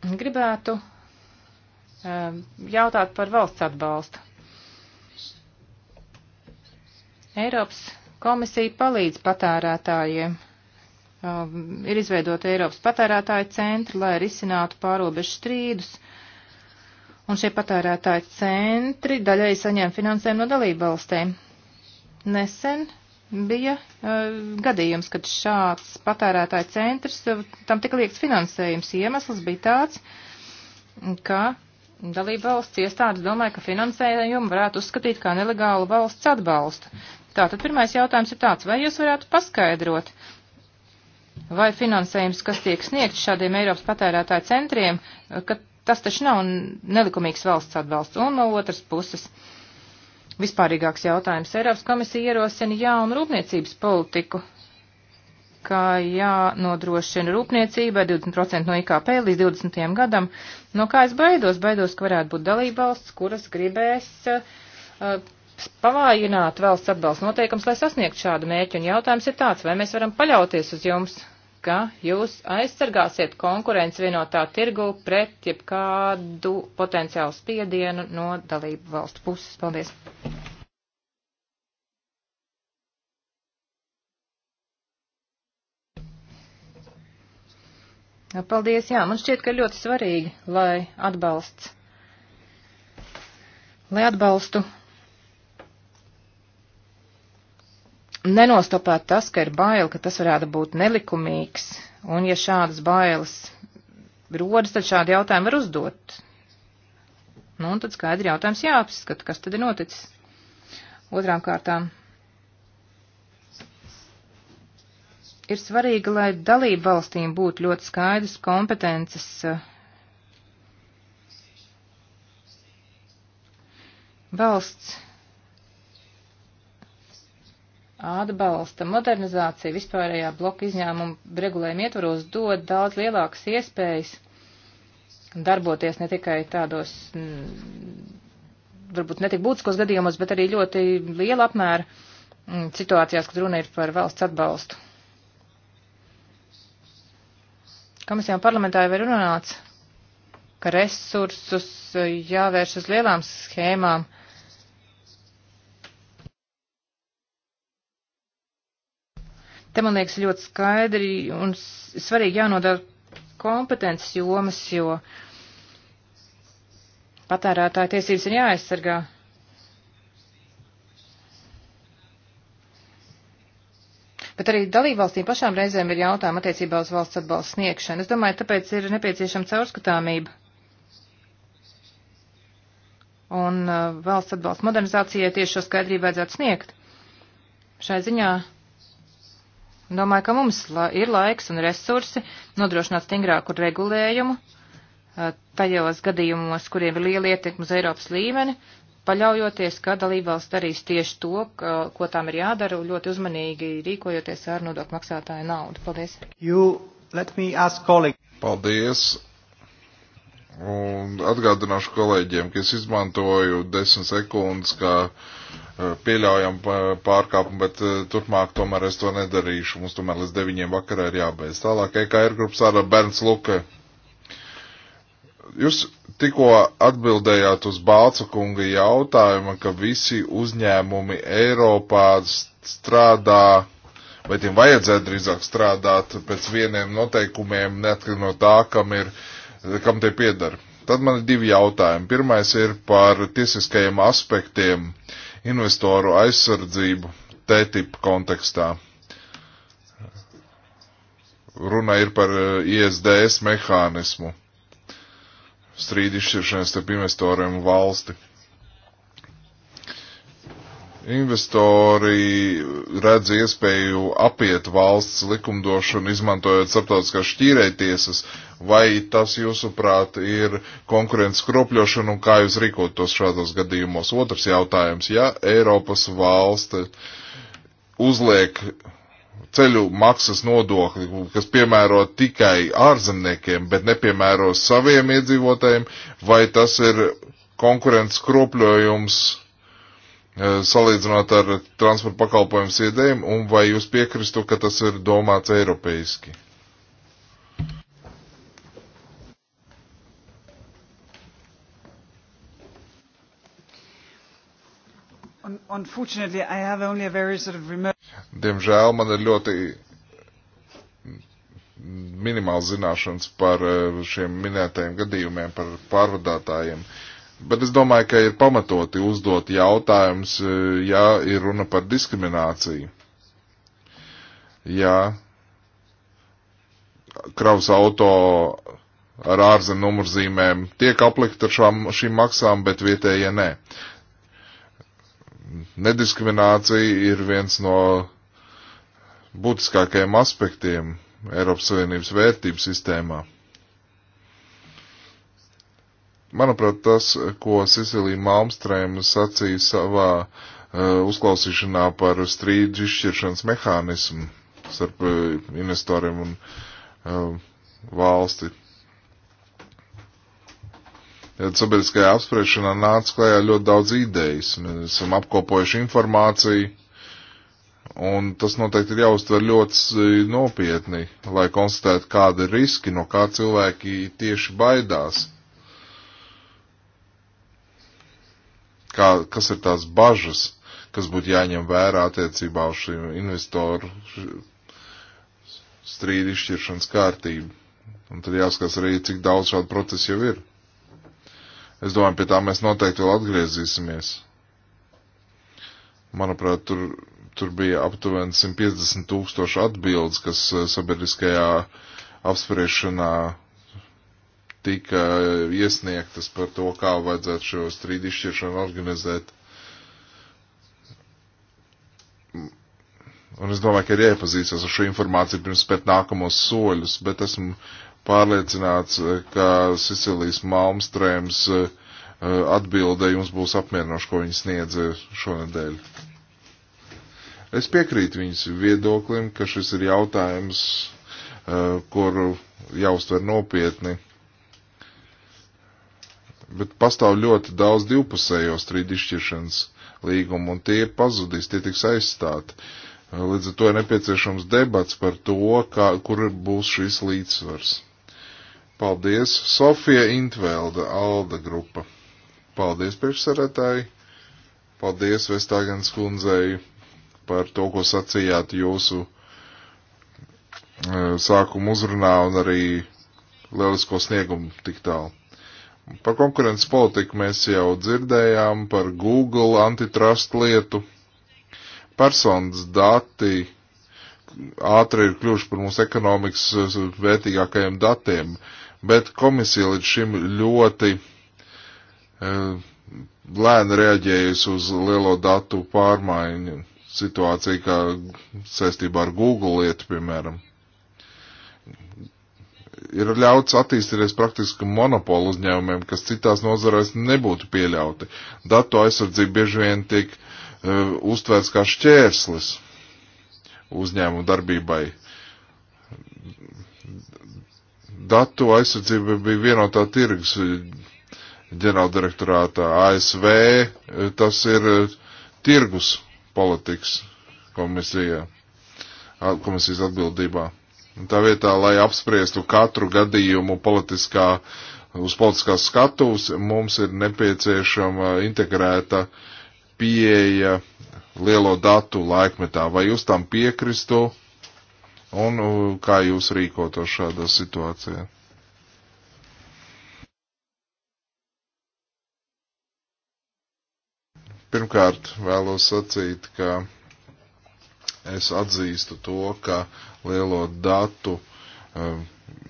Gribētu um, jautāt par valsts atbalstu. Eiropas komisija palīdz patērētājiem. Um, ir izveidota Eiropas patērētāju centri, lai risinātu pārobežu strīdus. Un šie patērētāju centri daļai saņem finansējumu no dalībvalstīm. Nesen bija uh, gadījums, kad šāds patērētāja centrs, uh, tam tika liekts finansējums. Iemesls bija tāds, ka dalība valsts iestādes domāja, ka finansējumu varētu uzskatīt kā nelegālu valsts atbalstu. Tātad pirmais jautājums ir tāds, vai jūs varētu paskaidrot, vai finansējums, kas tiek sniegts šādiem Eiropas patērētāju centriem, eh, ka tas taču nav nelikumīgs valsts atbalsts. Un no otras puses. Uh, Vispārīgāks jautājums. Eiropas komisija ierosina jaunu rūpniecības politiku, kā jānodrošina rūpniecībai 20% no IKP līdz 20. gadam. No kā es baidos? Baidos, ka varētu būt dalībvalsts, kuras gribēs uh, pavājināt valsts atbalsta noteikums, lai sasniegtu šādu mērķu. Un jautājums ir tāds, vai mēs varam paļauties uz jums, ka jūs aizsargāsiet konkurenci vienotā tirgu pret jebkādu potenciālu spiedienu no dalību valstu puses. Paldies! Paldies, jā, man šķiet, ka ļoti svarīgi, lai atbalsts, lai atbalstu nenostopēt tas, ka ir bail, ka tas varētu būt nelikumīgs, un ja šādas bailes rodas, tad šādi jautājumi var uzdot. Nu, un tad skaidri jautājums jāapskata, kas tad ir noticis. Otrām kārtām. Ir svarīgi, lai dalību valstīm būtu ļoti skaidrs kompetences eh, valsts atbalsta modernizācija vispārējā bloka izņēmuma regulējuma ietvaros dod daudz lielākas iespējas darboties ne tikai tādos, mm, varbūt netik būtiskos gadījumos, bet arī ļoti liela apmēra mm, situācijās, kad runa ir par valsts atbalstu. Komisijām parlamentā jau ir runāts, ka resursus jāvērš uz lielām schēmām Te, man liekas, ļoti skaidri un svarīgi jānodara kompetences jomas, jo patērētāja tiesības ir jāaizsargā. Bet arī dalībvalstīm pašām reizēm ir jautājumi attiecībā uz valsts atbalstu sniegšanu. Es domāju, tāpēc ir nepieciešama caurskatāmība. Un uh, valsts atbalsta modernizācijai tieši šo skaidrību vajadzētu sniegt. Šai ziņā Domāju, ka mums la ir laiks un resursi nodrošināt stingrāku regulējumu eh, tajos gadījumos, kuriem ir liela ietekme uz Eiropas līmeni, paļaujoties, ka dalībvalsts darīs tieši to, ka, ko tām ir jādara, ļoti uzmanīgi rīkojoties ar nodokļu maksātāju naudu. Paldies. You, Paldies. Un atgādināšu kolēģiem, ka es izmantoju desmit sekundes, kā pieļaujam pārkāpumu, bet eh, turpmāk tomēr es to nedarīšu. Mums tomēr līdz deviņiem vakarā ir jābeidz. Tālāk EKR grupas ar Bernds Luke. Jūs tikko atbildējāt uz Bāca kunga jautājumu, ka visi uzņēmumi Eiropā strādā, vai tiem vajadzētu drīzāk strādāt pēc vieniem noteikumiem, neatkarīgi no tā, kam, ir, kam tie piedara. Tad man ir divi jautājumi. Pirmais ir par tiesiskajiem aspektiem investoru aizsardzību TTIP kontekstā. Runa ir par e, ISDS mehānismu strīdu izšķiršanas starp investoriem un valsti. Investori redz iespēju apiet valsts likumdošanu, izmantojot starptautiskās šķīrētiesas Vai tas, jūsuprāt, ir konkurences kropļošana un kā jūs rīkotos šādos gadījumos? Otrs jautājums. Ja Eiropas valsts uzliek ceļu maksas nodokli, kas piemēro tikai ārzemniekiem, bet nepiemēro saviem iedzīvotājiem, vai tas ir konkurences kropļojums eh, salīdzinot ar transporta pakalpojumu sēdējumu, un vai jūs piekristu, ka tas ir domāts eiropeiski? Sort of Diemžēl man ir ļoti minimāls zināšanas par eh, šiem minētajiem gadījumiem, par pārvadātājiem. Bet es domāju, ka ir pamatoti uzdot jautājums, eh, ja ir runa par diskrimināciju. Ja kravs auto ar ārzem numurzīmēm tiek aplikt ar šām, šīm maksām, bet vietējie ja nē nediskriminācija ir viens no būtiskākajiem aspektiem Eiropas Savienības vērtību sistēmā. Manuprāt, tas, ko Sisilija Malmstrēma sacīja savā uh, uzklausīšanā par strīdu izšķiršanas mehānismu starp uh, investoriem un uh, valsti, sabiedriskajā apspriešanā nāca klajā ļoti daudz idejas. Mēs esam apkopojuši informāciju, un tas noteikti ir jāuztver ļoti eh, nopietni, lai konstatētu, kāda ir riski, no kā cilvēki tieši baidās. Kā, kas ir tās bažas, kas būtu jāņem vērā attiecībā uz šīm investoru strīdu izšķiršanas kārtību. Un tad jāskatās arī, cik daudz šādu procesu jau ir. Es domāju, pie tā mēs noteikti vēl atgriezīsimies. Manuprāt, tur, tur bija aptuveni 150 tūkstoši atbildes, kas eh, sabiedriskajā apspriešanā tika eh, iesniegtas par to, kā vajadzētu šo strīdu izšķiršanu organizēt. Un es domāju, ka ir jāiepazīstas ar šo informāciju pirms spēt nākamos soļus, bet esmu pārliecināts, eh, ka Sicilijas Malmstrēms eh, eh, atbilde jums būs apmierinoša, ko viņa sniedz šonadēļ. Es piekrītu viņas viedoklim, ka šis ir jautājums, kuru jāuztver nopietni. Bet pastāv ļoti daudz divpusējos strīdišķiršanas līgumu, un tie pazudīs, tie tiks aizstāti. Līdz ar to ir nepieciešams debats par to, kā, kur būs šis līdzsvars. Paldies, Sofija Intvelda, Alda grupa. Paldies, priekšsarētāji. Paldies, Vestāgens kundzei, par to, ko sacījāt jūsu eh, sākuma uzrunā un arī lielisko sniegumu tik tālu. Par konkurences politiku mēs jau dzirdējām, par Google antitrust lietu. Personas dati ātri ir kļuvuši par mūsu ekonomikas eh, vērtīgākajiem datiem. Uh, bet komisija līdz šim ļoti uh, lēni reaģējusi uz lielo datu pārmaiņu situāciju, kā saistībā ar Google lietu, piemēram. Ir ļauts attīstīties praktiski monopolu uzņēmumiem, kas citās nozarēs nebūtu pieļauti. Datu aizsardzība bieži vien tiek uh, eh, uztvērts kā šķērslis uzņēmumu darbībai. Uh, datu aizsardzība bija vienotā tirgus ģenerāldirektorātā. ASV tas ir eh, tirgus politikas komisijā, komisijas atbildībā. Tā vietā, lai apspriestu katru gadījumu politiskā, uz politiskās skatuves, mums ir nepieciešama integrēta pieeja lielo datu laikmetā. Vai jūs tam piekristu? Un kā jūs rīkoto šādā situācijā? Pirmkārt, vēlos sacīt, ka es atzīstu to, ka lielo datu uh,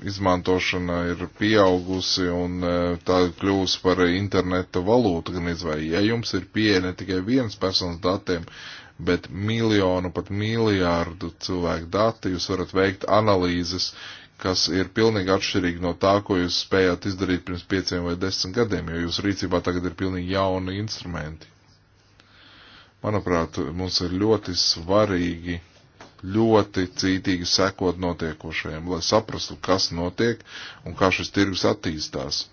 izmantošana ir pieaugusi un e, tā kļūs par interneta valūtu gan izvēl. Ja jums ir pieeja ne tikai viens personas datiem, bet miljonu, pat miljārdu cilvēku dati jūs varat veikt analīzes, kas ir pilnīgi atšķirīgi no tā, ko jūs spējāt izdarīt pirms pieciem vai desmit gadiem, jo jūsu rīcībā tagad ir pilnīgi jauni instrumenti. Manuprāt, mums ir ļoti svarīgi, ļoti cītīgi sekot notiekošajiem, lai saprastu, kas notiek un kā šis tirgus attīstās.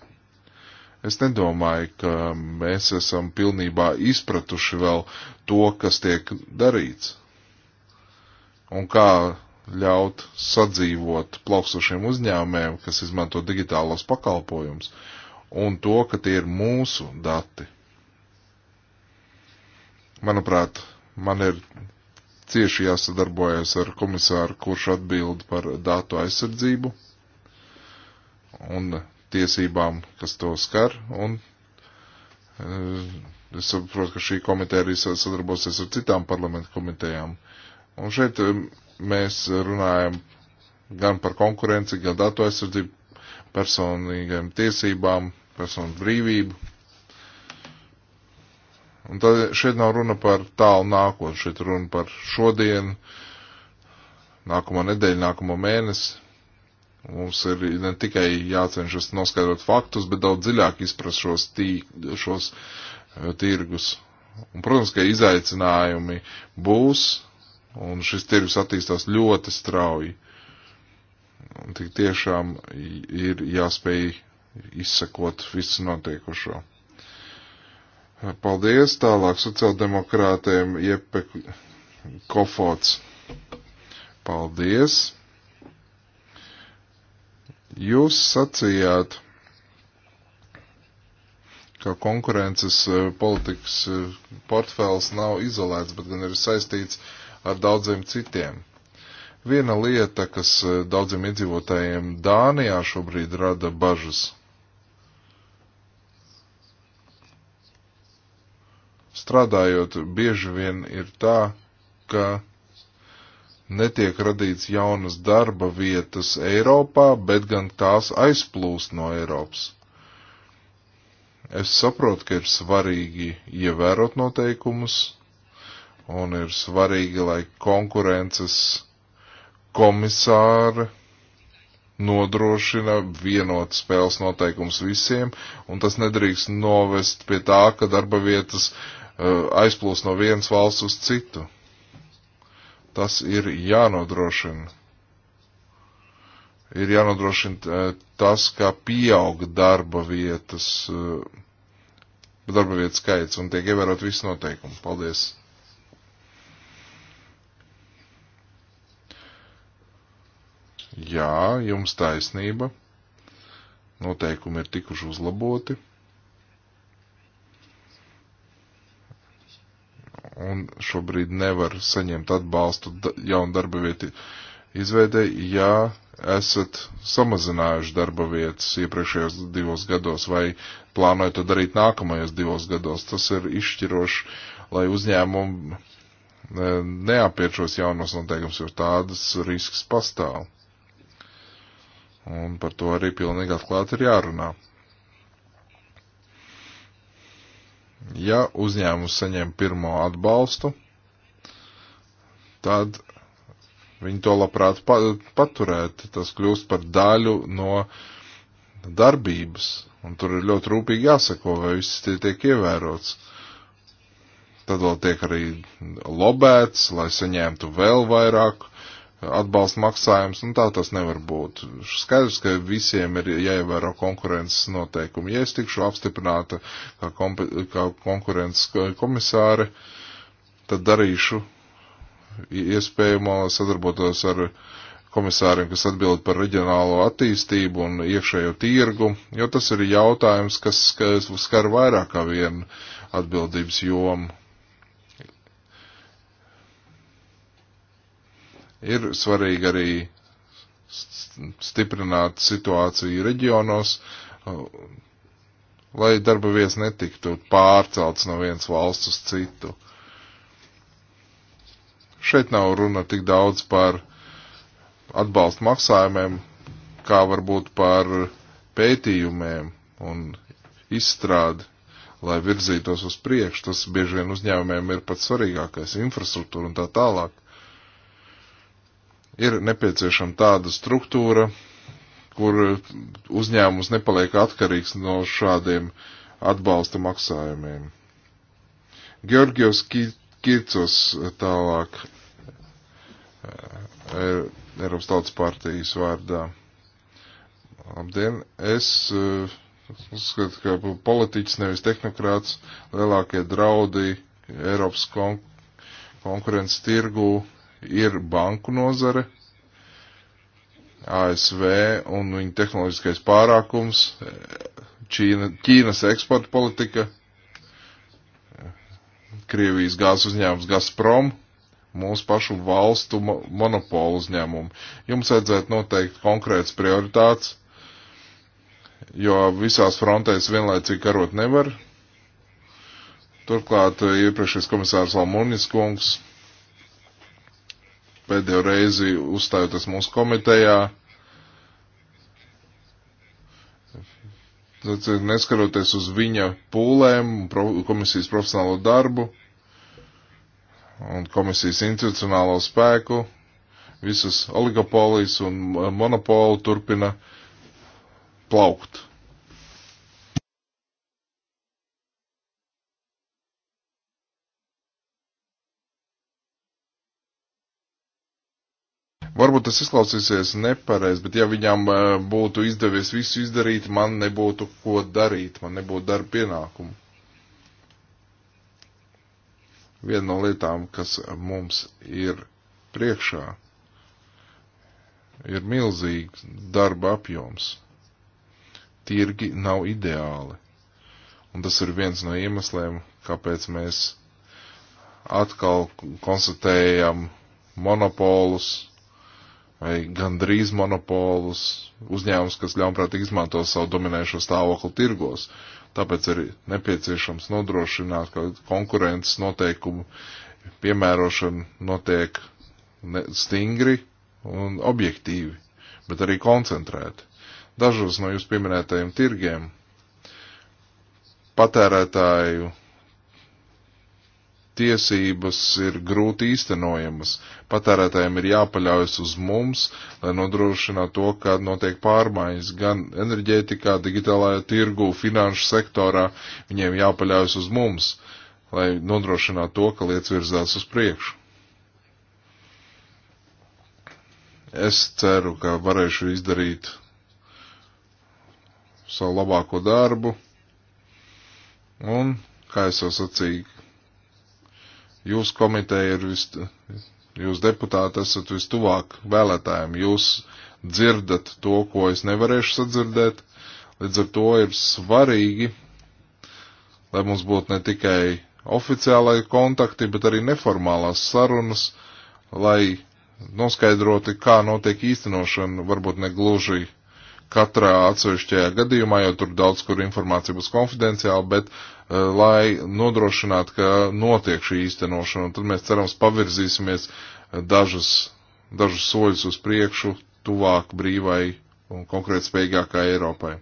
Es nedomāju, ka mēs esam pilnībā izpratuši vēl to, kas tiek darīts. Un kā ļaut sadzīvot plaukstošiem uzņēmējiem, kas izmanto digitālos pakalpojumus, un to, ka tie ir mūsu dati. Manuprāt, man ir cieši jāsadarbojas ar komisāru, kurš atbild par datu aizsardzību, un tiesībām, kas to skar, un eh, es saprotu, ka šī komiteja arī sadarbosies ar citām parlamentu komitejām. Un šeit eh, mēs runājam gan par konkurenci, gan datu aizsardzību, personīgiem tiesībām, personu brīvību. Un tad šeit nav runa par tālu nākotni, šeit runa par šodienu, nākamo nedēļu, nākamo mēnesi, Mums ir ne tikai jācenšas noskaidrot faktus, bet daudz dziļāk izprast šos, tī, šos eh, tirgus. Un, protams, ka izaicinājumi būs, un šis tirgus attīstās ļoti strauji. Un tik tiešām ir jāspēj izsakot visu notiekošo. Paldies, tālāk sociāldemokrātiem Jepe Kofots. Paldies! Jūs sacījāt, ka konkurences e, politikas e, portfēls nav izolēts, bet gan ir saistīts ar daudziem citiem. Viena lieta, kas e, daudziem iedzīvotājiem Dānijā šobrīd rada bažas. Strādājot, bieži vien ir tā, ka netiek radīts jaunas darba vietas Eiropā, bet gan tās aizplūst no Eiropas. Es saprotu, ka ir svarīgi ievērot noteikumus, un ir svarīgi, lai konkurences komisāri nodrošina vienot spēles noteikums visiem, un tas nedrīkst novest pie tā, ka darba vietas uh, aizplūst no vienas valsts uz citu. Tas ir jānodrošina. Ir jānodrošina e, tas, kā pieaug darba vietas, e, darba vietas skaits un tiek ievērot visi noteikumi. Paldies! Jā, jums taisnība. Noteikumi ir tikuši uzlaboti. un šobrīd nevar saņemt atbalstu jaunu darba vietu izveidei, ja esat samazinājuši darba vietas iepriekšējos divos gados vai plānojat to darīt nākamajos divos gados. Tas ir izšķiroši, lai uzņēmumi e, neapiet šos jaunos noteikumus, jo tādas risks pastāv. Un par to arī pilnīgi atklāti ir jārunā. Ja uzņēmums saņem pirmo atbalstu, tad viņi to labprāt paturēt. Tas kļūst par daļu no darbības, un tur ir ļoti rūpīgi jāsako, vai viss tie tiek ievērots. Tad vēl tiek arī lobēts, lai saņemtu vēl vairāk atbalsta maksājums, un tā tas nevar būt. Skaidrs, ka visiem ir jāievēro konkurences noteikumi. Ja es tikšu apstiprināta kā, kā konkurences komisāre, tad darīšu iespējamo sadarbotos ar komisāriem, kas atbild par reģionālo attīstību un iekšējo tirgu, jo tas ir jautājums, kas skar vairāk kā vienu atbildības jomu Ir svarīgi arī stiprināt situāciju reģionos, lai darba vietas netiktu pārcelts no vienas valsts uz citu. Šeit nav runa tik daudz par atbalstu maksājumiem, kā varbūt par pētījumiem un izstrādi, lai virzītos uz priekšu. Tas bieži vien uzņēmumiem ir pats svarīgākais - infrastruktūra un tā tālāk. Ir nepieciešama tāda struktūra, kur uzņēmums nepaliek atkarīgs no šādiem atbalsta maksājumiem. Georgios Kircos eh, tālāk eh, Eiropas Tautas partijas vārdā. Labdien! Es eh, uzskatu, ka politiķis nevis tehnokrāts lielākie draudi Eiropas kon konkurences tirgū ir banku nozare, ASV un viņa tehnoloģiskais pārākums, Čīna, Ķīnas eksporta politika, Krievijas gāzes uzņēmums Gazprom, mūsu pašu valstu monopolu uzņēmumu. Jums vajadzētu noteikt konkrēts prioritāts, jo visās frontēs vienlaicīgi karot nevar. Turklāt iepriekšējais komisārs Lamūnis kungs pēdējo reizi uzstājoties mūsu komitejā. Eh, neskaroties uz viņa pūlēm, komisijas profesionālo darbu un komisijas institucionālo spēku, visas oligopolijas un monopolu turpina plaukt. varbūt tas izklausīsies nepareizi, bet ja viņam eh, būtu izdevies visu izdarīt, man nebūtu ko darīt, man nebūtu darba pienākumu. Viena no lietām, kas mums ir priekšā, ir milzīgs darba apjoms. Tirgi nav ideāli. Un tas ir viens no iemesliem, kāpēc mēs atkal konstatējam monopolus, vai gandrīz monopolus, uzņēmums, kas ļaunprātīgi izmanto savu dominējošo stāvokli tirgos. Tāpēc ir nepieciešams nodrošināt, ka konkurences noteikumu piemērošana notiek stingri un objektīvi, bet arī koncentrēti. Dažos no jūs pieminētajiem tirgiem patērētāju tiesības ir grūti īstenojamas. Patērētājiem ir jāpaļaujas uz mums, lai nodrošinātu to, ka notiek pārmaiņas gan enerģētikā, digitālajā tirgu, finanšu sektorā. Viņiem jāpaļaujas uz mums, lai nodrošinātu to, ka lietas virzās uz priekšu. Es ceru, ka varēšu izdarīt savu labāko darbu. Un, kā es jau sacīju, Jūs komiteja ir vis, jūs deputāti esat vistuvāk vēlētājiem, jūs dzirdat to, ko es nevarēšu sadzirdēt, līdz ar to ir svarīgi, lai mums būtu ne tikai oficiālai kontakti, bet arī neformālās sarunas, lai noskaidroti, kā notiek īstenošana, varbūt ne gluži katrā atsevišķajā gadījumā, jo tur daudz kur informācija būs konfidenciāla, bet eh, lai nodrošinātu, ka notiek šī īstenošana, un tad mēs cerams pavirzīsimies eh, dažus, dažus soļus uz priekšu, tuvāk brīvai un konkrēt spējīgākai Eiropai.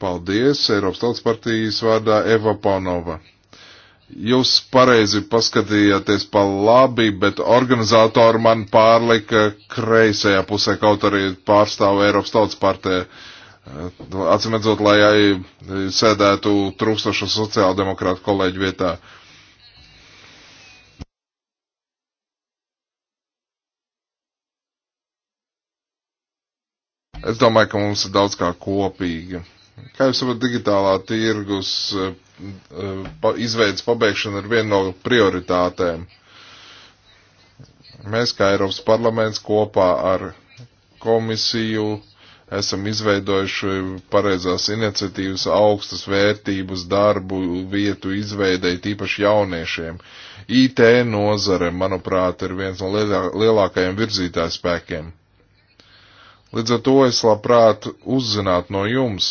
Paldies, Eiropas Tautas partijas vārdā Eva Panova. Jūs pareizi paskatījāties pa labi, bet organizātori man pārlika kreisajā pusē, kaut arī pārstāvu Eiropas tautas partē. Eh, atsimedzot, lai ai sēdētu trūkstošu sociāldemokrātu kolēģu vietā. Es domāju, ka mums ir daudz kā kopīga. Kā jūs saprotat, digitālā tirgus eh, eh, izveidas pabeigšana ir viena no prioritātēm. Mēs, kā Eiropas parlaments, kopā ar komisiju esam izveidojuši pareizās iniciatīvas augstas vērtības darbu vietu izveidei, tīpaši jauniešiem. IT nozare, manuprāt, ir viens no lielākajiem virzītājspēkiem. Līdz ar to es labprāt uzzinātu no jums,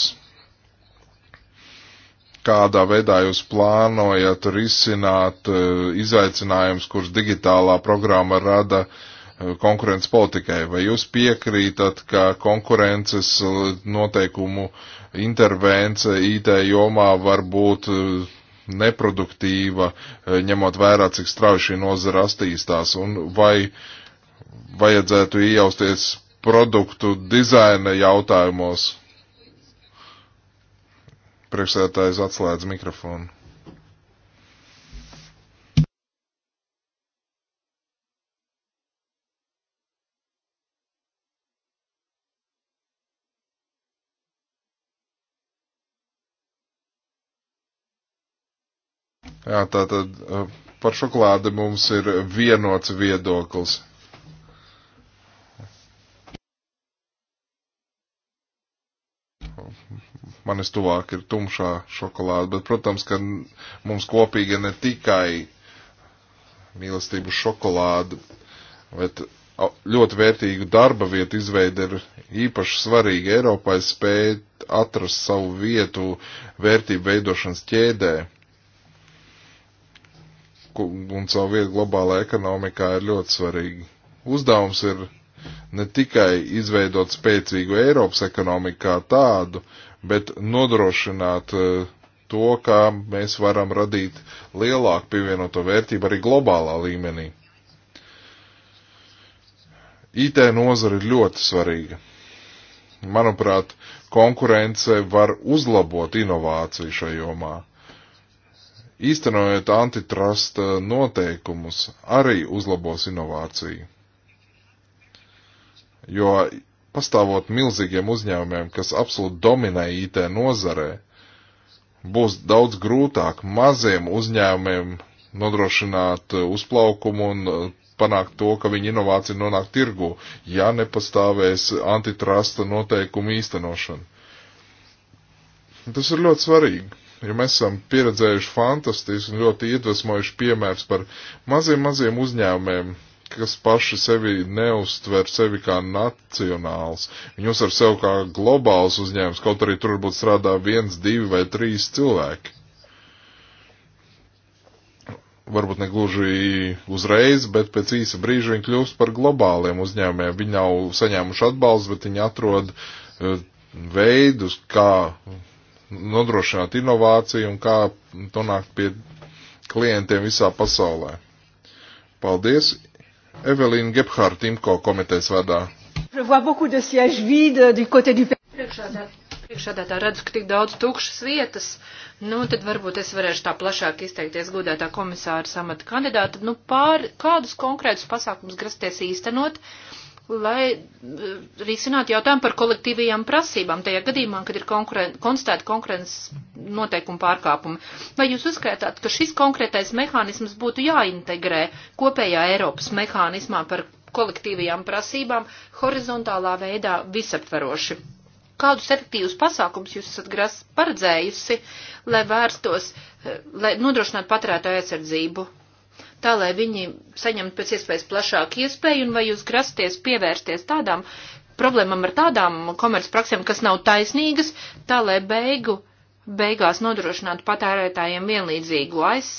kādā veidā jūs plānojat risināt eh, izaicinājums, kurus digitālā programma rada eh, konkurences politikai? Vai jūs piekrītat, ka konkurences eh, noteikumu intervence IT jomā var būt neproduktīva, ņemot vērā, cik strauji šī nozara attīstās, un vai vajadzētu iejausties produktu dizaina jautājumos, Priekšsētājs atslēdz mikrofonu. Jā, tātad eh, par šokolādi mums ir vienots viedoklis. manis tuvāk ir tumšā šokolāde, bet, protams, ka mums kopīga ne tikai mīlestību šokolāde, bet ļoti vērtīgu darba vietu izveida ir īpaši svarīgi Eiropai spēt atrast savu vietu vērtību veidošanas ķēdē. Un savu vietu globālā ekonomikā ir ļoti svarīgi. Uzdevums ir ne tikai izveidot spēcīgu Eiropas ekonomiku kā tādu, bet nodrošināt e, to, kā mēs varam radīt lielāku pievienoto vērtību arī globālā līmenī. IT nozara ir ļoti svarīga. Manuprāt, konkurence var uzlabot inovāciju šajā jomā īstenojot antitrusta e, noteikumus, arī uzlabos inovāciju. Jo pastāvot milzīgiem uzņēmumiem, kas absolūti dominē IT nozarē, būs daudz grūtāk maziem uzņēmumiem nodrošināt uzplaukumu un uh, panākt to, ka viņa inovācija nonāk tirgu, ja nepastāvēs antitrusta noteikumu īstenošana. Tas ir ļoti svarīgi, jo mēs esam pieredzējuši fantastisku un ļoti iedvesmojuši piemērs par maziem, maziem uzņēmumiem, kas paši sevi neuztver sevi kā nacionāls. Viņi uztver sevi kā globāls uzņēmums, kaut arī tur varbūt strādā viens, divi vai trīs cilvēki. Varbūt negluži uzreiz, bet pēc īsa brīža viņi kļūst par globāliem uzņēmumiem. Viņi nav saņēmuši atbalstu, bet viņi atrod eh, veidus, kā nodrošināt inovāciju un kā nonākt pie klientiem visā pasaulē. Paldies! Evelīna Gebhārta Imko komitejas vadā. Priekšādātā redzu, ka tik daudz tukšas vietas, nu tad varbūt es varēšu tā plašāk izteikties godētā komisāra samata kandidāta. Nu pār kādus konkrētus pasākumus grasties īstenot, uh, lai eh, risinātu jautājumu par kolektīvajām prasībām, tajā gadījumā, kad ir konkuren, konstatēta konkurences noteikuma pārkāpuma. Vai jūs uzskaitāt, ka šis konkrētais mehānisms būtu jāintegrē kopējā Eiropas mehānismā par kolektīvajām prasībām horizontālā veidā visaptveroši? Kādus efektīvus pasākums jūs esat grās paredzējusi, lai vērstos, eh, lai nodrošinātu patērētāju aizsardzību tā lai viņi saņemtu pēc iespējas plašāku iespēju, un vai jūs grasties pievērsties tādām problēmām ar tādām komercpraksēm, kas nav taisnīgas, tā lai beigu, beigās nodrošinātu patērētājiem vienlīdzīgu aiz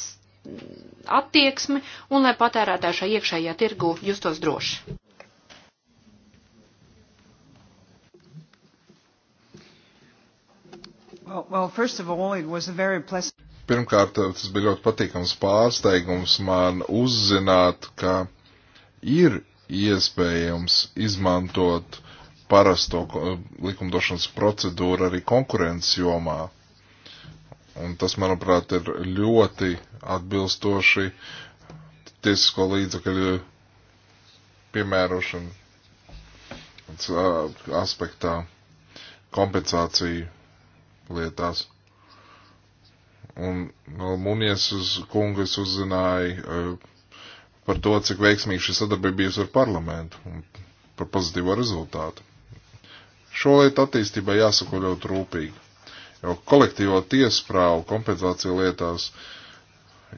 attieksmi un lai patērētāji šajā iekšējā tirgu justos droši. Well, well, first of all, it was a very pleasant pirmkārt, tas bija ļoti patīkams pārsteigums man uzzināt, ka ir iespējams izmantot parasto likumdošanas procedūru arī konkurences jomā. Un tas, manuprāt, ir ļoti atbilstoši tiesisko līdzakļu piemērošanu aspektā kompensāciju lietās. Un Munies uz kungas uzzināja eh, par to, cik veiksmīgi šī sadarbība bijusi ar parlamentu un par pozitīvo rezultātu. Šo lietu attīstībai jāsako ļoti rūpīgi, jo kolektīvo tiesprāvu kompensācija lietās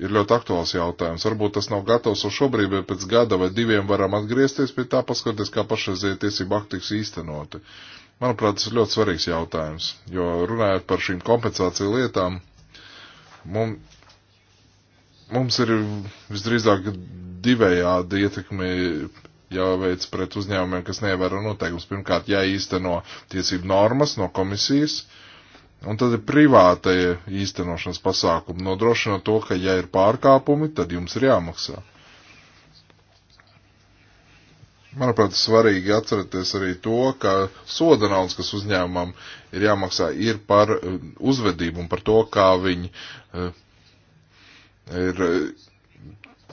ir ļoti aktuāls jautājums. Varbūt tas nav gatavs jau šobrīd, bet pēc gada vai diviem varam atgriezties pie tā, paskatīties, kā pašreizie tiesību akti tiks īstenoti. Manuprāt, tas ir ļoti svarīgs jautājums, jo runājot par šīm kompensāciju lietām, Mums, mums ir visdrīzāk divējādi ietekmi jāveic pret uzņēmumiem, kas neievēro noteikumus. Pirmkārt, jāīsteno tiesību normas no komisijas, un tad ir privātai īstenošanas pasākumi. Nodrošina to, ka ja ir pārkāpumi, tad jums ir jāmaksā. Manuprāt, svarīgi atcerēties arī to, ka soda naudas, kas uzņēmumam ir jāmaksā, ir par eh, uzvedību un par to, kā viņi eh, ir eh,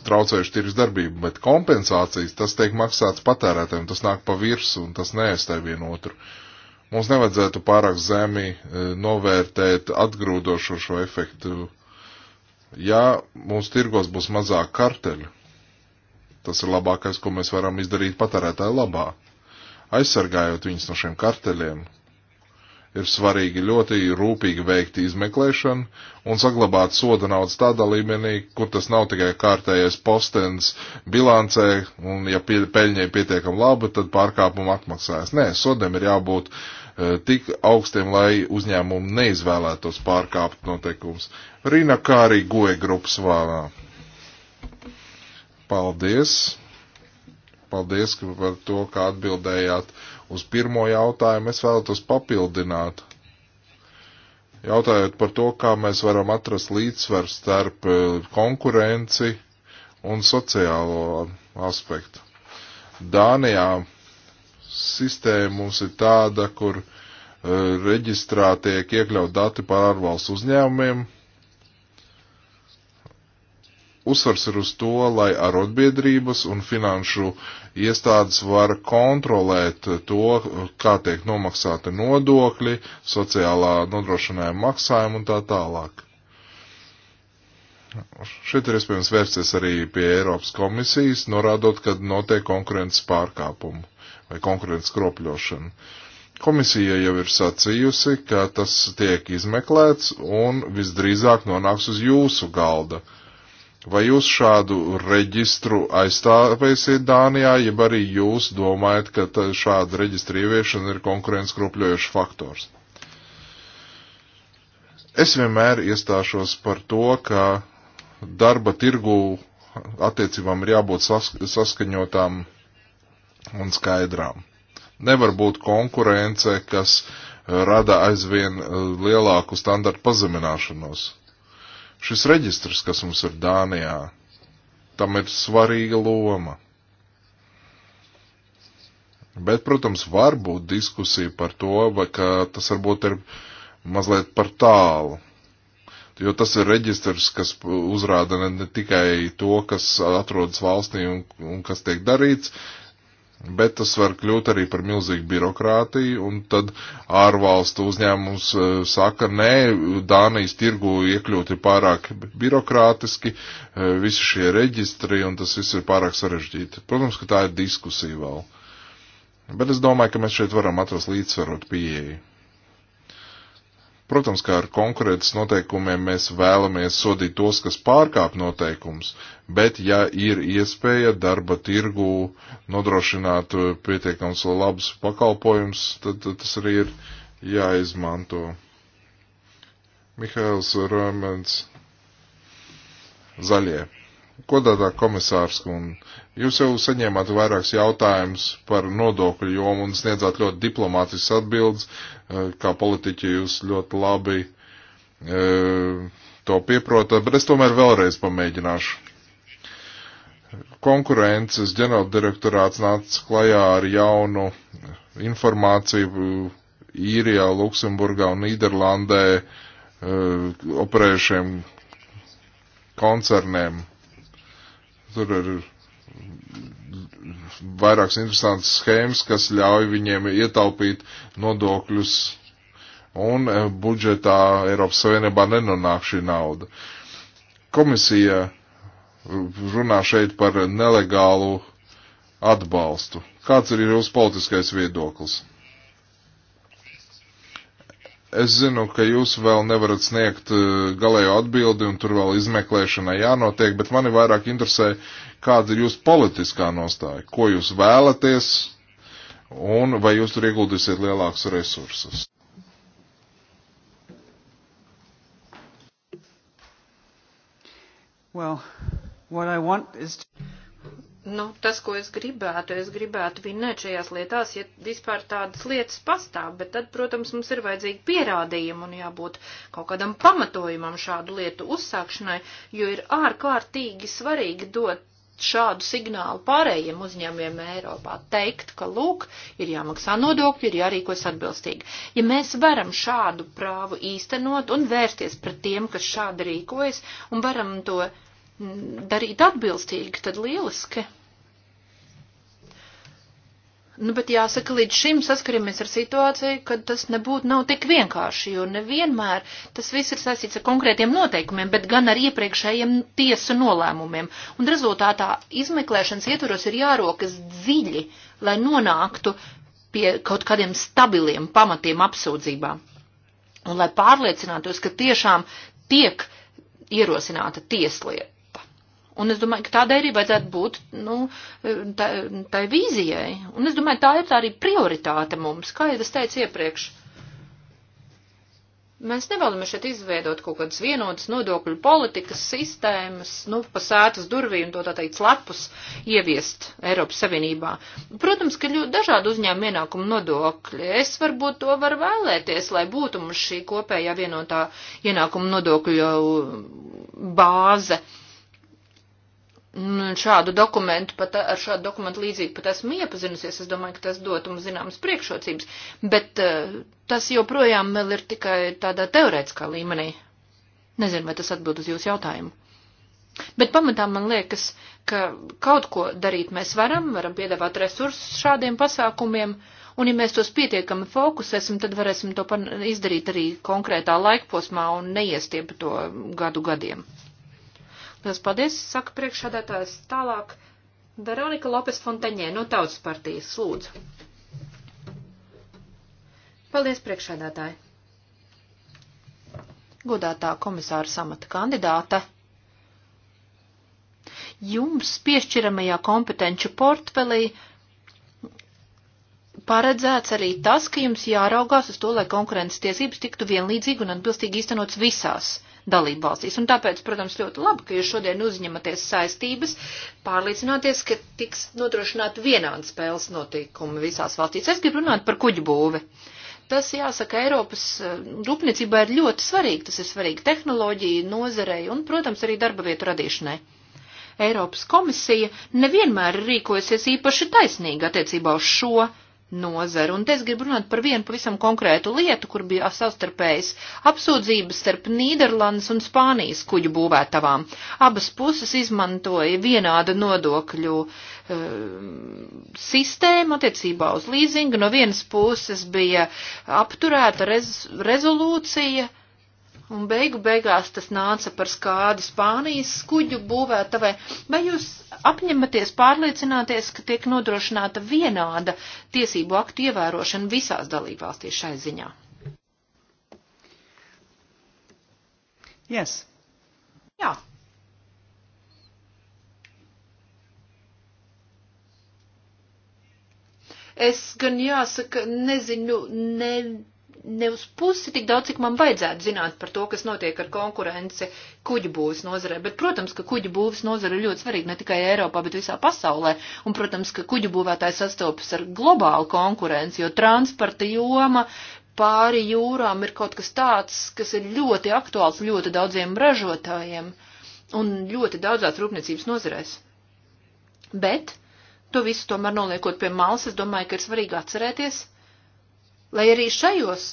traucējuši tirgus darbību, bet kompensācijas tas tiek maksāts patērētājiem, tas nāk pa virsu un tas neaizstāv vienu otru. Mums nevajadzētu pārāk zemi novērtēt atgrūdošo šo efektu, ja mūsu tirgos būs mazāk karteļu Tas ir labākais, ko mēs varam izdarīt patērētāju labā. Aizsargājot viņus no šiem karteļiem, ir svarīgi ļoti rūpīgi veikt izmeklēšanu un saglabāt soda naudas tādā līmenī, kur tas nav tikai kārtējais postens bilancē, un ja peļņai pietiekam labi, tad pārkāpumu atmaksājas. Nē, sodiem ir jābūt uh, tik augstiem, lai uzņēmumi neizvēlētos pārkāpt noteikumus. Rina Kārī Goja grupas vārā. Paldies! Paldies par to, kā atbildējāt uz pirmo jautājumu. Es vēlētos papildināt. Jautājot par to, kā mēs varam atrast līdzsvaru starp eh, konkurenci un sociālo aspektu. Dānijā sistēma mums ir tāda, kur uh, reģistrā tiek iekļaut dati par ārvalstu uzņēmumiem, Uzsvars ir uz to, lai arotbiedrības un finanšu iestādes var kontrolēt to, kā tiek nomaksāti nodokļi, sociālā nodrošinājuma maksājuma un tā tālāk. Šeit ir iespējams vērsties arī pie Eiropas komisijas, norādot, ka notiek konkurences pārkāpumu vai konkurences kropļošana. Komisija jau ir sacījusi, ka tas tiek izmeklēts un visdrīzāk nonāks uz jūsu galda. Uh, Vai jūs šādu reģistru aizstāvēsiet Dānijā, jeb arī jūs domājat, ka šāda reģistra ieviešana ir konkurences kropļojošs faktors? Es vienmēr iestāšos par to, ka darba tirgu attiecībām ir jābūt sask saskaņotām un skaidrām. Nevar būt konkurence, kas rada aizvien eh, lielāku standartu pazemināšanos Šis reģistrs, kas mums ir Dānijā, tam ir svarīga loma. Bet, protams, var būt diskusija par to, vai ka tas varbūt ir mazliet par tālu. Jo tas ir reģistrs, kas uzrāda ne, ne tikai to, kas atrodas valstī un, un kas tiek darīts, bet tas var kļūt arī par milzīgu birokrātiju, un tad ārvalstu uzņēmums e, saka, nē, Dānijas tirgu iekļūt ir pārāk birokrātiski, e, visi šie reģistri, un tas viss ir pārāk sarežģīti. Protams, ka tā ir diskusija vēl. Bet es domāju, ka mēs šeit varam atrast līdzsvarot pieeju. Protams, kā ar konkurences noteikumiem mēs vēlamies sodīt tos, kas pārkāp noteikums, bet ja ir iespēja darba tirgu nodrošināt pietiekams labus pakalpojums, tad, tad tas arī ir jāizmanto. Mihails Rāmens, Zaļie. Godātā komisārs un Jūs jau saņēmāt vairākus jautājumus par nodokļu jomu un sniedzāt ļoti diplomātisks atbildes. Eh, kā politiķi jūs ļoti labi e, to pieprotat, bet es tomēr vēlreiz pamēģināšu. Konkurences ģenerāldirektorāts nāca klajā ar jaunu informāciju īrijā, Luksemburgā un Nīderlandē e, operējušiem koncerniem. Tur ir vairākas interesantas schēmas, kas ļauj viņiem ietaupīt nodokļus un eh, budžetā Eiropas Savienībā nenonāk šī nauda. Komisija eh, runā šeit par nelegālu atbalstu. Kāds ir jūsu politiskais viedoklis? Es zinu, ka jūs vēl nevarat sniegt eh, galējo atbildi un tur vēl izmeklēšanai jānotiek, bet mani vairāk interesē, kāda ir jūsu politiskā nostāja, ko jūs vēlaties un vai jūs tur ieguldīsiet lielākus resursus. Well, what I want is to... Nu, tas, ko es gribētu, es gribētu vinēt šajās lietās, ja vispār tādas lietas pastāv, bet tad, protams, mums ir vajadzīgi pierādījumi un jābūt kaut kādam pamatojumam šādu lietu uzsākšanai, jo ir ārkārtīgi svarīgi dot šādu signālu pārējiem uzņēmiem Eiropā teikt, ka, lūk, ir jāmaksā nodokļi, ir jārīkojas atbilstīgi. Ja mēs varam šādu prāvu īstenot un vērsties pret tiem, kas šādi rīkojas, un varam to darīt atbilstīgi, tad lieliski. Nu, bet jāsaka, līdz šim saskaramies ar situāciju, kad tas nebūtu nav tik vienkārši, jo nevienmēr tas viss ir saistīts ar konkrētiem noteikumiem, bet gan ar iepriekšējiem tiesu nolēmumiem. Un rezultātā izmeklēšanas ietvaros ir jārokas dziļi, lai nonāktu pie kaut kādiem stabiliem pamatiem apsūdzībām. Un lai pārliecinātos, ka tiešām tiek ierosināta tieslieta Un es domāju, ka tādai arī vajadzētu būt, nu, tai, tai vīzijai. Un es domāju, tā ir tā arī prioritāte mums, kā jau es teicu iepriekš. Mēs nevēlamies šeit izveidot kaut kādas vienotas nodokļu politikas sistēmas, nu, pa sētas durvīm to tā teikt slepus ieviest Eiropas Savienībā. Protams, ka ļoti dažādi uzņēmumi ienākumu nodokļi. Es varbūt to varu vēlēties, lai būtu mums šī kopējā vienotā ienākumu nodokļu bāze. Uh, šādu dokumentu, pat ar šādu dokumentu līdzīgi pat esmu iepazinusies, es domāju, ka tas dot mums zināmas priekšrocības, bet uh, tas joprojām vēl ir tikai tādā teorētiskā līmenī. Nezinu, vai tas atbild uz jūsu jautājumu. Bet pamatā man liekas, ka kaut ko darīt mēs varam, varam piedāvāt resursus šādiem pasākumiem, un ja mēs tos pietiekami fokusēsim, tad varēsim to izdarīt arī konkrētā laikposmā un neiestiep to gadu gadiem. Lielas paldies, saka priekšādātājs tālāk. Veronika Lopes Fontaņē no Tautas partijas, lūdzu. Paldies, priekšādātāji. Godātā komisāra samata kandidāte. Jums piešķiramajā kompetenču portfelī paredzēts arī tas, ka jums jāraugās uz to, lai konkurences tiesības tiktu vienlīdzīgi un atbilstīgi īstenots visās dalību valstīs. Un tāpēc, protams, ļoti labi, ka jūs šodien uzņematies saistības, pārliecināties, ka tiks nodrošināt vienādi spēles notikumi visās valstīs. Es gribu runāt par kuģu būvi. Tas, jāsaka, Eiropas eh, rūpniecībā ir ļoti svarīgi. Tas ir svarīgi tehnoloģiju, nozarei un, protams, arī darba vietu radīšanai. Eiropas komisija nevienmēr rīkojasies īpaši taisnīgi attiecībā uz šo nozaru. Un te es gribu runāt par vienu pavisam konkrētu lietu, kur bija savstarpējas apsūdzības starp Nīderlandes un Spānijas kuģu būvētavām. Abas puses izmantoja vienādu nodokļu e, sistēmu attiecībā uz līzingu. No vienas puses bija apturēta rez, rezolūcija Un beigu beigās tas nāca par skādi Spānijas skuģu būvētavai. Vai jūs apņematies pārliecināties, ka tiek nodrošināta vienāda tiesību aktu ievērošana visās dalībvalstīs šai ziņā? Yes. Jā. Es gan jāsaka, nezinu, ne ne uz pusi tik daudz, cik man vajadzētu zināt par to, kas notiek ar konkurenci kuģu būvas nozarē. Bet, protams, ka kuģu būvas nozara ir ļoti svarīga ne tikai Eiropā, bet visā pasaulē. Un, protams, ka kuģu būvētājs sastopas ar globālu konkurenci, jo transporta joma pāri jūrām ir kaut kas tāds, kas ir ļoti aktuāls ļoti daudziem ražotājiem un ļoti daudzās rūpniecības nozarēs. Bet to visu tomēr noliekot pie malas, es domāju, ka ir svarīgi atcerēties, lai arī šajos,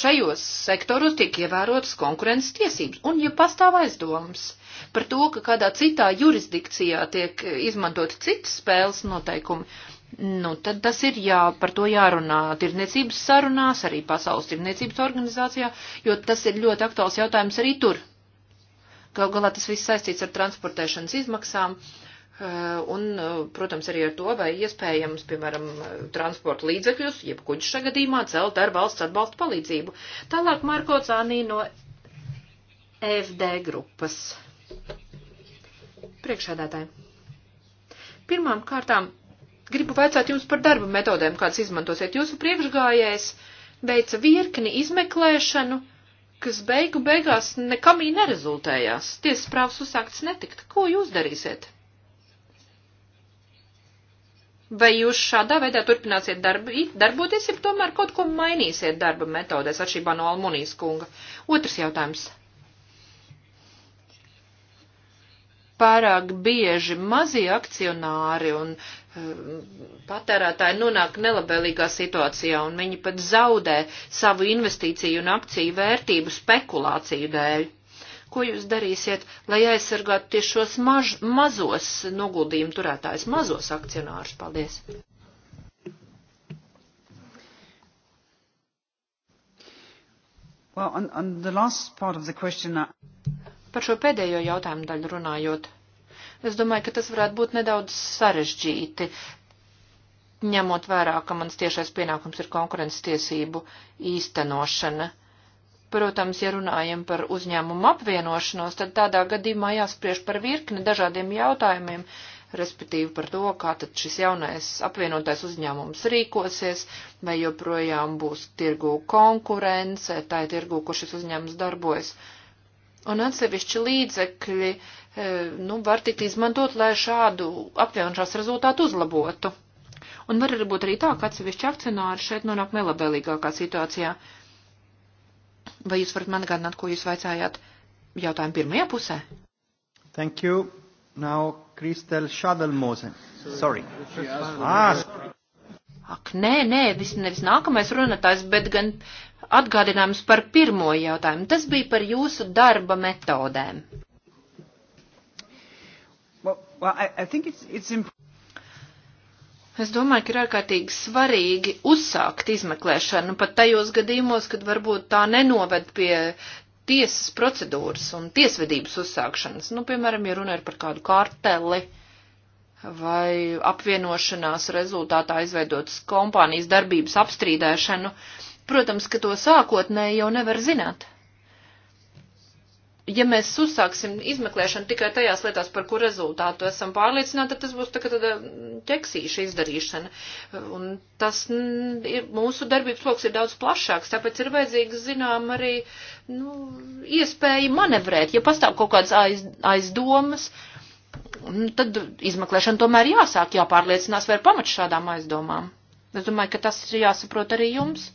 šajos sektoros tiek ievērotas konkurences tiesības. Un, ja pastāv aizdomas par to, ka kādā citā jurisdikcijā tiek izmantot citas spēles noteikumi, Nu, tad tas ir jā, par to jārunā tirniecības sarunās, arī pasaules tirniecības organizācijā, jo tas ir ļoti aktuāls jautājums arī tur. Gal galā tas viss saistīts ar transportēšanas izmaksām. Uh, Eh, un, eh, protams, arī ar to, vai iespējams, piemēram, eh, transporta līdzekļus, jeb kuģu šagadījumā celt ar valsts atbalstu palīdzību. Tālāk Marko Cānī no e FD grupas. Priekšādātāji. Pirmām kārtām gribu vaicāt jums par darba metodēm, kādas izmantosiet. Jūsu priekšgājējs veica virkni izmeklēšanu, kas beigu beigās nekamī nerezultējās. Tiesas prāvas uzsāktas netikt. Ko jūs darīsiet? Vai jūs šādā veidā turpināsiet darbi, darboties, ja tomēr kaut ko mainīsiet darba metodēs atšķirībā no Almonijas kunga? Otrs jautājums. Pārāk bieži mazie akcionāri un um, patērētāji nonāk nelabvēlīgā situācijā un viņi pat zaudē savu investīciju un akciju vērtību spekulāciju dēļ ko jūs darīsiet, lai aizsargātu tieši šos maž, mazos noguldījumu turētājus, mazos akcionārus? Paldies! Well, on, on the last part of the question, I... Uh, Par šo pēdējo jautājumu daļu runājot, es domāju, ka tas varētu būt nedaudz sarežģīti, ņemot vērā, ka mans tiešais pienākums ir konkurences tiesību īstenošana. Uh, Protams, ja runājam par uzņēmumu apvienošanos, tad tādā gadījumā jāspriež par virkni dažādiem jautājumiem, respektīvi par to, kā tad šis jaunais apvienotais uzņēmums rīkosies, vai joprojām būs tirgu konkurence, tā ir tirgu, kur šis uzņēmums darbojas. Un atsevišķi līdzekļi, e, nu, var tikt izmantot, lai šādu apvienošanās rezultātu uzlabotu. Un var arī būt arī tā, ka atsevišķi akcionāri šeit nonāk nelabēlīgākā situācijā. Uh, Vai jūs varat man atgādināt, ko jūs vaicājāt jautājumu pirmajā pusē? Thank you. Now, Kristel Šadelmozen. Sorry. Ah, sorry. Ak, nē, nē, vis, nevis nākamais runātājs, bet gan atgādinājums par pirmo jautājumu. Tas bija par jūsu darba metodēm. Well, well, I, I it's, it's Es domāju, ka ir ārkārtīgi svarīgi uzsākt izmeklēšanu pat tajos gadījumos, kad varbūt tā nenoved pie tiesas procedūras un tiesvedības uzsākšanas. Nu, piemēram, ja runa ir par kādu karteli vai apvienošanās rezultātā izveidotas kompānijas darbības apstrīdēšanu, protams, ka to sākotnēji jau nevar zināt ja mēs uzsāksim izmeklēšanu tikai tajās lietās, par kur rezultātu esam pārliecināti, tad tas būs tā, tāda mm, ķeksīša izdarīšana. Un tas mm, ir, mūsu darbības lokus ir daudz plašāks, tāpēc ir vajadzīgs, zinām, arī nu, iespēja manevrēt. Ja pastāv kaut kādas aiz, aizdomas, mm, tad izmeklēšana tomēr jāsāk, jāpārliecinās, vai ir pamats šādām aizdomām. Es domāju, ka tas ir jāsaprot arī jums.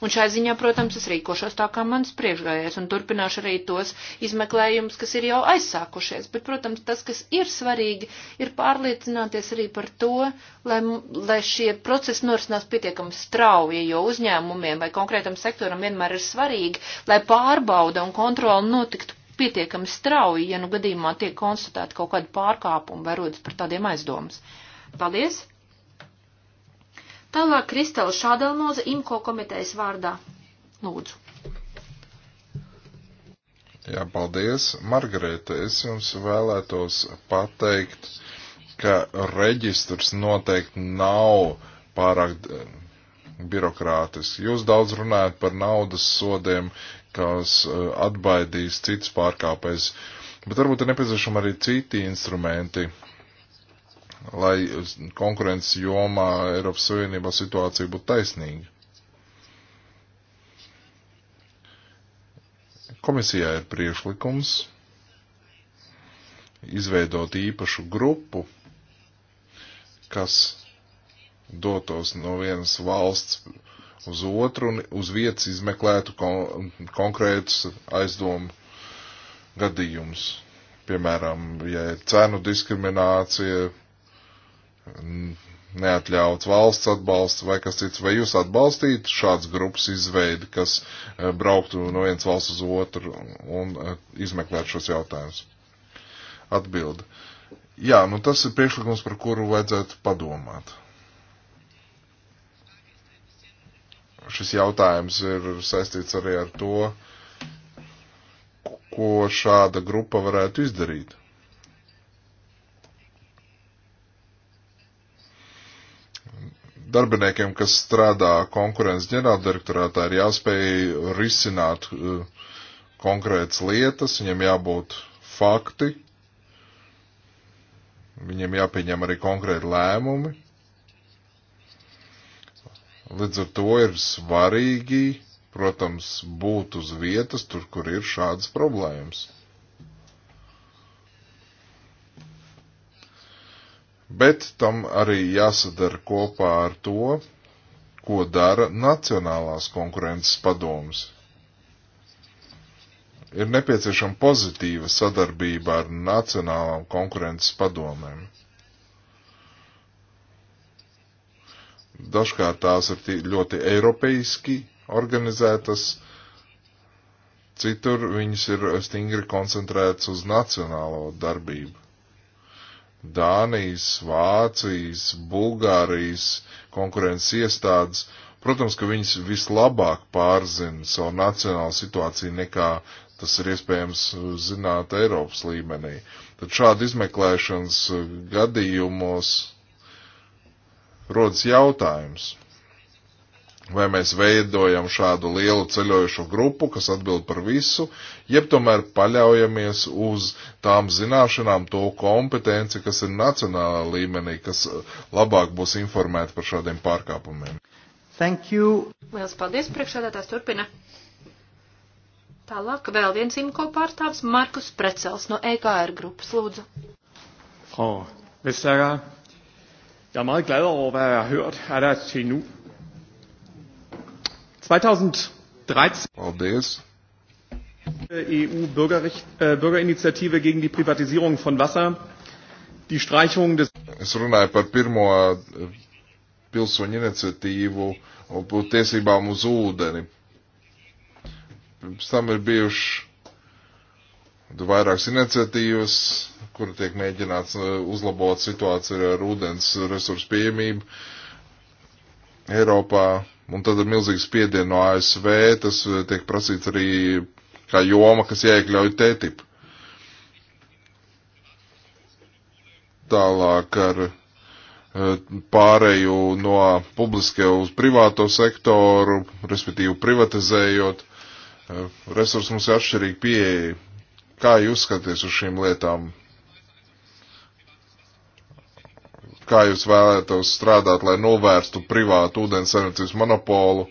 Un šai ziņā, protams, es rīkošos tā kā mans priekšgājējs un turpināšu arī tos izmeklējumus, kas ir jau aizsākušies. Bet, protams, tas, kas ir svarīgi, ir pārliecināties arī par to, lai, lai šie procesi norisinās pietiekami strauji, jo uzņēmumiem vai konkrētam sektoram vienmēr ir svarīgi, lai pārbauda un kontrola notiktu pietiekami strauji, ja nu gadījumā tiek konstatēta kaut kāda pārkāpuma vai rodas par tādiem aizdomas. Paldies! Tālāk Kristela Šādelmoza IMKO komitejas vārdā. Lūdzu. Jā, paldies. Margarita, es jums vēlētos pateikt, ka reģistrs noteikti nav pārāk eh, birokrātisks. Jūs daudz runājat par naudas sodiem, kas eh, atbaidīs citus pārkāpējus, bet varbūt ir nepieciešama arī citi instrumenti, lai konkurences jomā Eiropas Savienībā situācija būtu taisnīga. Komisijā ir priešlikums izveidot īpašu grupu, kas dotos no vienas valsts uz otru un uz vietas izmeklētu kon konkrētus aizdomu gadījumus. Piemēram, ja ir cenu diskriminācija, neatļauts valsts atbalsts vai kas cits, vai jūs atbalstītu šāds grupas izveidi, kas eh, brauktu no vienas valsts uz otru un eh, izmeklētu šos jautājumus? Atbildi. Jā, nu tas ir priekšlikums, par kuru vajadzētu padomāt. Šis jautājums ir saistīts arī ar to, ko šāda grupa varētu izdarīt. darbiniekiem, kas strādā konkurences ģenerāldirektorātā, ir jāspēj risināt uh, konkrētas lietas, viņiem jābūt fakti, viņiem jāpieņem arī konkrēti lēmumi. Līdz ar to ir svarīgi, protams, būt uz vietas, tur, kur ir šādas problēmas. bet tam arī jāsadara kopā ar to, ko dara Nacionālās konkurences padomas. Ir nepieciešama pozitīva sadarbība ar Nacionālām konkurences padomēm. Dažkārt tās ir ļoti eiropeiski organizētas, citur viņas ir stingri koncentrētas uz nacionālo darbību. Dānijas, Vācijas, Bulgārijas konkurences iestādes, protams, ka viņas vislabāk pārzina savu nacionālu situāciju nekā tas ir iespējams zināt Eiropas līmenī. Tad šādi izmeklēšanas gadījumos rodas jautājums, vai mēs veidojam šādu lielu ceļojušo grupu, kas atbild par visu, jeb tomēr paļaujamies uz tām zināšanām, to kompetenci, kas ir nacionālā līmenī, kas uh, labāk būs informēti par šādiem pārkāpumiem. Thank you. Lielas paldies, priekšādātājs turpina. Tālāk vēl viens imko pārstāvs, Markus Precels no EKR grupas, lūdzu. Frau Vestager, jeg er meget glad over, hvad jeg har hørt af dig til nu. 2013 Paldies. EU-Bürgerinitiative äh, gegen die Privatisierung von Wasser, die Streichung des. Es runāju par pirmo äh, pilsoņu iniciatīvu par tiesībām uz ūdeni. Pirms tam ir bijuši vairākas iniciatīvas, kur tiek mēģināts äh, uzlabot situāciju ar ūdens resursu pieejamību Eiropā Un tad ir milzīgs spiediens no ASV, tas eh, tiek prasīts arī kā joma, kas iekļauj TTIP. Tālāk ar eh, pārēju no publiskie uz privāto sektoru, respektīvi privatizējot, eh, resursi mums ir atšķirīgi pieeja. Kā jūs skaties uz šīm lietām? kā jūs vēlētos strādāt, lai novērstu privātu ūdensardzības monopolu,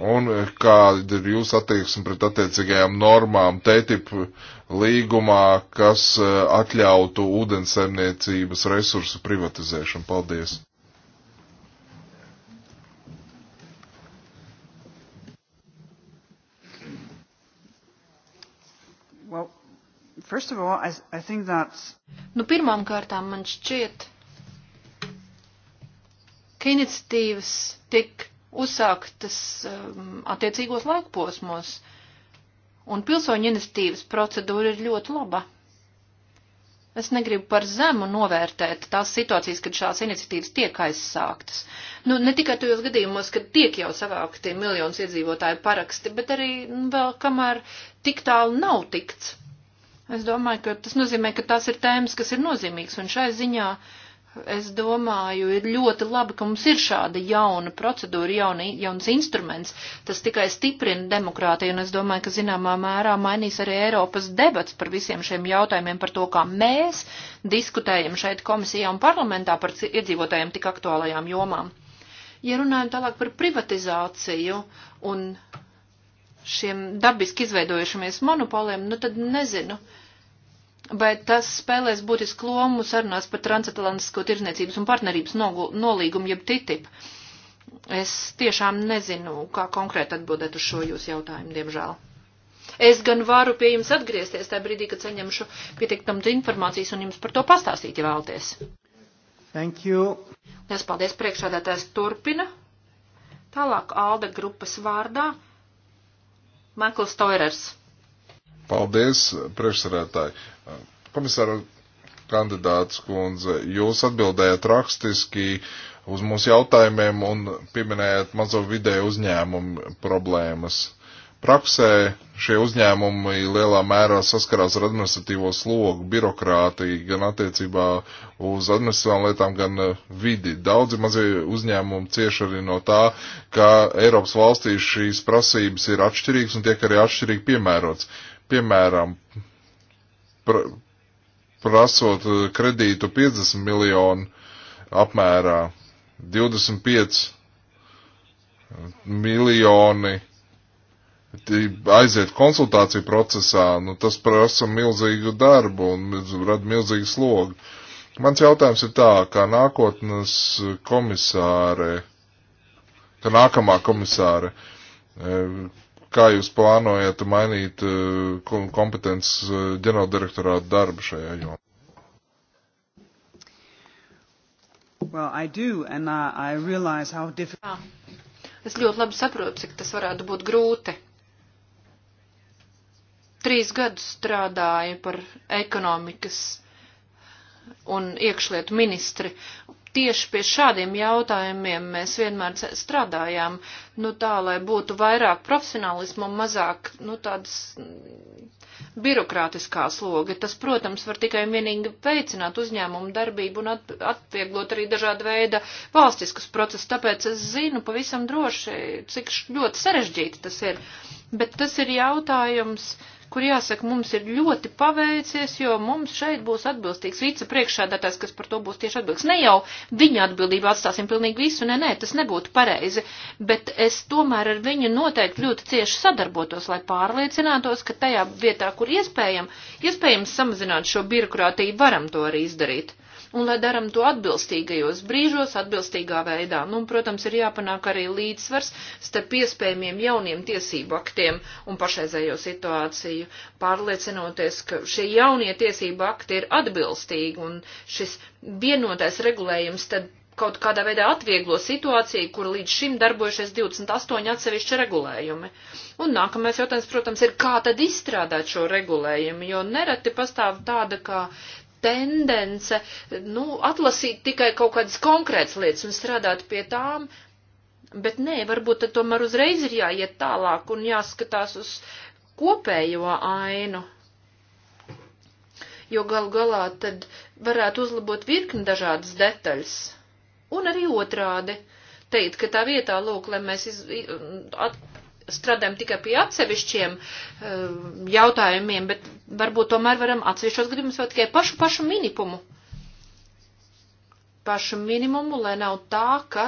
un kāda ir jūsu attieksme pret attiecīgajām normām TTIP līgumā, kas e, atļautu ūdensardzības resursu privatizēšanu. Paldies! Well, all, I, I nu, pirmām kārtām man šķiet, ka iniciatīvas tik uzsāktas um, attiecīgos laikposmos, un pilsoņu iniciatīvas procedūra ir ļoti laba. Es negribu par zemu novērtēt tās situācijas, kad šās iniciatīvas tiek aizsāktas. Nu, ne tikai tajos gadījumos, kad tiek jau savākti miljonus iedzīvotāju paraksti, bet arī nu, vēl kamēr tik tālu nav tikts. Es domāju, ka tas nozīmē, ka tās ir tēmas, kas ir nozīmīgas, un šai ziņā uh, Es domāju, ir ļoti labi, ka mums ir šāda jauna procedūra, jauna, jauns instruments. Tas tikai stiprina demokrātiju, un es domāju, ka zināmā mērā mainīs arī Eiropas debats par visiem šiem jautājumiem, par to, kā mēs diskutējam šeit komisijā un parlamentā par iedzīvotājiem tik aktuālajām jomām. Ja runājam tālāk par privatizāciju un šiem dabiski izveidojušamies monopoliem, nu tad nezinu. Uh, vai tas spēlēs būtisku lomu sarunās par transatlantisko tirzniecības un partnerības nolīgumu, jeb TTIP. Es tiešām nezinu, kā konkrēti atbildēt uz šo jūsu jautājumu, diemžēl. Es gan varu pie jums atgriezties tajā brīdī, kad saņemšu pietiekams informācijas un jums par to pastāstīt, ja vēlaties. Thank you. Es paldies priekšādātājs turpina. Tālāk Alda grupas vārdā Maikls Toirers. Paldies, priekšsarētāji. Komisāra kandidāts kundze, jūs atbildējat rakstiski uz mūsu jautājumiem un pieminējat mazo vidēju uzņēmumu problēmas. Praksē šie uzņēmumi lielā mērā saskarās ar administratīvo slogu, birokrātiju, gan attiecībā uz administratīvām lietām, gan eh, vidi. Daudzi mazie uzņēmumi cieši arī no tā, ka Eiropas valstīs šīs prasības ir atšķirīgas un tiek arī atšķirīgi piemērots. Piemēram, pra, prasot eh, kredītu 50 miljonu apmērā, 25 miljoni aiziet konsultāciju procesā, nu tas prasa milzīgu darbu un rada milzīgu slogu. Mans jautājums ir tā, kā nākotnes komisāre, kā nākamā komisāre, eh, kā jūs plānojat mainīt eh, kompetences eh, ģenerāldirektorāta darbu šajā jomā? Well, I do, and I, I realize how difficult. Es ļoti labi saprotu, cik tas varētu būt grūti. Trīs gadus strādāju par ekonomikas un iekšlietu ministri, tieši pie šādiem jautājumiem mēs vienmēr strādājām, nu tā, lai būtu vairāk profesionālismu un mazāk, nu tādas mm, birokrātiskā sloga. Tas, protams, var tikai un vienīgi veicināt uzņēmumu darbību un atvieglot arī dažāda veida valstiskus procesus, tāpēc es zinu pavisam droši, cik ļoti sarežģīti tas ir. Bet tas ir jautājums, uh, kur jāsaka, mums ir ļoti paveicies, jo mums šeit būs atbilstīgs vicepriekšādātājs, kas par to būs tieši atbildīgs. Ne jau viņa atbildību atstāsim pilnīgi visu, nē, nē, tas nebūtu pareizi, bet es tomēr ar viņu noteikti ļoti cieši sadarbotos, lai pārliecinātos, ka tajā vietā, kur iespējam, iespējams samazināt šo birokrātiju, varam to arī izdarīt un lai daram to atbilstīgajos brīžos, atbilstīgā veidā. Nu, un, protams, ir jāpanāk arī līdzsvars starp iespējamiem jauniem tiesību aktiem un pašreizējo situāciju, pārliecinoties, ka šie jaunie tiesību akti ir atbilstīgi un šis vienotais regulējums tad kaut kādā veidā atvieglo situāciju, kur līdz šim darbojušies 28 atsevišķi regulējumi. Un nākamais jautājums, protams, ir, kā tad izstrādāt šo regulējumu, jo nereti pastāv tāda kā tendence, nu, atlasīt tikai kaut kādas konkrētas lietas un strādāt pie tām, bet nē, varbūt tad tomēr uzreiz ir jāiet tālāk un jāskatās uz kopējo ainu. Jo gal galā tad varētu uzlabot virkni dažādas detaļas. Un arī otrādi teikt, ka tā vietā, lūk, lai mēs iz, at, strādājam tikai pie atsevišķiem eh, jautājumiem, bet varbūt tomēr varam atsevišķos gadījumus vēl tikai pašu, pašu minimumu. Pašu minimumu, lai nav tā, ka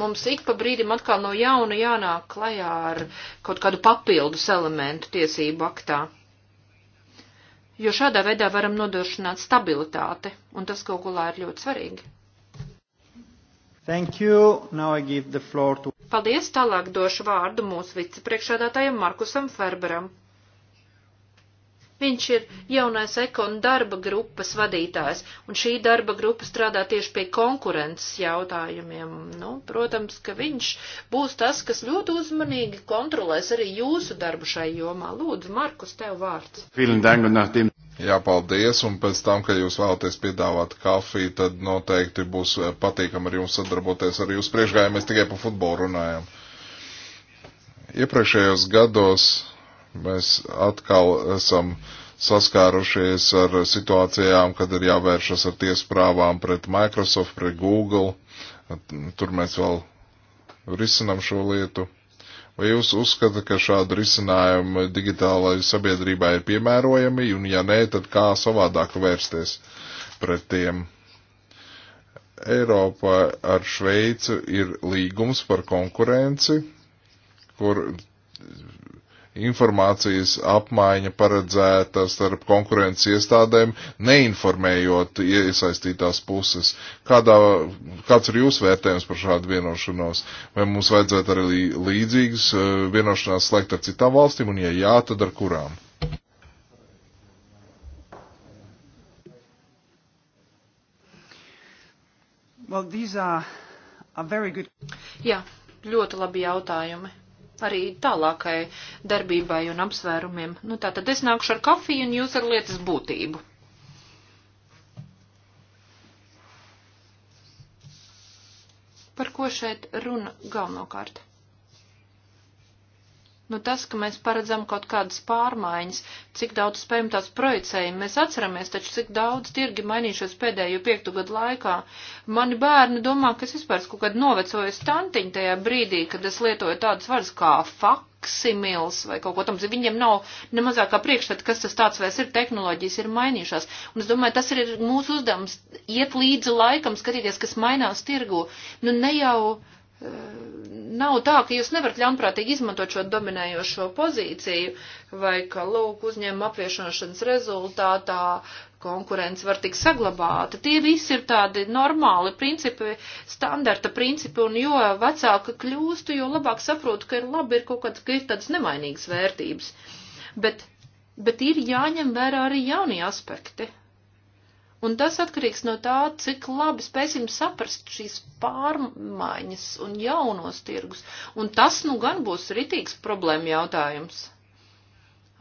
mums ik pa brīdim atkal no jauna jānāk klajā ar kaut kādu papildus elementu tiesību aktā. Jo šādā veidā varam nodrošināt stabilitāti, un tas kaut kolā ir ļoti svarīgi. Thank you. Now I give the floor to. Paldies, tālāk došu vārdu mūsu vicepriekšādātājam Markusam Ferberam. Viņš ir jaunais ekonu darba grupas vadītājs, un šī darba grupa strādā tieši pie konkurences jautājumiem. Nu, protams, ka viņš būs tas, kas ļoti uzmanīgi kontrolēs arī jūsu darbu šai jomā. Lūdzu, Markus, tev vārds. Jā, paldies, un pēc tam, kad jūs vēlaties piedāvāt kafiju, tad noteikti būs eh, patīkam ar jums sadarboties. Arī jūs priekšgājā mēs tikai par futbolu runājam. Iepriekšējos gados Mēs atkal esam saskārušies ar situācijām, kad ir jāvēršas ar tiesprāvām pret Microsoft, pret Google. Tur mēs vēl risinam šo lietu. Vai jūs uzskatāt, ka šāda risinājuma digitālajai sabiedrībai ir piemērojami, un ja nē, tad kā savādāk vērsties pret tiem? Eiropā ar Šveicu ir līgums par konkurenci, kur informācijas apmaiņa paredzēta starp konkurences iestādēm, neinformējot iesaistītās puses. Kādā, kāds ir jūsu vērtējums par šādu vienošanos? Vai mums vajadzētu arī līdzīgas eh, vienošanās slēgt ar citām valstīm, un ja jā, tad ar kurām? Well, these are, are very good... Jā, ļoti labi jautājumi arī tālākai darbībai un apsvērumiem. Nu tā tad es nākušu ar kafiju un jūs ar lietas būtību. Par ko šeit runa galvenokārt? Nu, tas, ka mēs paredzam kaut kādas pārmaiņas, cik daudz spējam tās projicējam, mēs atceramies taču, cik daudz tirgi mainījušies pēdējo piektu gadu laikā. Mani bērni domā, ka es vispār esmu kaut kad novecojis tantiņu tajā brīdī, kad es lietoju tādas vārdas kā faksimils vai kaut ko tam, viņiem nav ne mazākā priekšstata, kas tas tāds vairs ir, tehnoloģijas ir mainījušās. Un es domāju, tas ir mūsu uzdevums, iet līdzi laikam, skatīties, kas mainās tirgu. Nu, ne jau nav tā, ka jūs nevarat ļaunprātīgi izmantot šo dominējošo pozīciju vai ka, lūk, uzņēmuma apviešanas rezultātā konkurence var tikt saglabāta. Tie visi ir tādi normāli principi, standarta principi, un jo vecāka kļūstu, jo labāk saprotu, ka ir labi, ir kaut kāds, ka ir tādas nemainīgas vērtības. Bet, bet ir jāņem vērā arī jauni aspekti. Un tas atkarīgs no tā, cik labi spēsim saprast šīs pārmaiņas un jaunos tirgus. Un tas nu gan būs ritīgs problēma jautājums.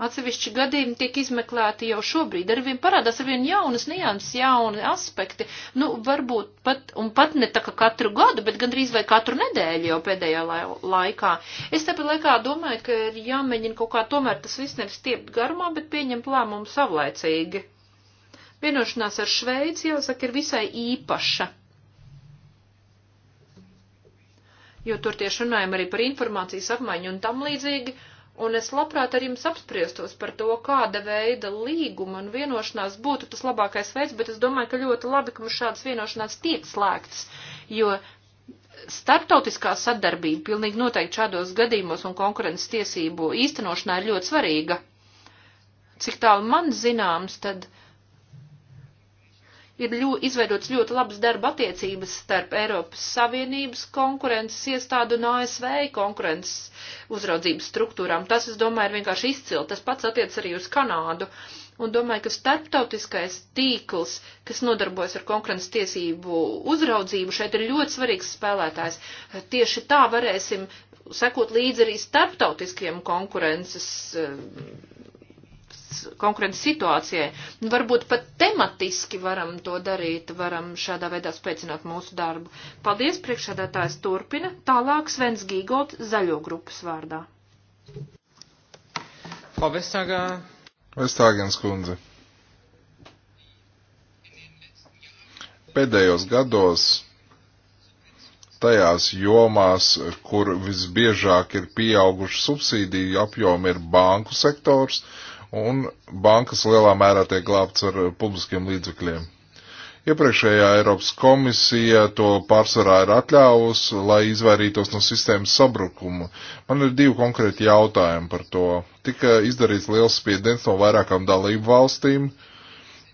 Atsevišķi gadījumi tiek izmeklēti jau šobrīd, arvien parādās arvien jaunas nianses, jauni aspekti, nu, varbūt pat, un pat ne tā kā katru gadu, bet gandrīz vai katru nedēļu jau pēdējā laikā. Es tāpat laikā domāju, ka ir jāmēģina kaut kā tomēr tas viss nevis stiept garumā, bet pieņemt lēmumu savlaicīgi. Vienošanās ar Šveici, jāsaka, ir visai īpaša. Jo tur tieši runājam arī par informācijas apmaiņu un tam līdzīgi, un es labprāt ar jums apspriestos par to, kāda veida līguma un vienošanās būtu tas labākais veids, bet es domāju, ka ļoti labi, ka mums šādas vienošanās tiek slēgts, jo starptautiskā sadarbība pilnīgi noteikti šādos gadījumos un konkurences tiesību īstenošanā ir ļoti svarīga. Cik tālu man zināms, tad uh, ir ļo, izveidots ļoti labas darba attiecības starp Eiropas Savienības konkurences iestādu un ASV konkurences uzraudzības struktūrām. Tas, es domāju, ir vienkārši izcili. Tas pats attiec arī uz Kanādu. Un domāju, ka starptautiskais tīkls, kas nodarbojas ar konkurences tiesību uzraudzību, šeit ir ļoti svarīgs spēlētājs. Tieši tā varēsim sekot līdzi arī starptautiskiem konkurences eh, konkurences situācijai. Nu, varbūt pat tematiski varam to darīt, varam šādā veidā spēcināt mūsu darbu. Paldies, priekšādātājs turpina. Tālāk Svens Gīgolt zaļo grupas vārdā. Frau Vestager. Vestāgens kundze. Pēdējos gados tajās jomās, kur visbiežāk ir pieauguši subsīdiju apjomi, ir banku sektors, un bankas lielā mērā tiek glābts ar eh, publiskiem līdzekļiem. Iepriekšējā Eiropas komisija to pārsvarā ir atļāvusi, lai izvairītos no sistēmas sabrukuma. Man ir divi konkrēti jautājumi par to. Tika izdarīts liels spiediens no vairākām dalību valstīm,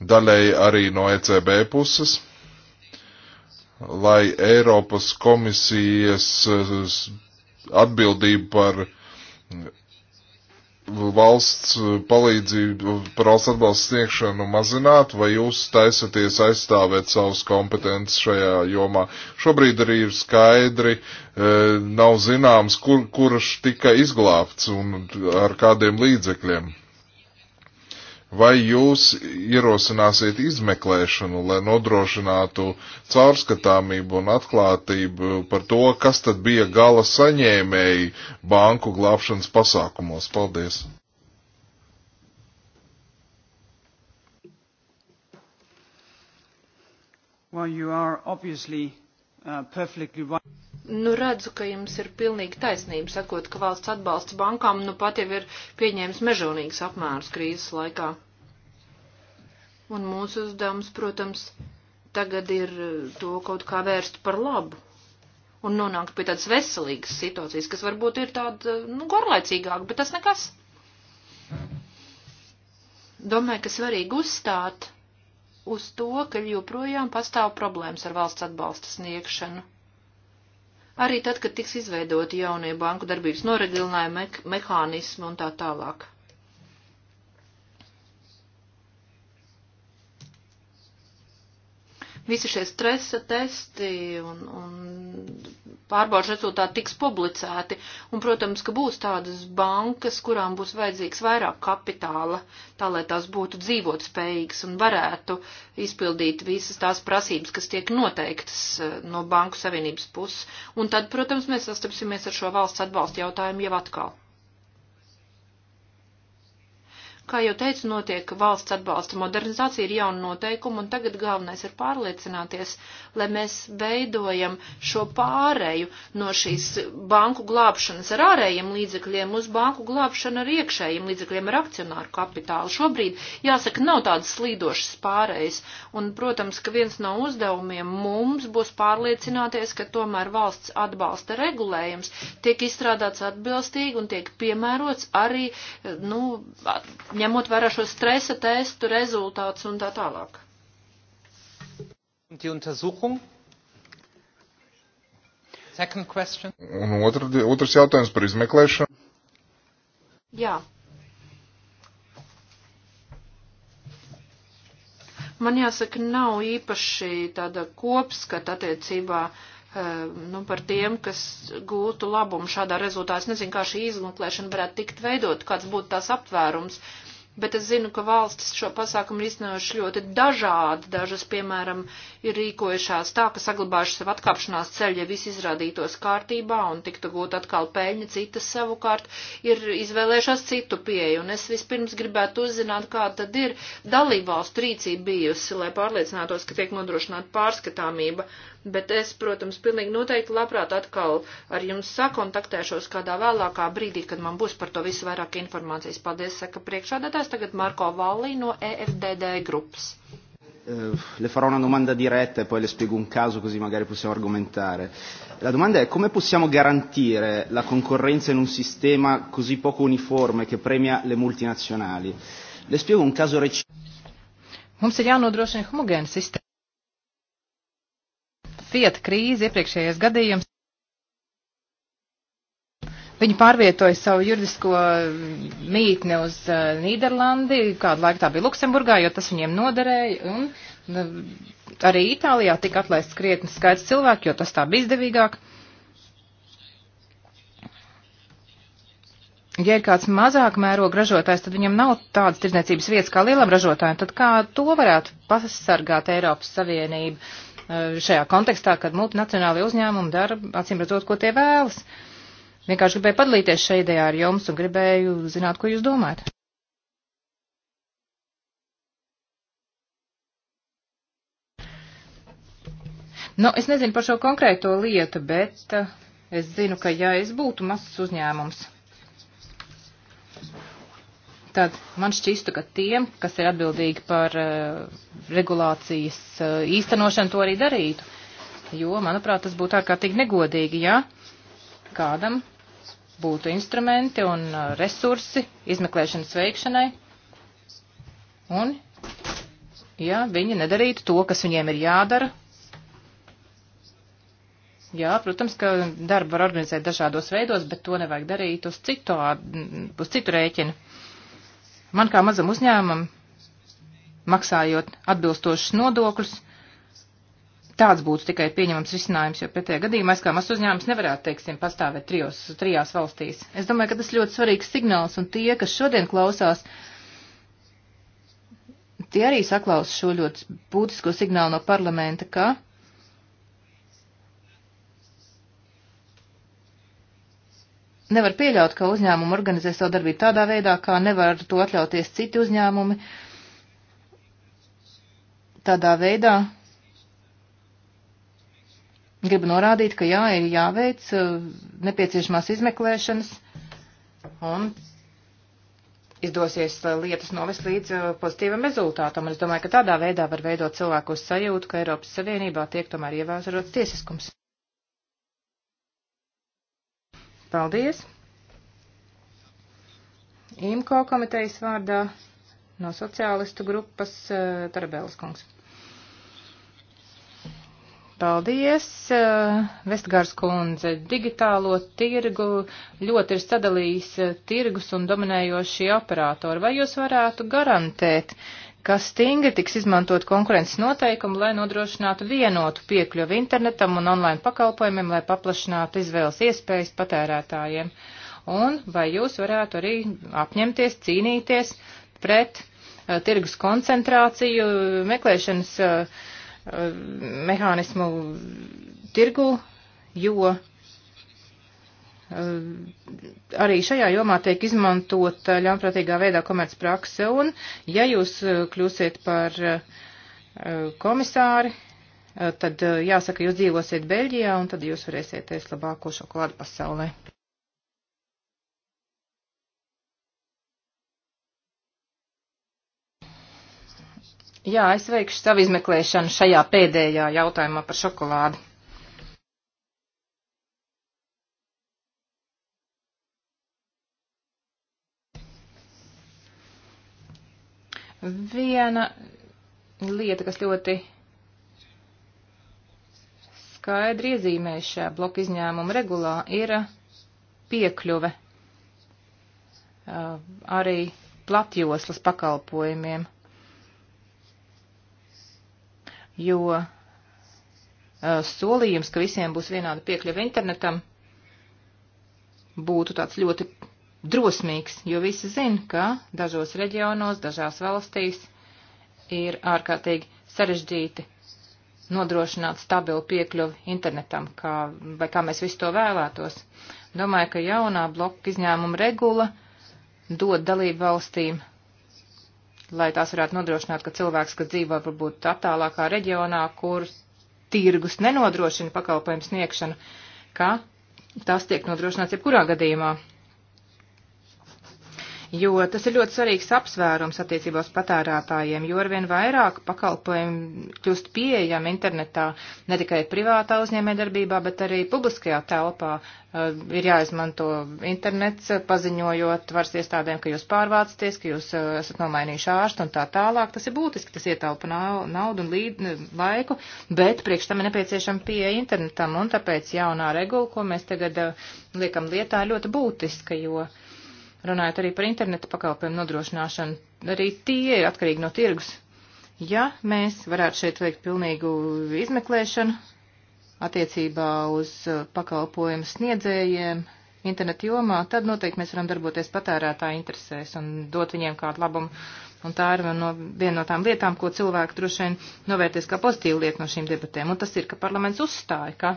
daļēji arī no ECB puses, lai Eiropas komisijas eh, atbildību par valsts eh, palīdzību, par valsts atbalstu sniegšanu mazināt, vai jūs taisaties aizstāvēt savus kompetences šajā jomā? Šobrīd arī ir skaidri, eh, nav zināms, kur, kurš tika izglābts un ar kādiem līdzekļiem. Vai jūs ierosināsiet izmeklēšanu, lai nodrošinātu caurskatāmību un atklātību par to, kas tad bija gala saņēmēji banku glābšanas pasākumos? Paldies! Well, you are obviously uh, perfectly right. Nu, redzu, ka jums ir pilnīgi taisnība sakot, ka valsts atbalsts bankām nu pat jau ir pieņēmis mežonīgas apmērus krīzes laikā. Un mūsu uzdevums, protams, tagad ir eh, to kaut kā vērst par labu un nonākt pie tādas veselīgas situācijas, kas varbūt ir tāda, eh, nu, garlaicīgāka, bet tas nekas. Domāju, ka svarīgi uzstāt uz to, ka joprojām pastāv problēmas ar valsts atbalsta sniegšanu arī tad, kad tiks izveidoti jaunie banku darbības noregulējumi, me mehānismi un tā tālāk. Visi šie stresa testi un, un pārbaudas rezultāti tiks publicēti. Un, protams, ka būs tādas bankas, kurām būs vajadzīgs vairāk kapitāla, tā lai tās būtu dzīvot spējīgas un varētu izpildīt visas tās prasības, kas tiek noteiktas eh, no Banku Savienības puses. Un tad, protams, mēs sastapsimies ar šo valsts atbalstu jautājumu jau atkal. Kā jau teicu, notiek valsts atbalsta modernizācija, ir jauna noteikuma, un tagad galvenais ir pārliecināties, lai mēs veidojam šo pārēju no šīs banku glābšanas ar ārējiem līdzekļiem uz banku glābšanu ar iekšējiem līdzekļiem, ar akcionāru kapitālu. Šobrīd, jāsaka, nav tādas slīdošas pārējas, un, protams, ka viens no uzdevumiem mums būs pārliecināties, ka tomēr valsts atbalsta regulējums tiek izstrādāts atbilstīgi un tiek piemērots arī, nu, ņemot vērā šo stresa testu rezultātus un tā tālāk. Un otr, otrs jautājums par izmeklēšanu. Jā. Man jāsaka, nav īpaši tāda kopskata attiecībā eh, nu, par tiem, kas gūtu labumu šādā rezultātā. Es nezinu, kā šī izmeklēšana varētu tikt veidot, kāds būtu tās aptvērums bet es zinu, ka valstis šo pasākumu ir iznojuši ļoti dažādi. Dažas, piemēram, ir rīkojušās tā, ka saglabājuši sev atkāpšanās ceļu, ja viss izrādītos kārtībā un tiktu gūt atkal peļņa, citas savukārt ir izvēlējušās citu pieeju. Un es vispirms gribētu uzzināt, kā tad ir dalībvalstu rīcība bijusi, lai pārliecinātos, ka tiek nodrošināta pārskatāmība bet es, protams, pilnīgi noteikti labprāt atkal ar jums sakontaktēšos kādā vēlākā brīdī, kad man būs par to visu vairāk informācijas. Paldies, saka priekšādātājs, tagad Marko Vallī no EFDD grupas. Eh, le farò una domanda diretta e poi le spiego un caso così magari possiamo argomentare. La domanda è come possiamo garantire la concorrenza in un sistema così poco uniforme che premia le multinazionali? Le spiego un caso recente. Mums ir jānodrošina homogēna sistēma. Fiat krīze, iepriekšējais gadījums. Viņi pārvietoja savu juridisko mītni uz eh, Nīderlandi, kādu laiku tā bija Luksemburgā, jo tas viņiem noderēja, un nu, arī Itālijā tika atlaists krietni skaits cilvēku, jo tas tā bija izdevīgāk. Ja ir kāds mazāk mēroga ražotājs, tad viņam nav tādas tirdzniecības vietas kā lielam ražotājam, tad kā to varētu pasargāt Eiropas Savienība? Eh, šajā kontekstā, kad multinacionālajie uzņēmumi dara acīm redzot, ko tie vēlas. Vienkārši gribēju padalīties šajā idejā ar jums un gribēju zināt, ko jūs domājat. Nu, es nezinu par šo konkrēto lietu, bet eh, es zinu, ka ja es būtu mazs uzņēmums, tad man šķistu, ka tiem, kas ir atbildīgi par uh, regulācijas uh, īstenošanu, to arī darītu. Jo, manuprāt, tas būtu ārkārtīgi negodīgi, ja kādam būtu instrumenti un uh, resursi izmeklēšanas veikšanai, un ja viņi nedarītu to, kas viņiem ir jādara. Jā, protams, ka darbu var organizēt dažādos veidos, bet to nevajag darīt uz citu, mm, mm, uz citu rēķinu. Man kā mazam uzņēmumam, maksājot atbilstošus nodokļus, tāds būtu tikai pieņemams risinājums, jo pretējā gadījumā es kā mazs uzņēmums nevarētu, teiksim, pastāvēt trijos, trijās valstīs. Es domāju, ka tas ļoti svarīgs signāls, un tie, kas šodien klausās, tie arī saklaus šo ļoti būtisko signālu no parlamenta, ka Nevar pieļaut, ka uzņēmumi organizē savu darbību tādā veidā, kā nevar to atļauties citi uzņēmumi. Tādā veidā gribu norādīt, ka jā, ir jāveic uh, nepieciešamās izmeklēšanas un izdosies uh, lietas novest līdz uh, pozitīvam rezultātam. Un es domāju, ka tādā veidā var veidot cilvēku sajūtu, ka Eiropas Savienībā tiek tomēr ievērots tiesiskums. Paldies! IMKO komitejas vārdā no sociālistu grupas eh, Tarabēlas kungs. Paldies, eh, Vestgārs kundze. Digitālo tirgu ļoti ir sadalījis eh, tirgus un dominējošie operatori. Vai jūs varētu garantēt, ka stingri tiks izmantot konkurences noteikumi, lai nodrošinātu vienotu piekļuvi internetam un online pakalpojumiem, lai paplašinātu izvēles iespējas patērētājiem. Un vai jūs varētu arī apņemties cīnīties pret uh, tirgus koncentrāciju, meklēšanas uh, uh, mehānismu tirgu, jo Eh, arī šajā jomā tiek izmantot ļaunprātīgā veidā komercprakse, un ja jūs eh, kļūsiet par eh, komisāri, tad jāsaka, jūs dzīvosiet Beļģijā, un tad jūs varēsiet ēst labāko šokolādu pasaulē. Jā, es veikšu savu izmeklēšanu šajā pēdējā jautājumā par šokolādu. Viena lieta, kas ļoti skaidri iezīmēs šajā bloka izņēmuma regulā, ir piekļuve arī platjoslas pakalpojumiem, jo solījums, ka visiem būs vienāda piekļuva internetam, būtu tāds ļoti drosmīgs, jo visi zina, ka dažos reģionos, dažās valstīs ir ārkārtīgi sarežģīti nodrošināt stabilu piekļuvi internetam, kā, vai kā mēs visu to vēlētos. Domāju, ka jaunā bloka izņēmuma regula dod dalību valstīm, lai tās varētu nodrošināt, ka cilvēks, kas dzīvo varbūt attālākā reģionā, kur tirgus nenodrošina pakalpojumu sniegšanu, ka tas tiek nodrošināts jebkurā gadījumā jo tas ir ļoti svarīgs apsvērums attiecībā uz patērētājiem, jo arvien vairāk pakalpojumi kļūst pieejami internetā ne tikai privātā uzņēmējdarbībā, bet arī publiskajā telpā. Uh, ir jāizmanto internets, paziņojot varas iestādēm, ka jūs pārvācaties, ka jūs uh, esat nomainījuši ārstu un tā tālāk. Tas ir būtiski, tas ietaupa naudu un līd, laiku, bet priekš tam ir nepieciešama pieeja internetam, un tāpēc jaunā regula, ko mēs tagad uh, liekam lietā, ir ļoti būtiska, jo uh, runājot arī par interneta pakalpojumu nodrošināšanu, arī tie ir atkarīgi no tirgus. Ja mēs varētu šeit veikt pilnīgu izmeklēšanu attiecībā uz uh, pakalpojumu sniedzējiem interneta jomā, tad noteikti mēs varam darboties patērētāja interesēs un dot viņiem kādu labumu. Un tā ir no, viena no tām lietām, ko cilvēki droši vien novērties kā pozitīvu lietu no šīm debatēm. Un tas ir, ka parlaments uzstāja, ka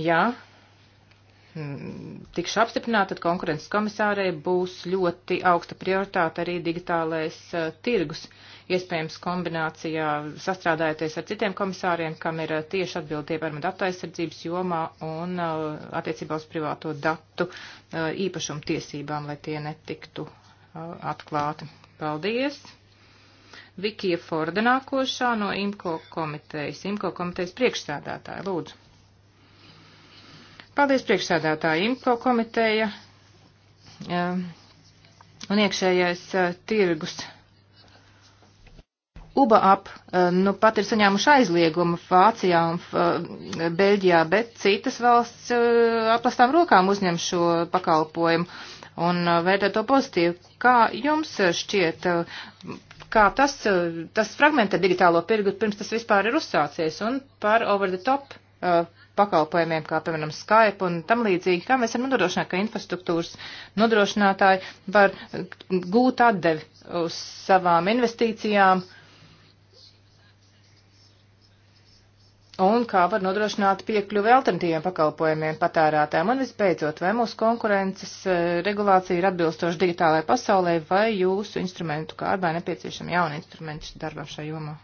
jā, Mm, tikšu apstiprināta, tad konkurences komisārei būs ļoti augsta prioritāte arī digitālais uh, tirgus. Iespējams, kombinācijā sastrādājoties ar citiem komisāriem, kam ir uh, tieši atbildība ar datu aizsardzības jomā un uh, attiecībā uz privāto datu uh, īpašumu tiesībām, lai tie netiktu uh, atklāti. Paldies! Vikija Forda nākošā no IMCO komitejas, IMCO komitejas priekšsēdētāja, lūdzu. Paldies priekšsēdētāji IMCO komiteja un iekšējais tirgus. Uba ap nu pat ir saņēmuši aizliegumu Vācijā un Beļģijā, bet citas valsts aplastām rokām uzņem šo pakalpojumu un vērtē to pozitīvi. Kā jums šķiet, kā tas, tas fragmentē digitālo pirgu, pirms tas vispār ir uzsācies un par over the top pakalpojumiem, kā piemēram Skype un tam līdzīgi, kā mēs varam nodrošināt, ka infrastruktūras nodrošinātāji var gūt atdevi uz savām investīcijām un kā var nodrošināt piekļuvi alternatīviem pakalpojumiem patērētājiem. Un visbeidzot, vai mūsu konkurences eh, regulācija ir atbilstoša digitālajai pasaulē vai jūsu instrumentu kārdai nepieciešami jauni instrumenti darbam šajā jomā?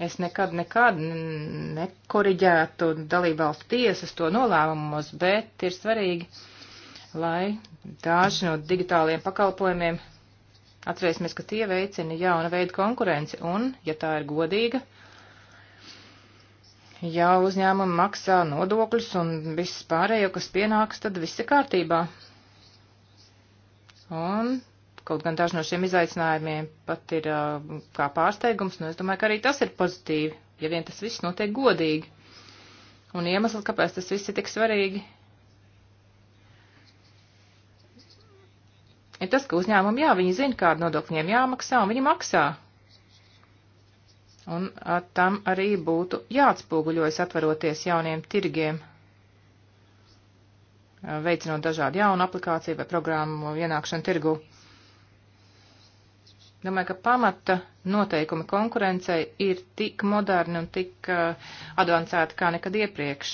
Es nekad, nekad nekoriģētu dalībvalstu tiesas to nolēmumos, bet ir svarīgi, lai daži no digitāliem pakalpojumiem atcerēsimies, ka tie veicina jauna veida konkurenci un, ja tā ir godīga, ja uzņēmumi maksā nodokļus un viss pārējo, kas pienāks, tad viss ir kārtībā. Un Kaut gan daži no šiem izaicinājumiem pat ir uh, kā pārsteigums, un nu, es domāju, ka arī tas ir pozitīvi, ja vien tas viss notiek godīgi. Un iemesls, kāpēc tas viss ir tik svarīgi, ir tas, ka uzņēmumi, jā, viņi zina, kādu nodokļu viņiem jāmaksā, un viņi maksā. Un a, uh, tam arī būtu jāatspoguļojas atveroties jauniem tirgiem, uh, veicinot dažādu jaunu aplikāciju vai programmu ienākšanu tirgu. Domāju, ka pamata noteikumi konkurencei ir tik moderni un tik uh, advancēti kā nekad iepriekš.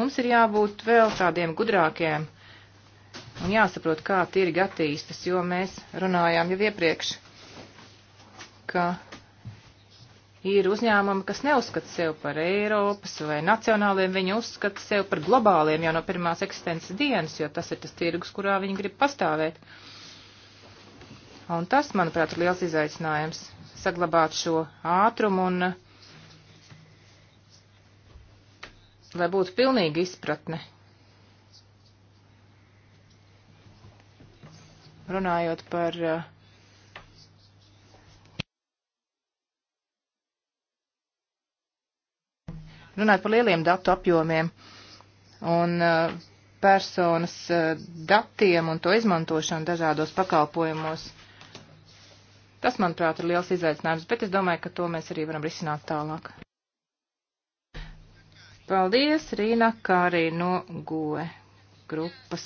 Mums ir jābūt vēl tādiem gudrākiem un jāsaprot, kā tirgi attīstas, jo mēs runājām jau iepriekš, ka ir uzņēmumi, kas neuzskata sev par Eiropas vai nacionāliem, viņi uzskata sev par globāliem jau no pirmās eksistences dienas, jo tas ir tas tirgus, kurā viņi grib pastāvēt. Uh, Un tas, manuprāt, ir liels izaicinājums saglabāt šo ātrumu un lai būtu pilnīga izpratne. Runājot par uh, runāt par lieliem datu apjomiem un uh, personas uh, datiem un to izmantošanu dažādos pakalpojumos. Tas, manuprāt, ir liels izaicinājums, bet es domāju, ka to mēs arī varam risināt tālāk. Paldies, Rīna, kā arī no GOE grupas.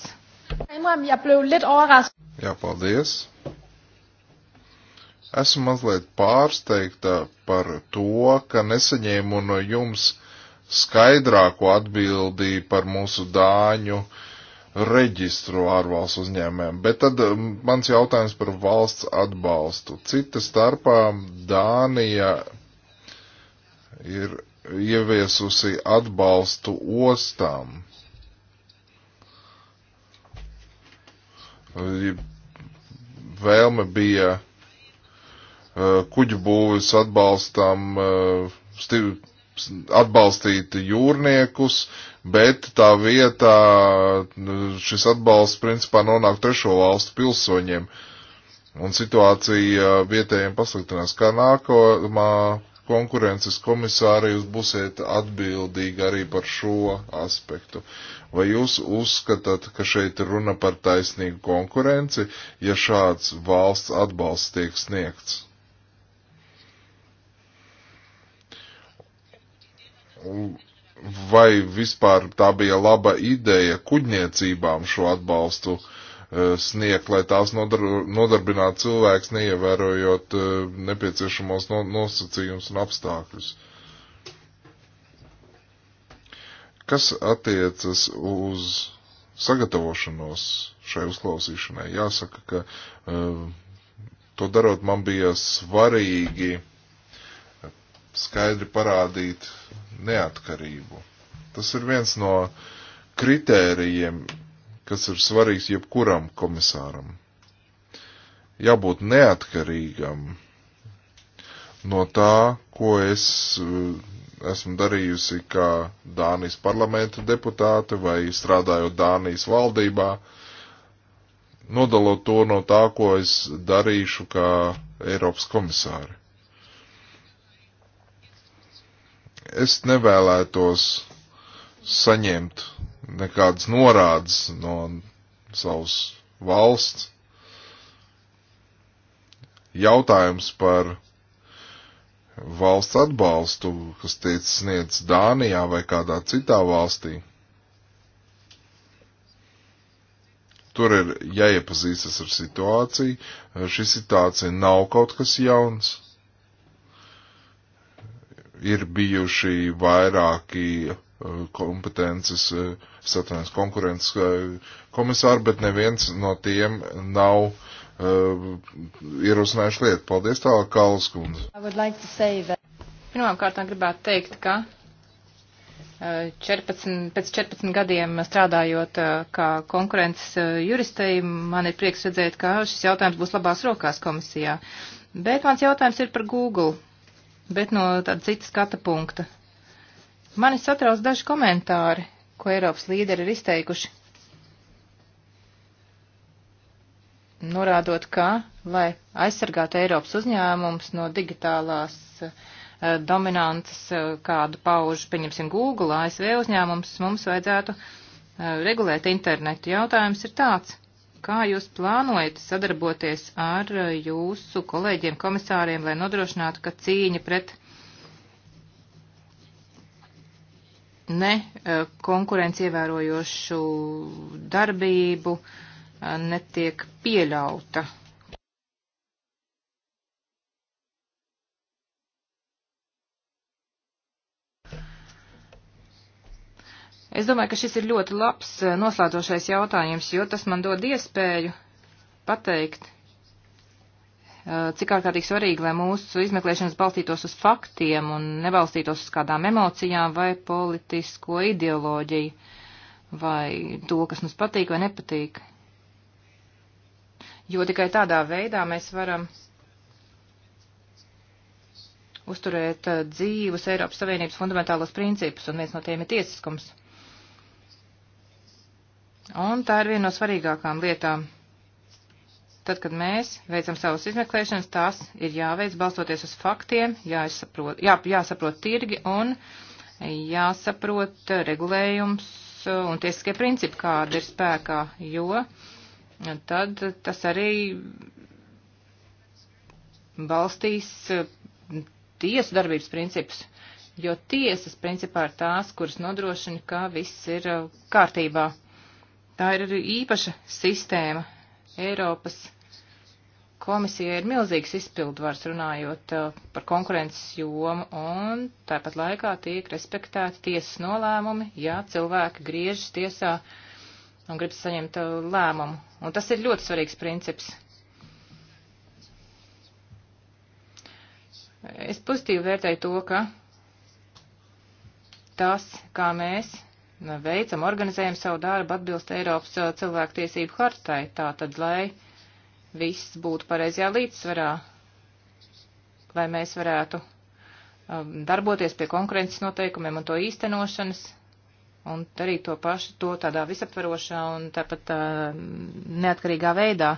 Jā, paldies. Esmu mazliet pārsteigta par to, ka nesaņēmu no jums skaidrāko atbildi par mūsu dāņu uh, reģistru ārvalstu uzņēmēm. Bet tad um, mans jautājums par valsts atbalstu. Cita starpā Dānija ir ieviesusi atbalstu ostām. Vēlme bija uh, kuģu būvis atbalstam uh, atbalstīt jūrniekus, bet tā vietā nu, šis atbalsts principā nonāk trešo valstu pilsoņiem. Un situācija vietējiem pasliktinās. Kā nākamā konkurences komisāri jūs būsiet atbildīgi arī par šo aspektu. Vai jūs uzskatāt, ka šeit runa par taisnīgu konkurenci, ja šāds valsts atbalsts tiek sniegts? vai vispār tā bija laba ideja kuģniecībām šo atbalstu e, sniegt, lai tās nodar, nodarbinātu cilvēks, neievērojot e, nepieciešamos nosacījumus un apstākļus. Kas attiecas uz sagatavošanos šai uzklausīšanai? Jāsaka, ka e, to darot man bija svarīgi skaidri parādīt neatkarību. Tas ir viens no kritērijiem, kas ir svarīgs jebkuram komisāram. Jābūt neatkarīgam no tā, ko es eh, esmu darījusi kā Dānijas parlamenta deputāte vai strādājot Dānijas valdībā, nodalot to no tā, ko es darīšu kā Eiropas komisāri. Es nevēlētos saņemt nekādas norādes no savas valsts. Jautājums par valsts atbalstu, kas tiek sniegts Dānijā vai kādā citā valstī. Tur ir jāiepazīstas ar situāciju. Šī situācija nav kaut kas jauns ir bijuši vairāki eh, kompetences, eh, satvenas konkurences eh, komisāri, bet neviens no tiem nav uh, ierosinājuši lietu. Paldies tālāk, Kāls kundze. Like Pirmkārt, gribētu teikt, ka 14, pēc 14 gadiem strādājot kā konkurences juristei, man ir prieks redzēt, ka šis jautājums būs labās rokās komisijā. Bet mans jautājums ir par Google bet no tāda cita skata punkta. Mani satrauc daži komentāri, ko Eiropas līderi ir izteikuši. Norādot, ka, lai aizsargātu Eiropas uzņēmumus no digitālās uh, dominantas, uh, kādu pauž, pieņemsim, Google, ASV uzņēmums, mums vajadzētu uh, regulēt internetu. Jautājums ir tāds Kā jūs plānojat sadarboties ar jūsu kolēģiem komisāriem, lai nodrošinātu, ka cīņa pret ne eh, konkurenci ievērojošu darbību eh, netiek pieļauta? Es domāju, ka šis ir ļoti labs eh, noslēdzošais jautājums, jo tas man dod iespēju pateikt, eh, cik ārkārtīgi svarīgi, lai mūsu izmeklēšanas balstītos uz faktiem un nebalstītos uz kādām emocijām vai politisko ideoloģiju vai to, kas mums patīk vai nepatīk. Jo tikai tādā veidā mēs varam uzturēt eh, dzīvus Eiropas Savienības fundamentālos principus, un viens no tiem ir tiesiskums. Un tā ir viena no svarīgākām lietām. Tad, kad mēs veicam savas izmeklēšanas, tās ir jāveic balstoties uz faktiem, jāsaprot, jā, jāsaprot tirgi un jāsaprot regulējums un tiesiskie principi, kāda ir spēkā, jo tad tas arī balstīs tiesu darbības principus, jo tiesas principā ir tās, kuras nodrošina, ka viss ir kārtībā. Tā ir arī īpaša sistēma. Eiropas komisija ir milzīgs izpildvars runājot uh, par konkurences jomu, un tāpat laikā tiek respektēti tiesas nolēmumi, ja cilvēki griežas tiesā un grib saņemt uh, lēmumu. Un tas ir ļoti svarīgs princips. Es pozitīvi vērtēju to, ka tas, kā mēs veicam, organizējam savu darbu atbilst Eiropas uh, cilvēktiesību hartai, tā tad, lai viss būtu pareizajā līdzsvarā, lai mēs varētu um, darboties pie konkurences noteikumiem un to īstenošanas, un darīt to pašu, to tādā visaptverošā un tāpat uh, neatkarīgā veidā.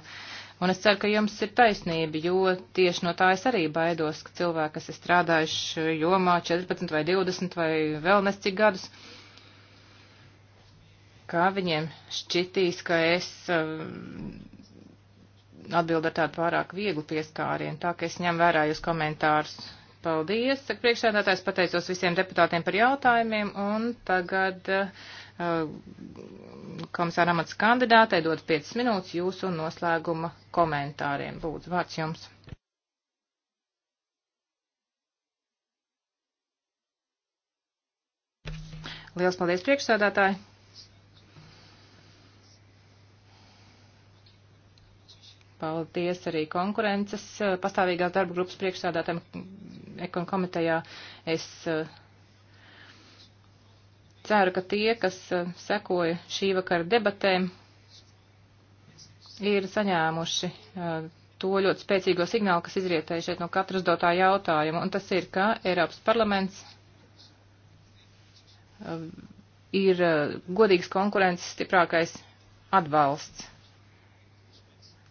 Un es ceru, ka jums ir taisnība, jo tieši no tā es arī baidos, ka cilvēki, kas ir strādājuši jomā 14 vai 20 vai vēl nes cik gadus, uh, kā viņiem šķitīs, ka es um, atbildu ar tādu pārāk vieglu pieskārienu, tā ka es ņem vērā jūs komentārus. Paldies, saka priekšsēdētājs, pateicos visiem deputātiem par jautājumiem, un tagad uh, komisāra amats kandidātei dod 5 minūtes jūsu noslēguma komentāriem. Lūdzu, vārds jums. Liels paldies priekšsēdētāji! Paldies arī konkurences eh, pastāvīgās darba grupas priekšsādātājiem ekon komitejā. Es eh, ceru, ka tie, kas eh, sekoja šī vakara debatēm, ir saņēmuši to ļoti spēcīgo signālu, kas izrietēja šeit no katras dotā jautājuma, un tas ir, ka Eiropas parlaments ir godīgs konkurences stiprākais atbalsts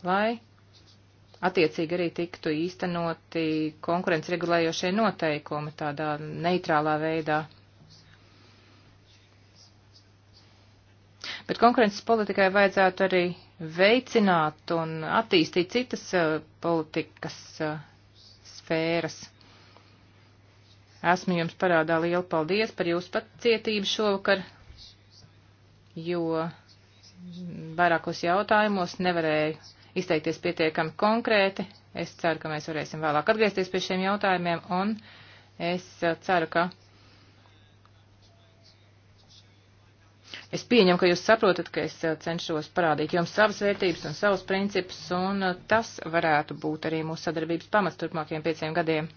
lai attiecīgi arī tiktu īstenoti konkurences regulējošie noteikumi tādā neitrālā veidā. Bet konkurences politikai vajadzētu arī veicināt un attīstīt citas uh, politikas uh, sfēras. Esmu jums parādā lielu paldies par jūsu pacietību šovakar, jo vairākos jautājumos nevarēju izteikties pietiekami konkrēti. Es ceru, ka mēs varēsim vēlāk atgriezties pie šiem jautājumiem, un es uh, ceru, ka. Es pieņemu, ka jūs saprotat, ka es uh, cenšos parādīt jums savas vērtības un savus principus, un uh, tas varētu būt arī mūsu sadarbības pamats turpmākajiem pieciem gadiem.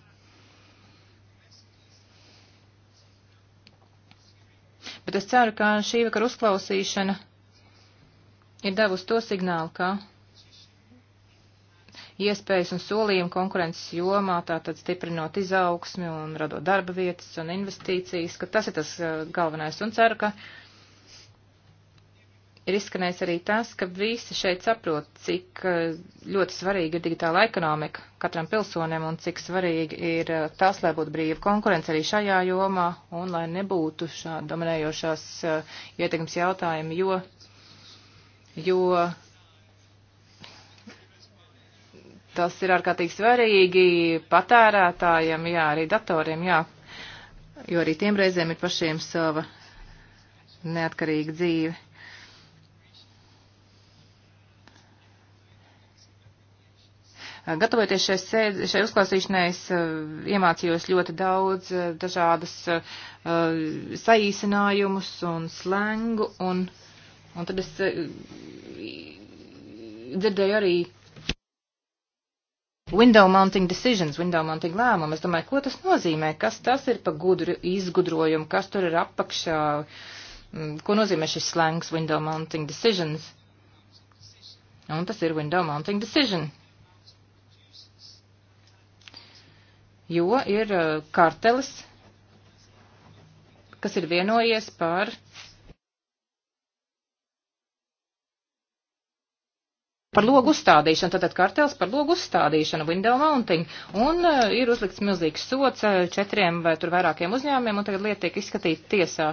bet es ceru, ka šī vakar uzklausīšana ir devusi to signālu, ka iespējas un solījumu konkurences jomā, tātad stiprinot izaugsmi un radot darba vietas un investīcijas, ka tas ir tas uh, galvenais un ceru, ka ir izskanējis arī tas, ka visi šeit saprot, cik uh, ļoti svarīga ir digitāla ekonomika katram pilsonim un cik svarīgi ir uh, tas, lai būtu brīva konkurence arī šajā jomā un lai nebūtu šāda dominējošās ietekmes jautājumi, jo, jo tas ir ārkārtīgi svarīgi patērētājiem, jā, arī datoriem, jā, jo arī tiem reizēm ir pašiem sava neatkarīga dzīve. Gatavoties šai, sēd, šai uzklausīšanai, es eh, iemācījos ļoti daudz eh, dažādas uh, saīsinājumus un slengu, un, un tad es uh, dzirdēju arī window mounting decisions, window mounting lēmumu. Es domāju, ko tas nozīmē, kas tas ir pa gudru izgudrojumu, kas tur ir apakšā, mm, ko nozīmē šis slēngs window mounting decisions. Un tas ir window mounting decision. Jo ir eh, kartelis, kas ir vienojies par par logu uzstādīšanu, tātad kartels par logu uzstādīšanu, window mounting, un eh, ir uzlikts milzīgs sots eh, četriem vai tur vairākiem uzņēmumiem, un tagad lieta tiek izskatīta tiesā.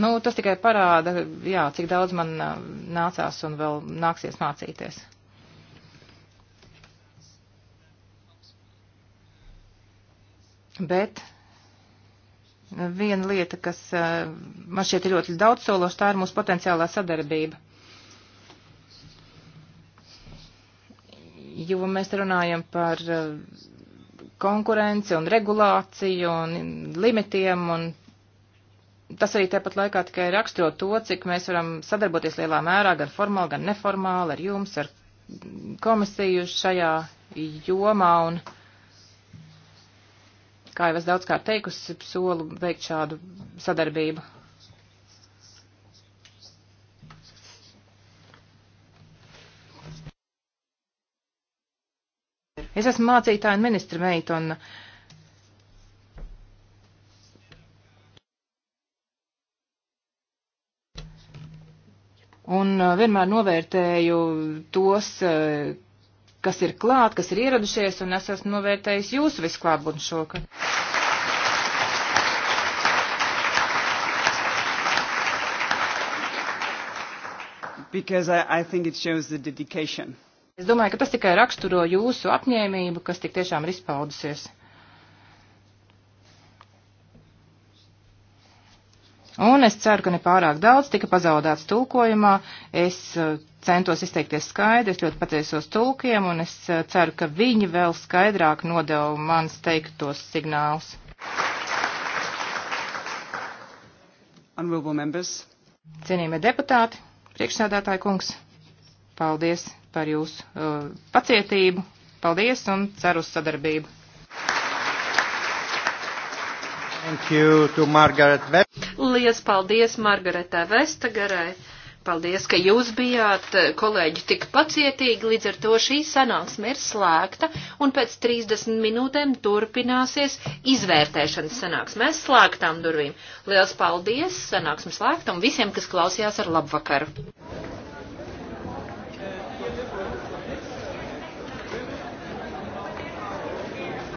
Nu, tas tikai parāda, jā, cik daudz man eh, nācās un vēl nāksies mācīties. Bet viena lieta, kas man šķiet ir ļoti daudz sološa, tā ir mūsu potenciālā sadarbība. jo mēs runājam par eh, konkurenci un regulāciju un limitiem un tas arī tāpat laikā tikai raksturo to, cik mēs varam sadarboties lielā mērā gan formāli, gan neformāli ar jums, ar komisiju šajā jomā un, kā jau es daudzkārt teikusi, solu veikt šādu sadarbību. Es esmu mācītāja un ministra meita, un Un uh, vienmēr novērtēju tos, uh, kas ir klāt, kas ir ieradušies, un es esmu novērtējis jūsu visklātbūtni šokad. because I, I think it shows the dedication. Es domāju, ka tas tikai raksturo jūsu apņēmību, kas tik tiešām ir izpaudusies. Un es ceru, ka nepārāk daudz tika pazaudēts tulkojumā. Es eh, centos izteikties skaidri, es ļoti pateicos tulkiem, un es eh, ceru, ka viņi vēl skaidrāk nodeva manis teiktos signālus. Cienījamie deputāti, priekšsēdētāji kungs, paldies par jūsu uh, pacietību. Paldies un ceru uz sadarbību. Lielas paldies Margaretai Vestagarai. Paldies, ka jūs bijāt, uh, kolēģi, tik pacietīgi, līdz ar to šī sanāksme ir slēgta, un pēc 30 minūtēm turpināsies izvērtēšanas sanāksme. Mēs slēgtām durvīm. Lielas paldies, sanāksme slēgta, un visiem, kas klausījās ar labvakaru.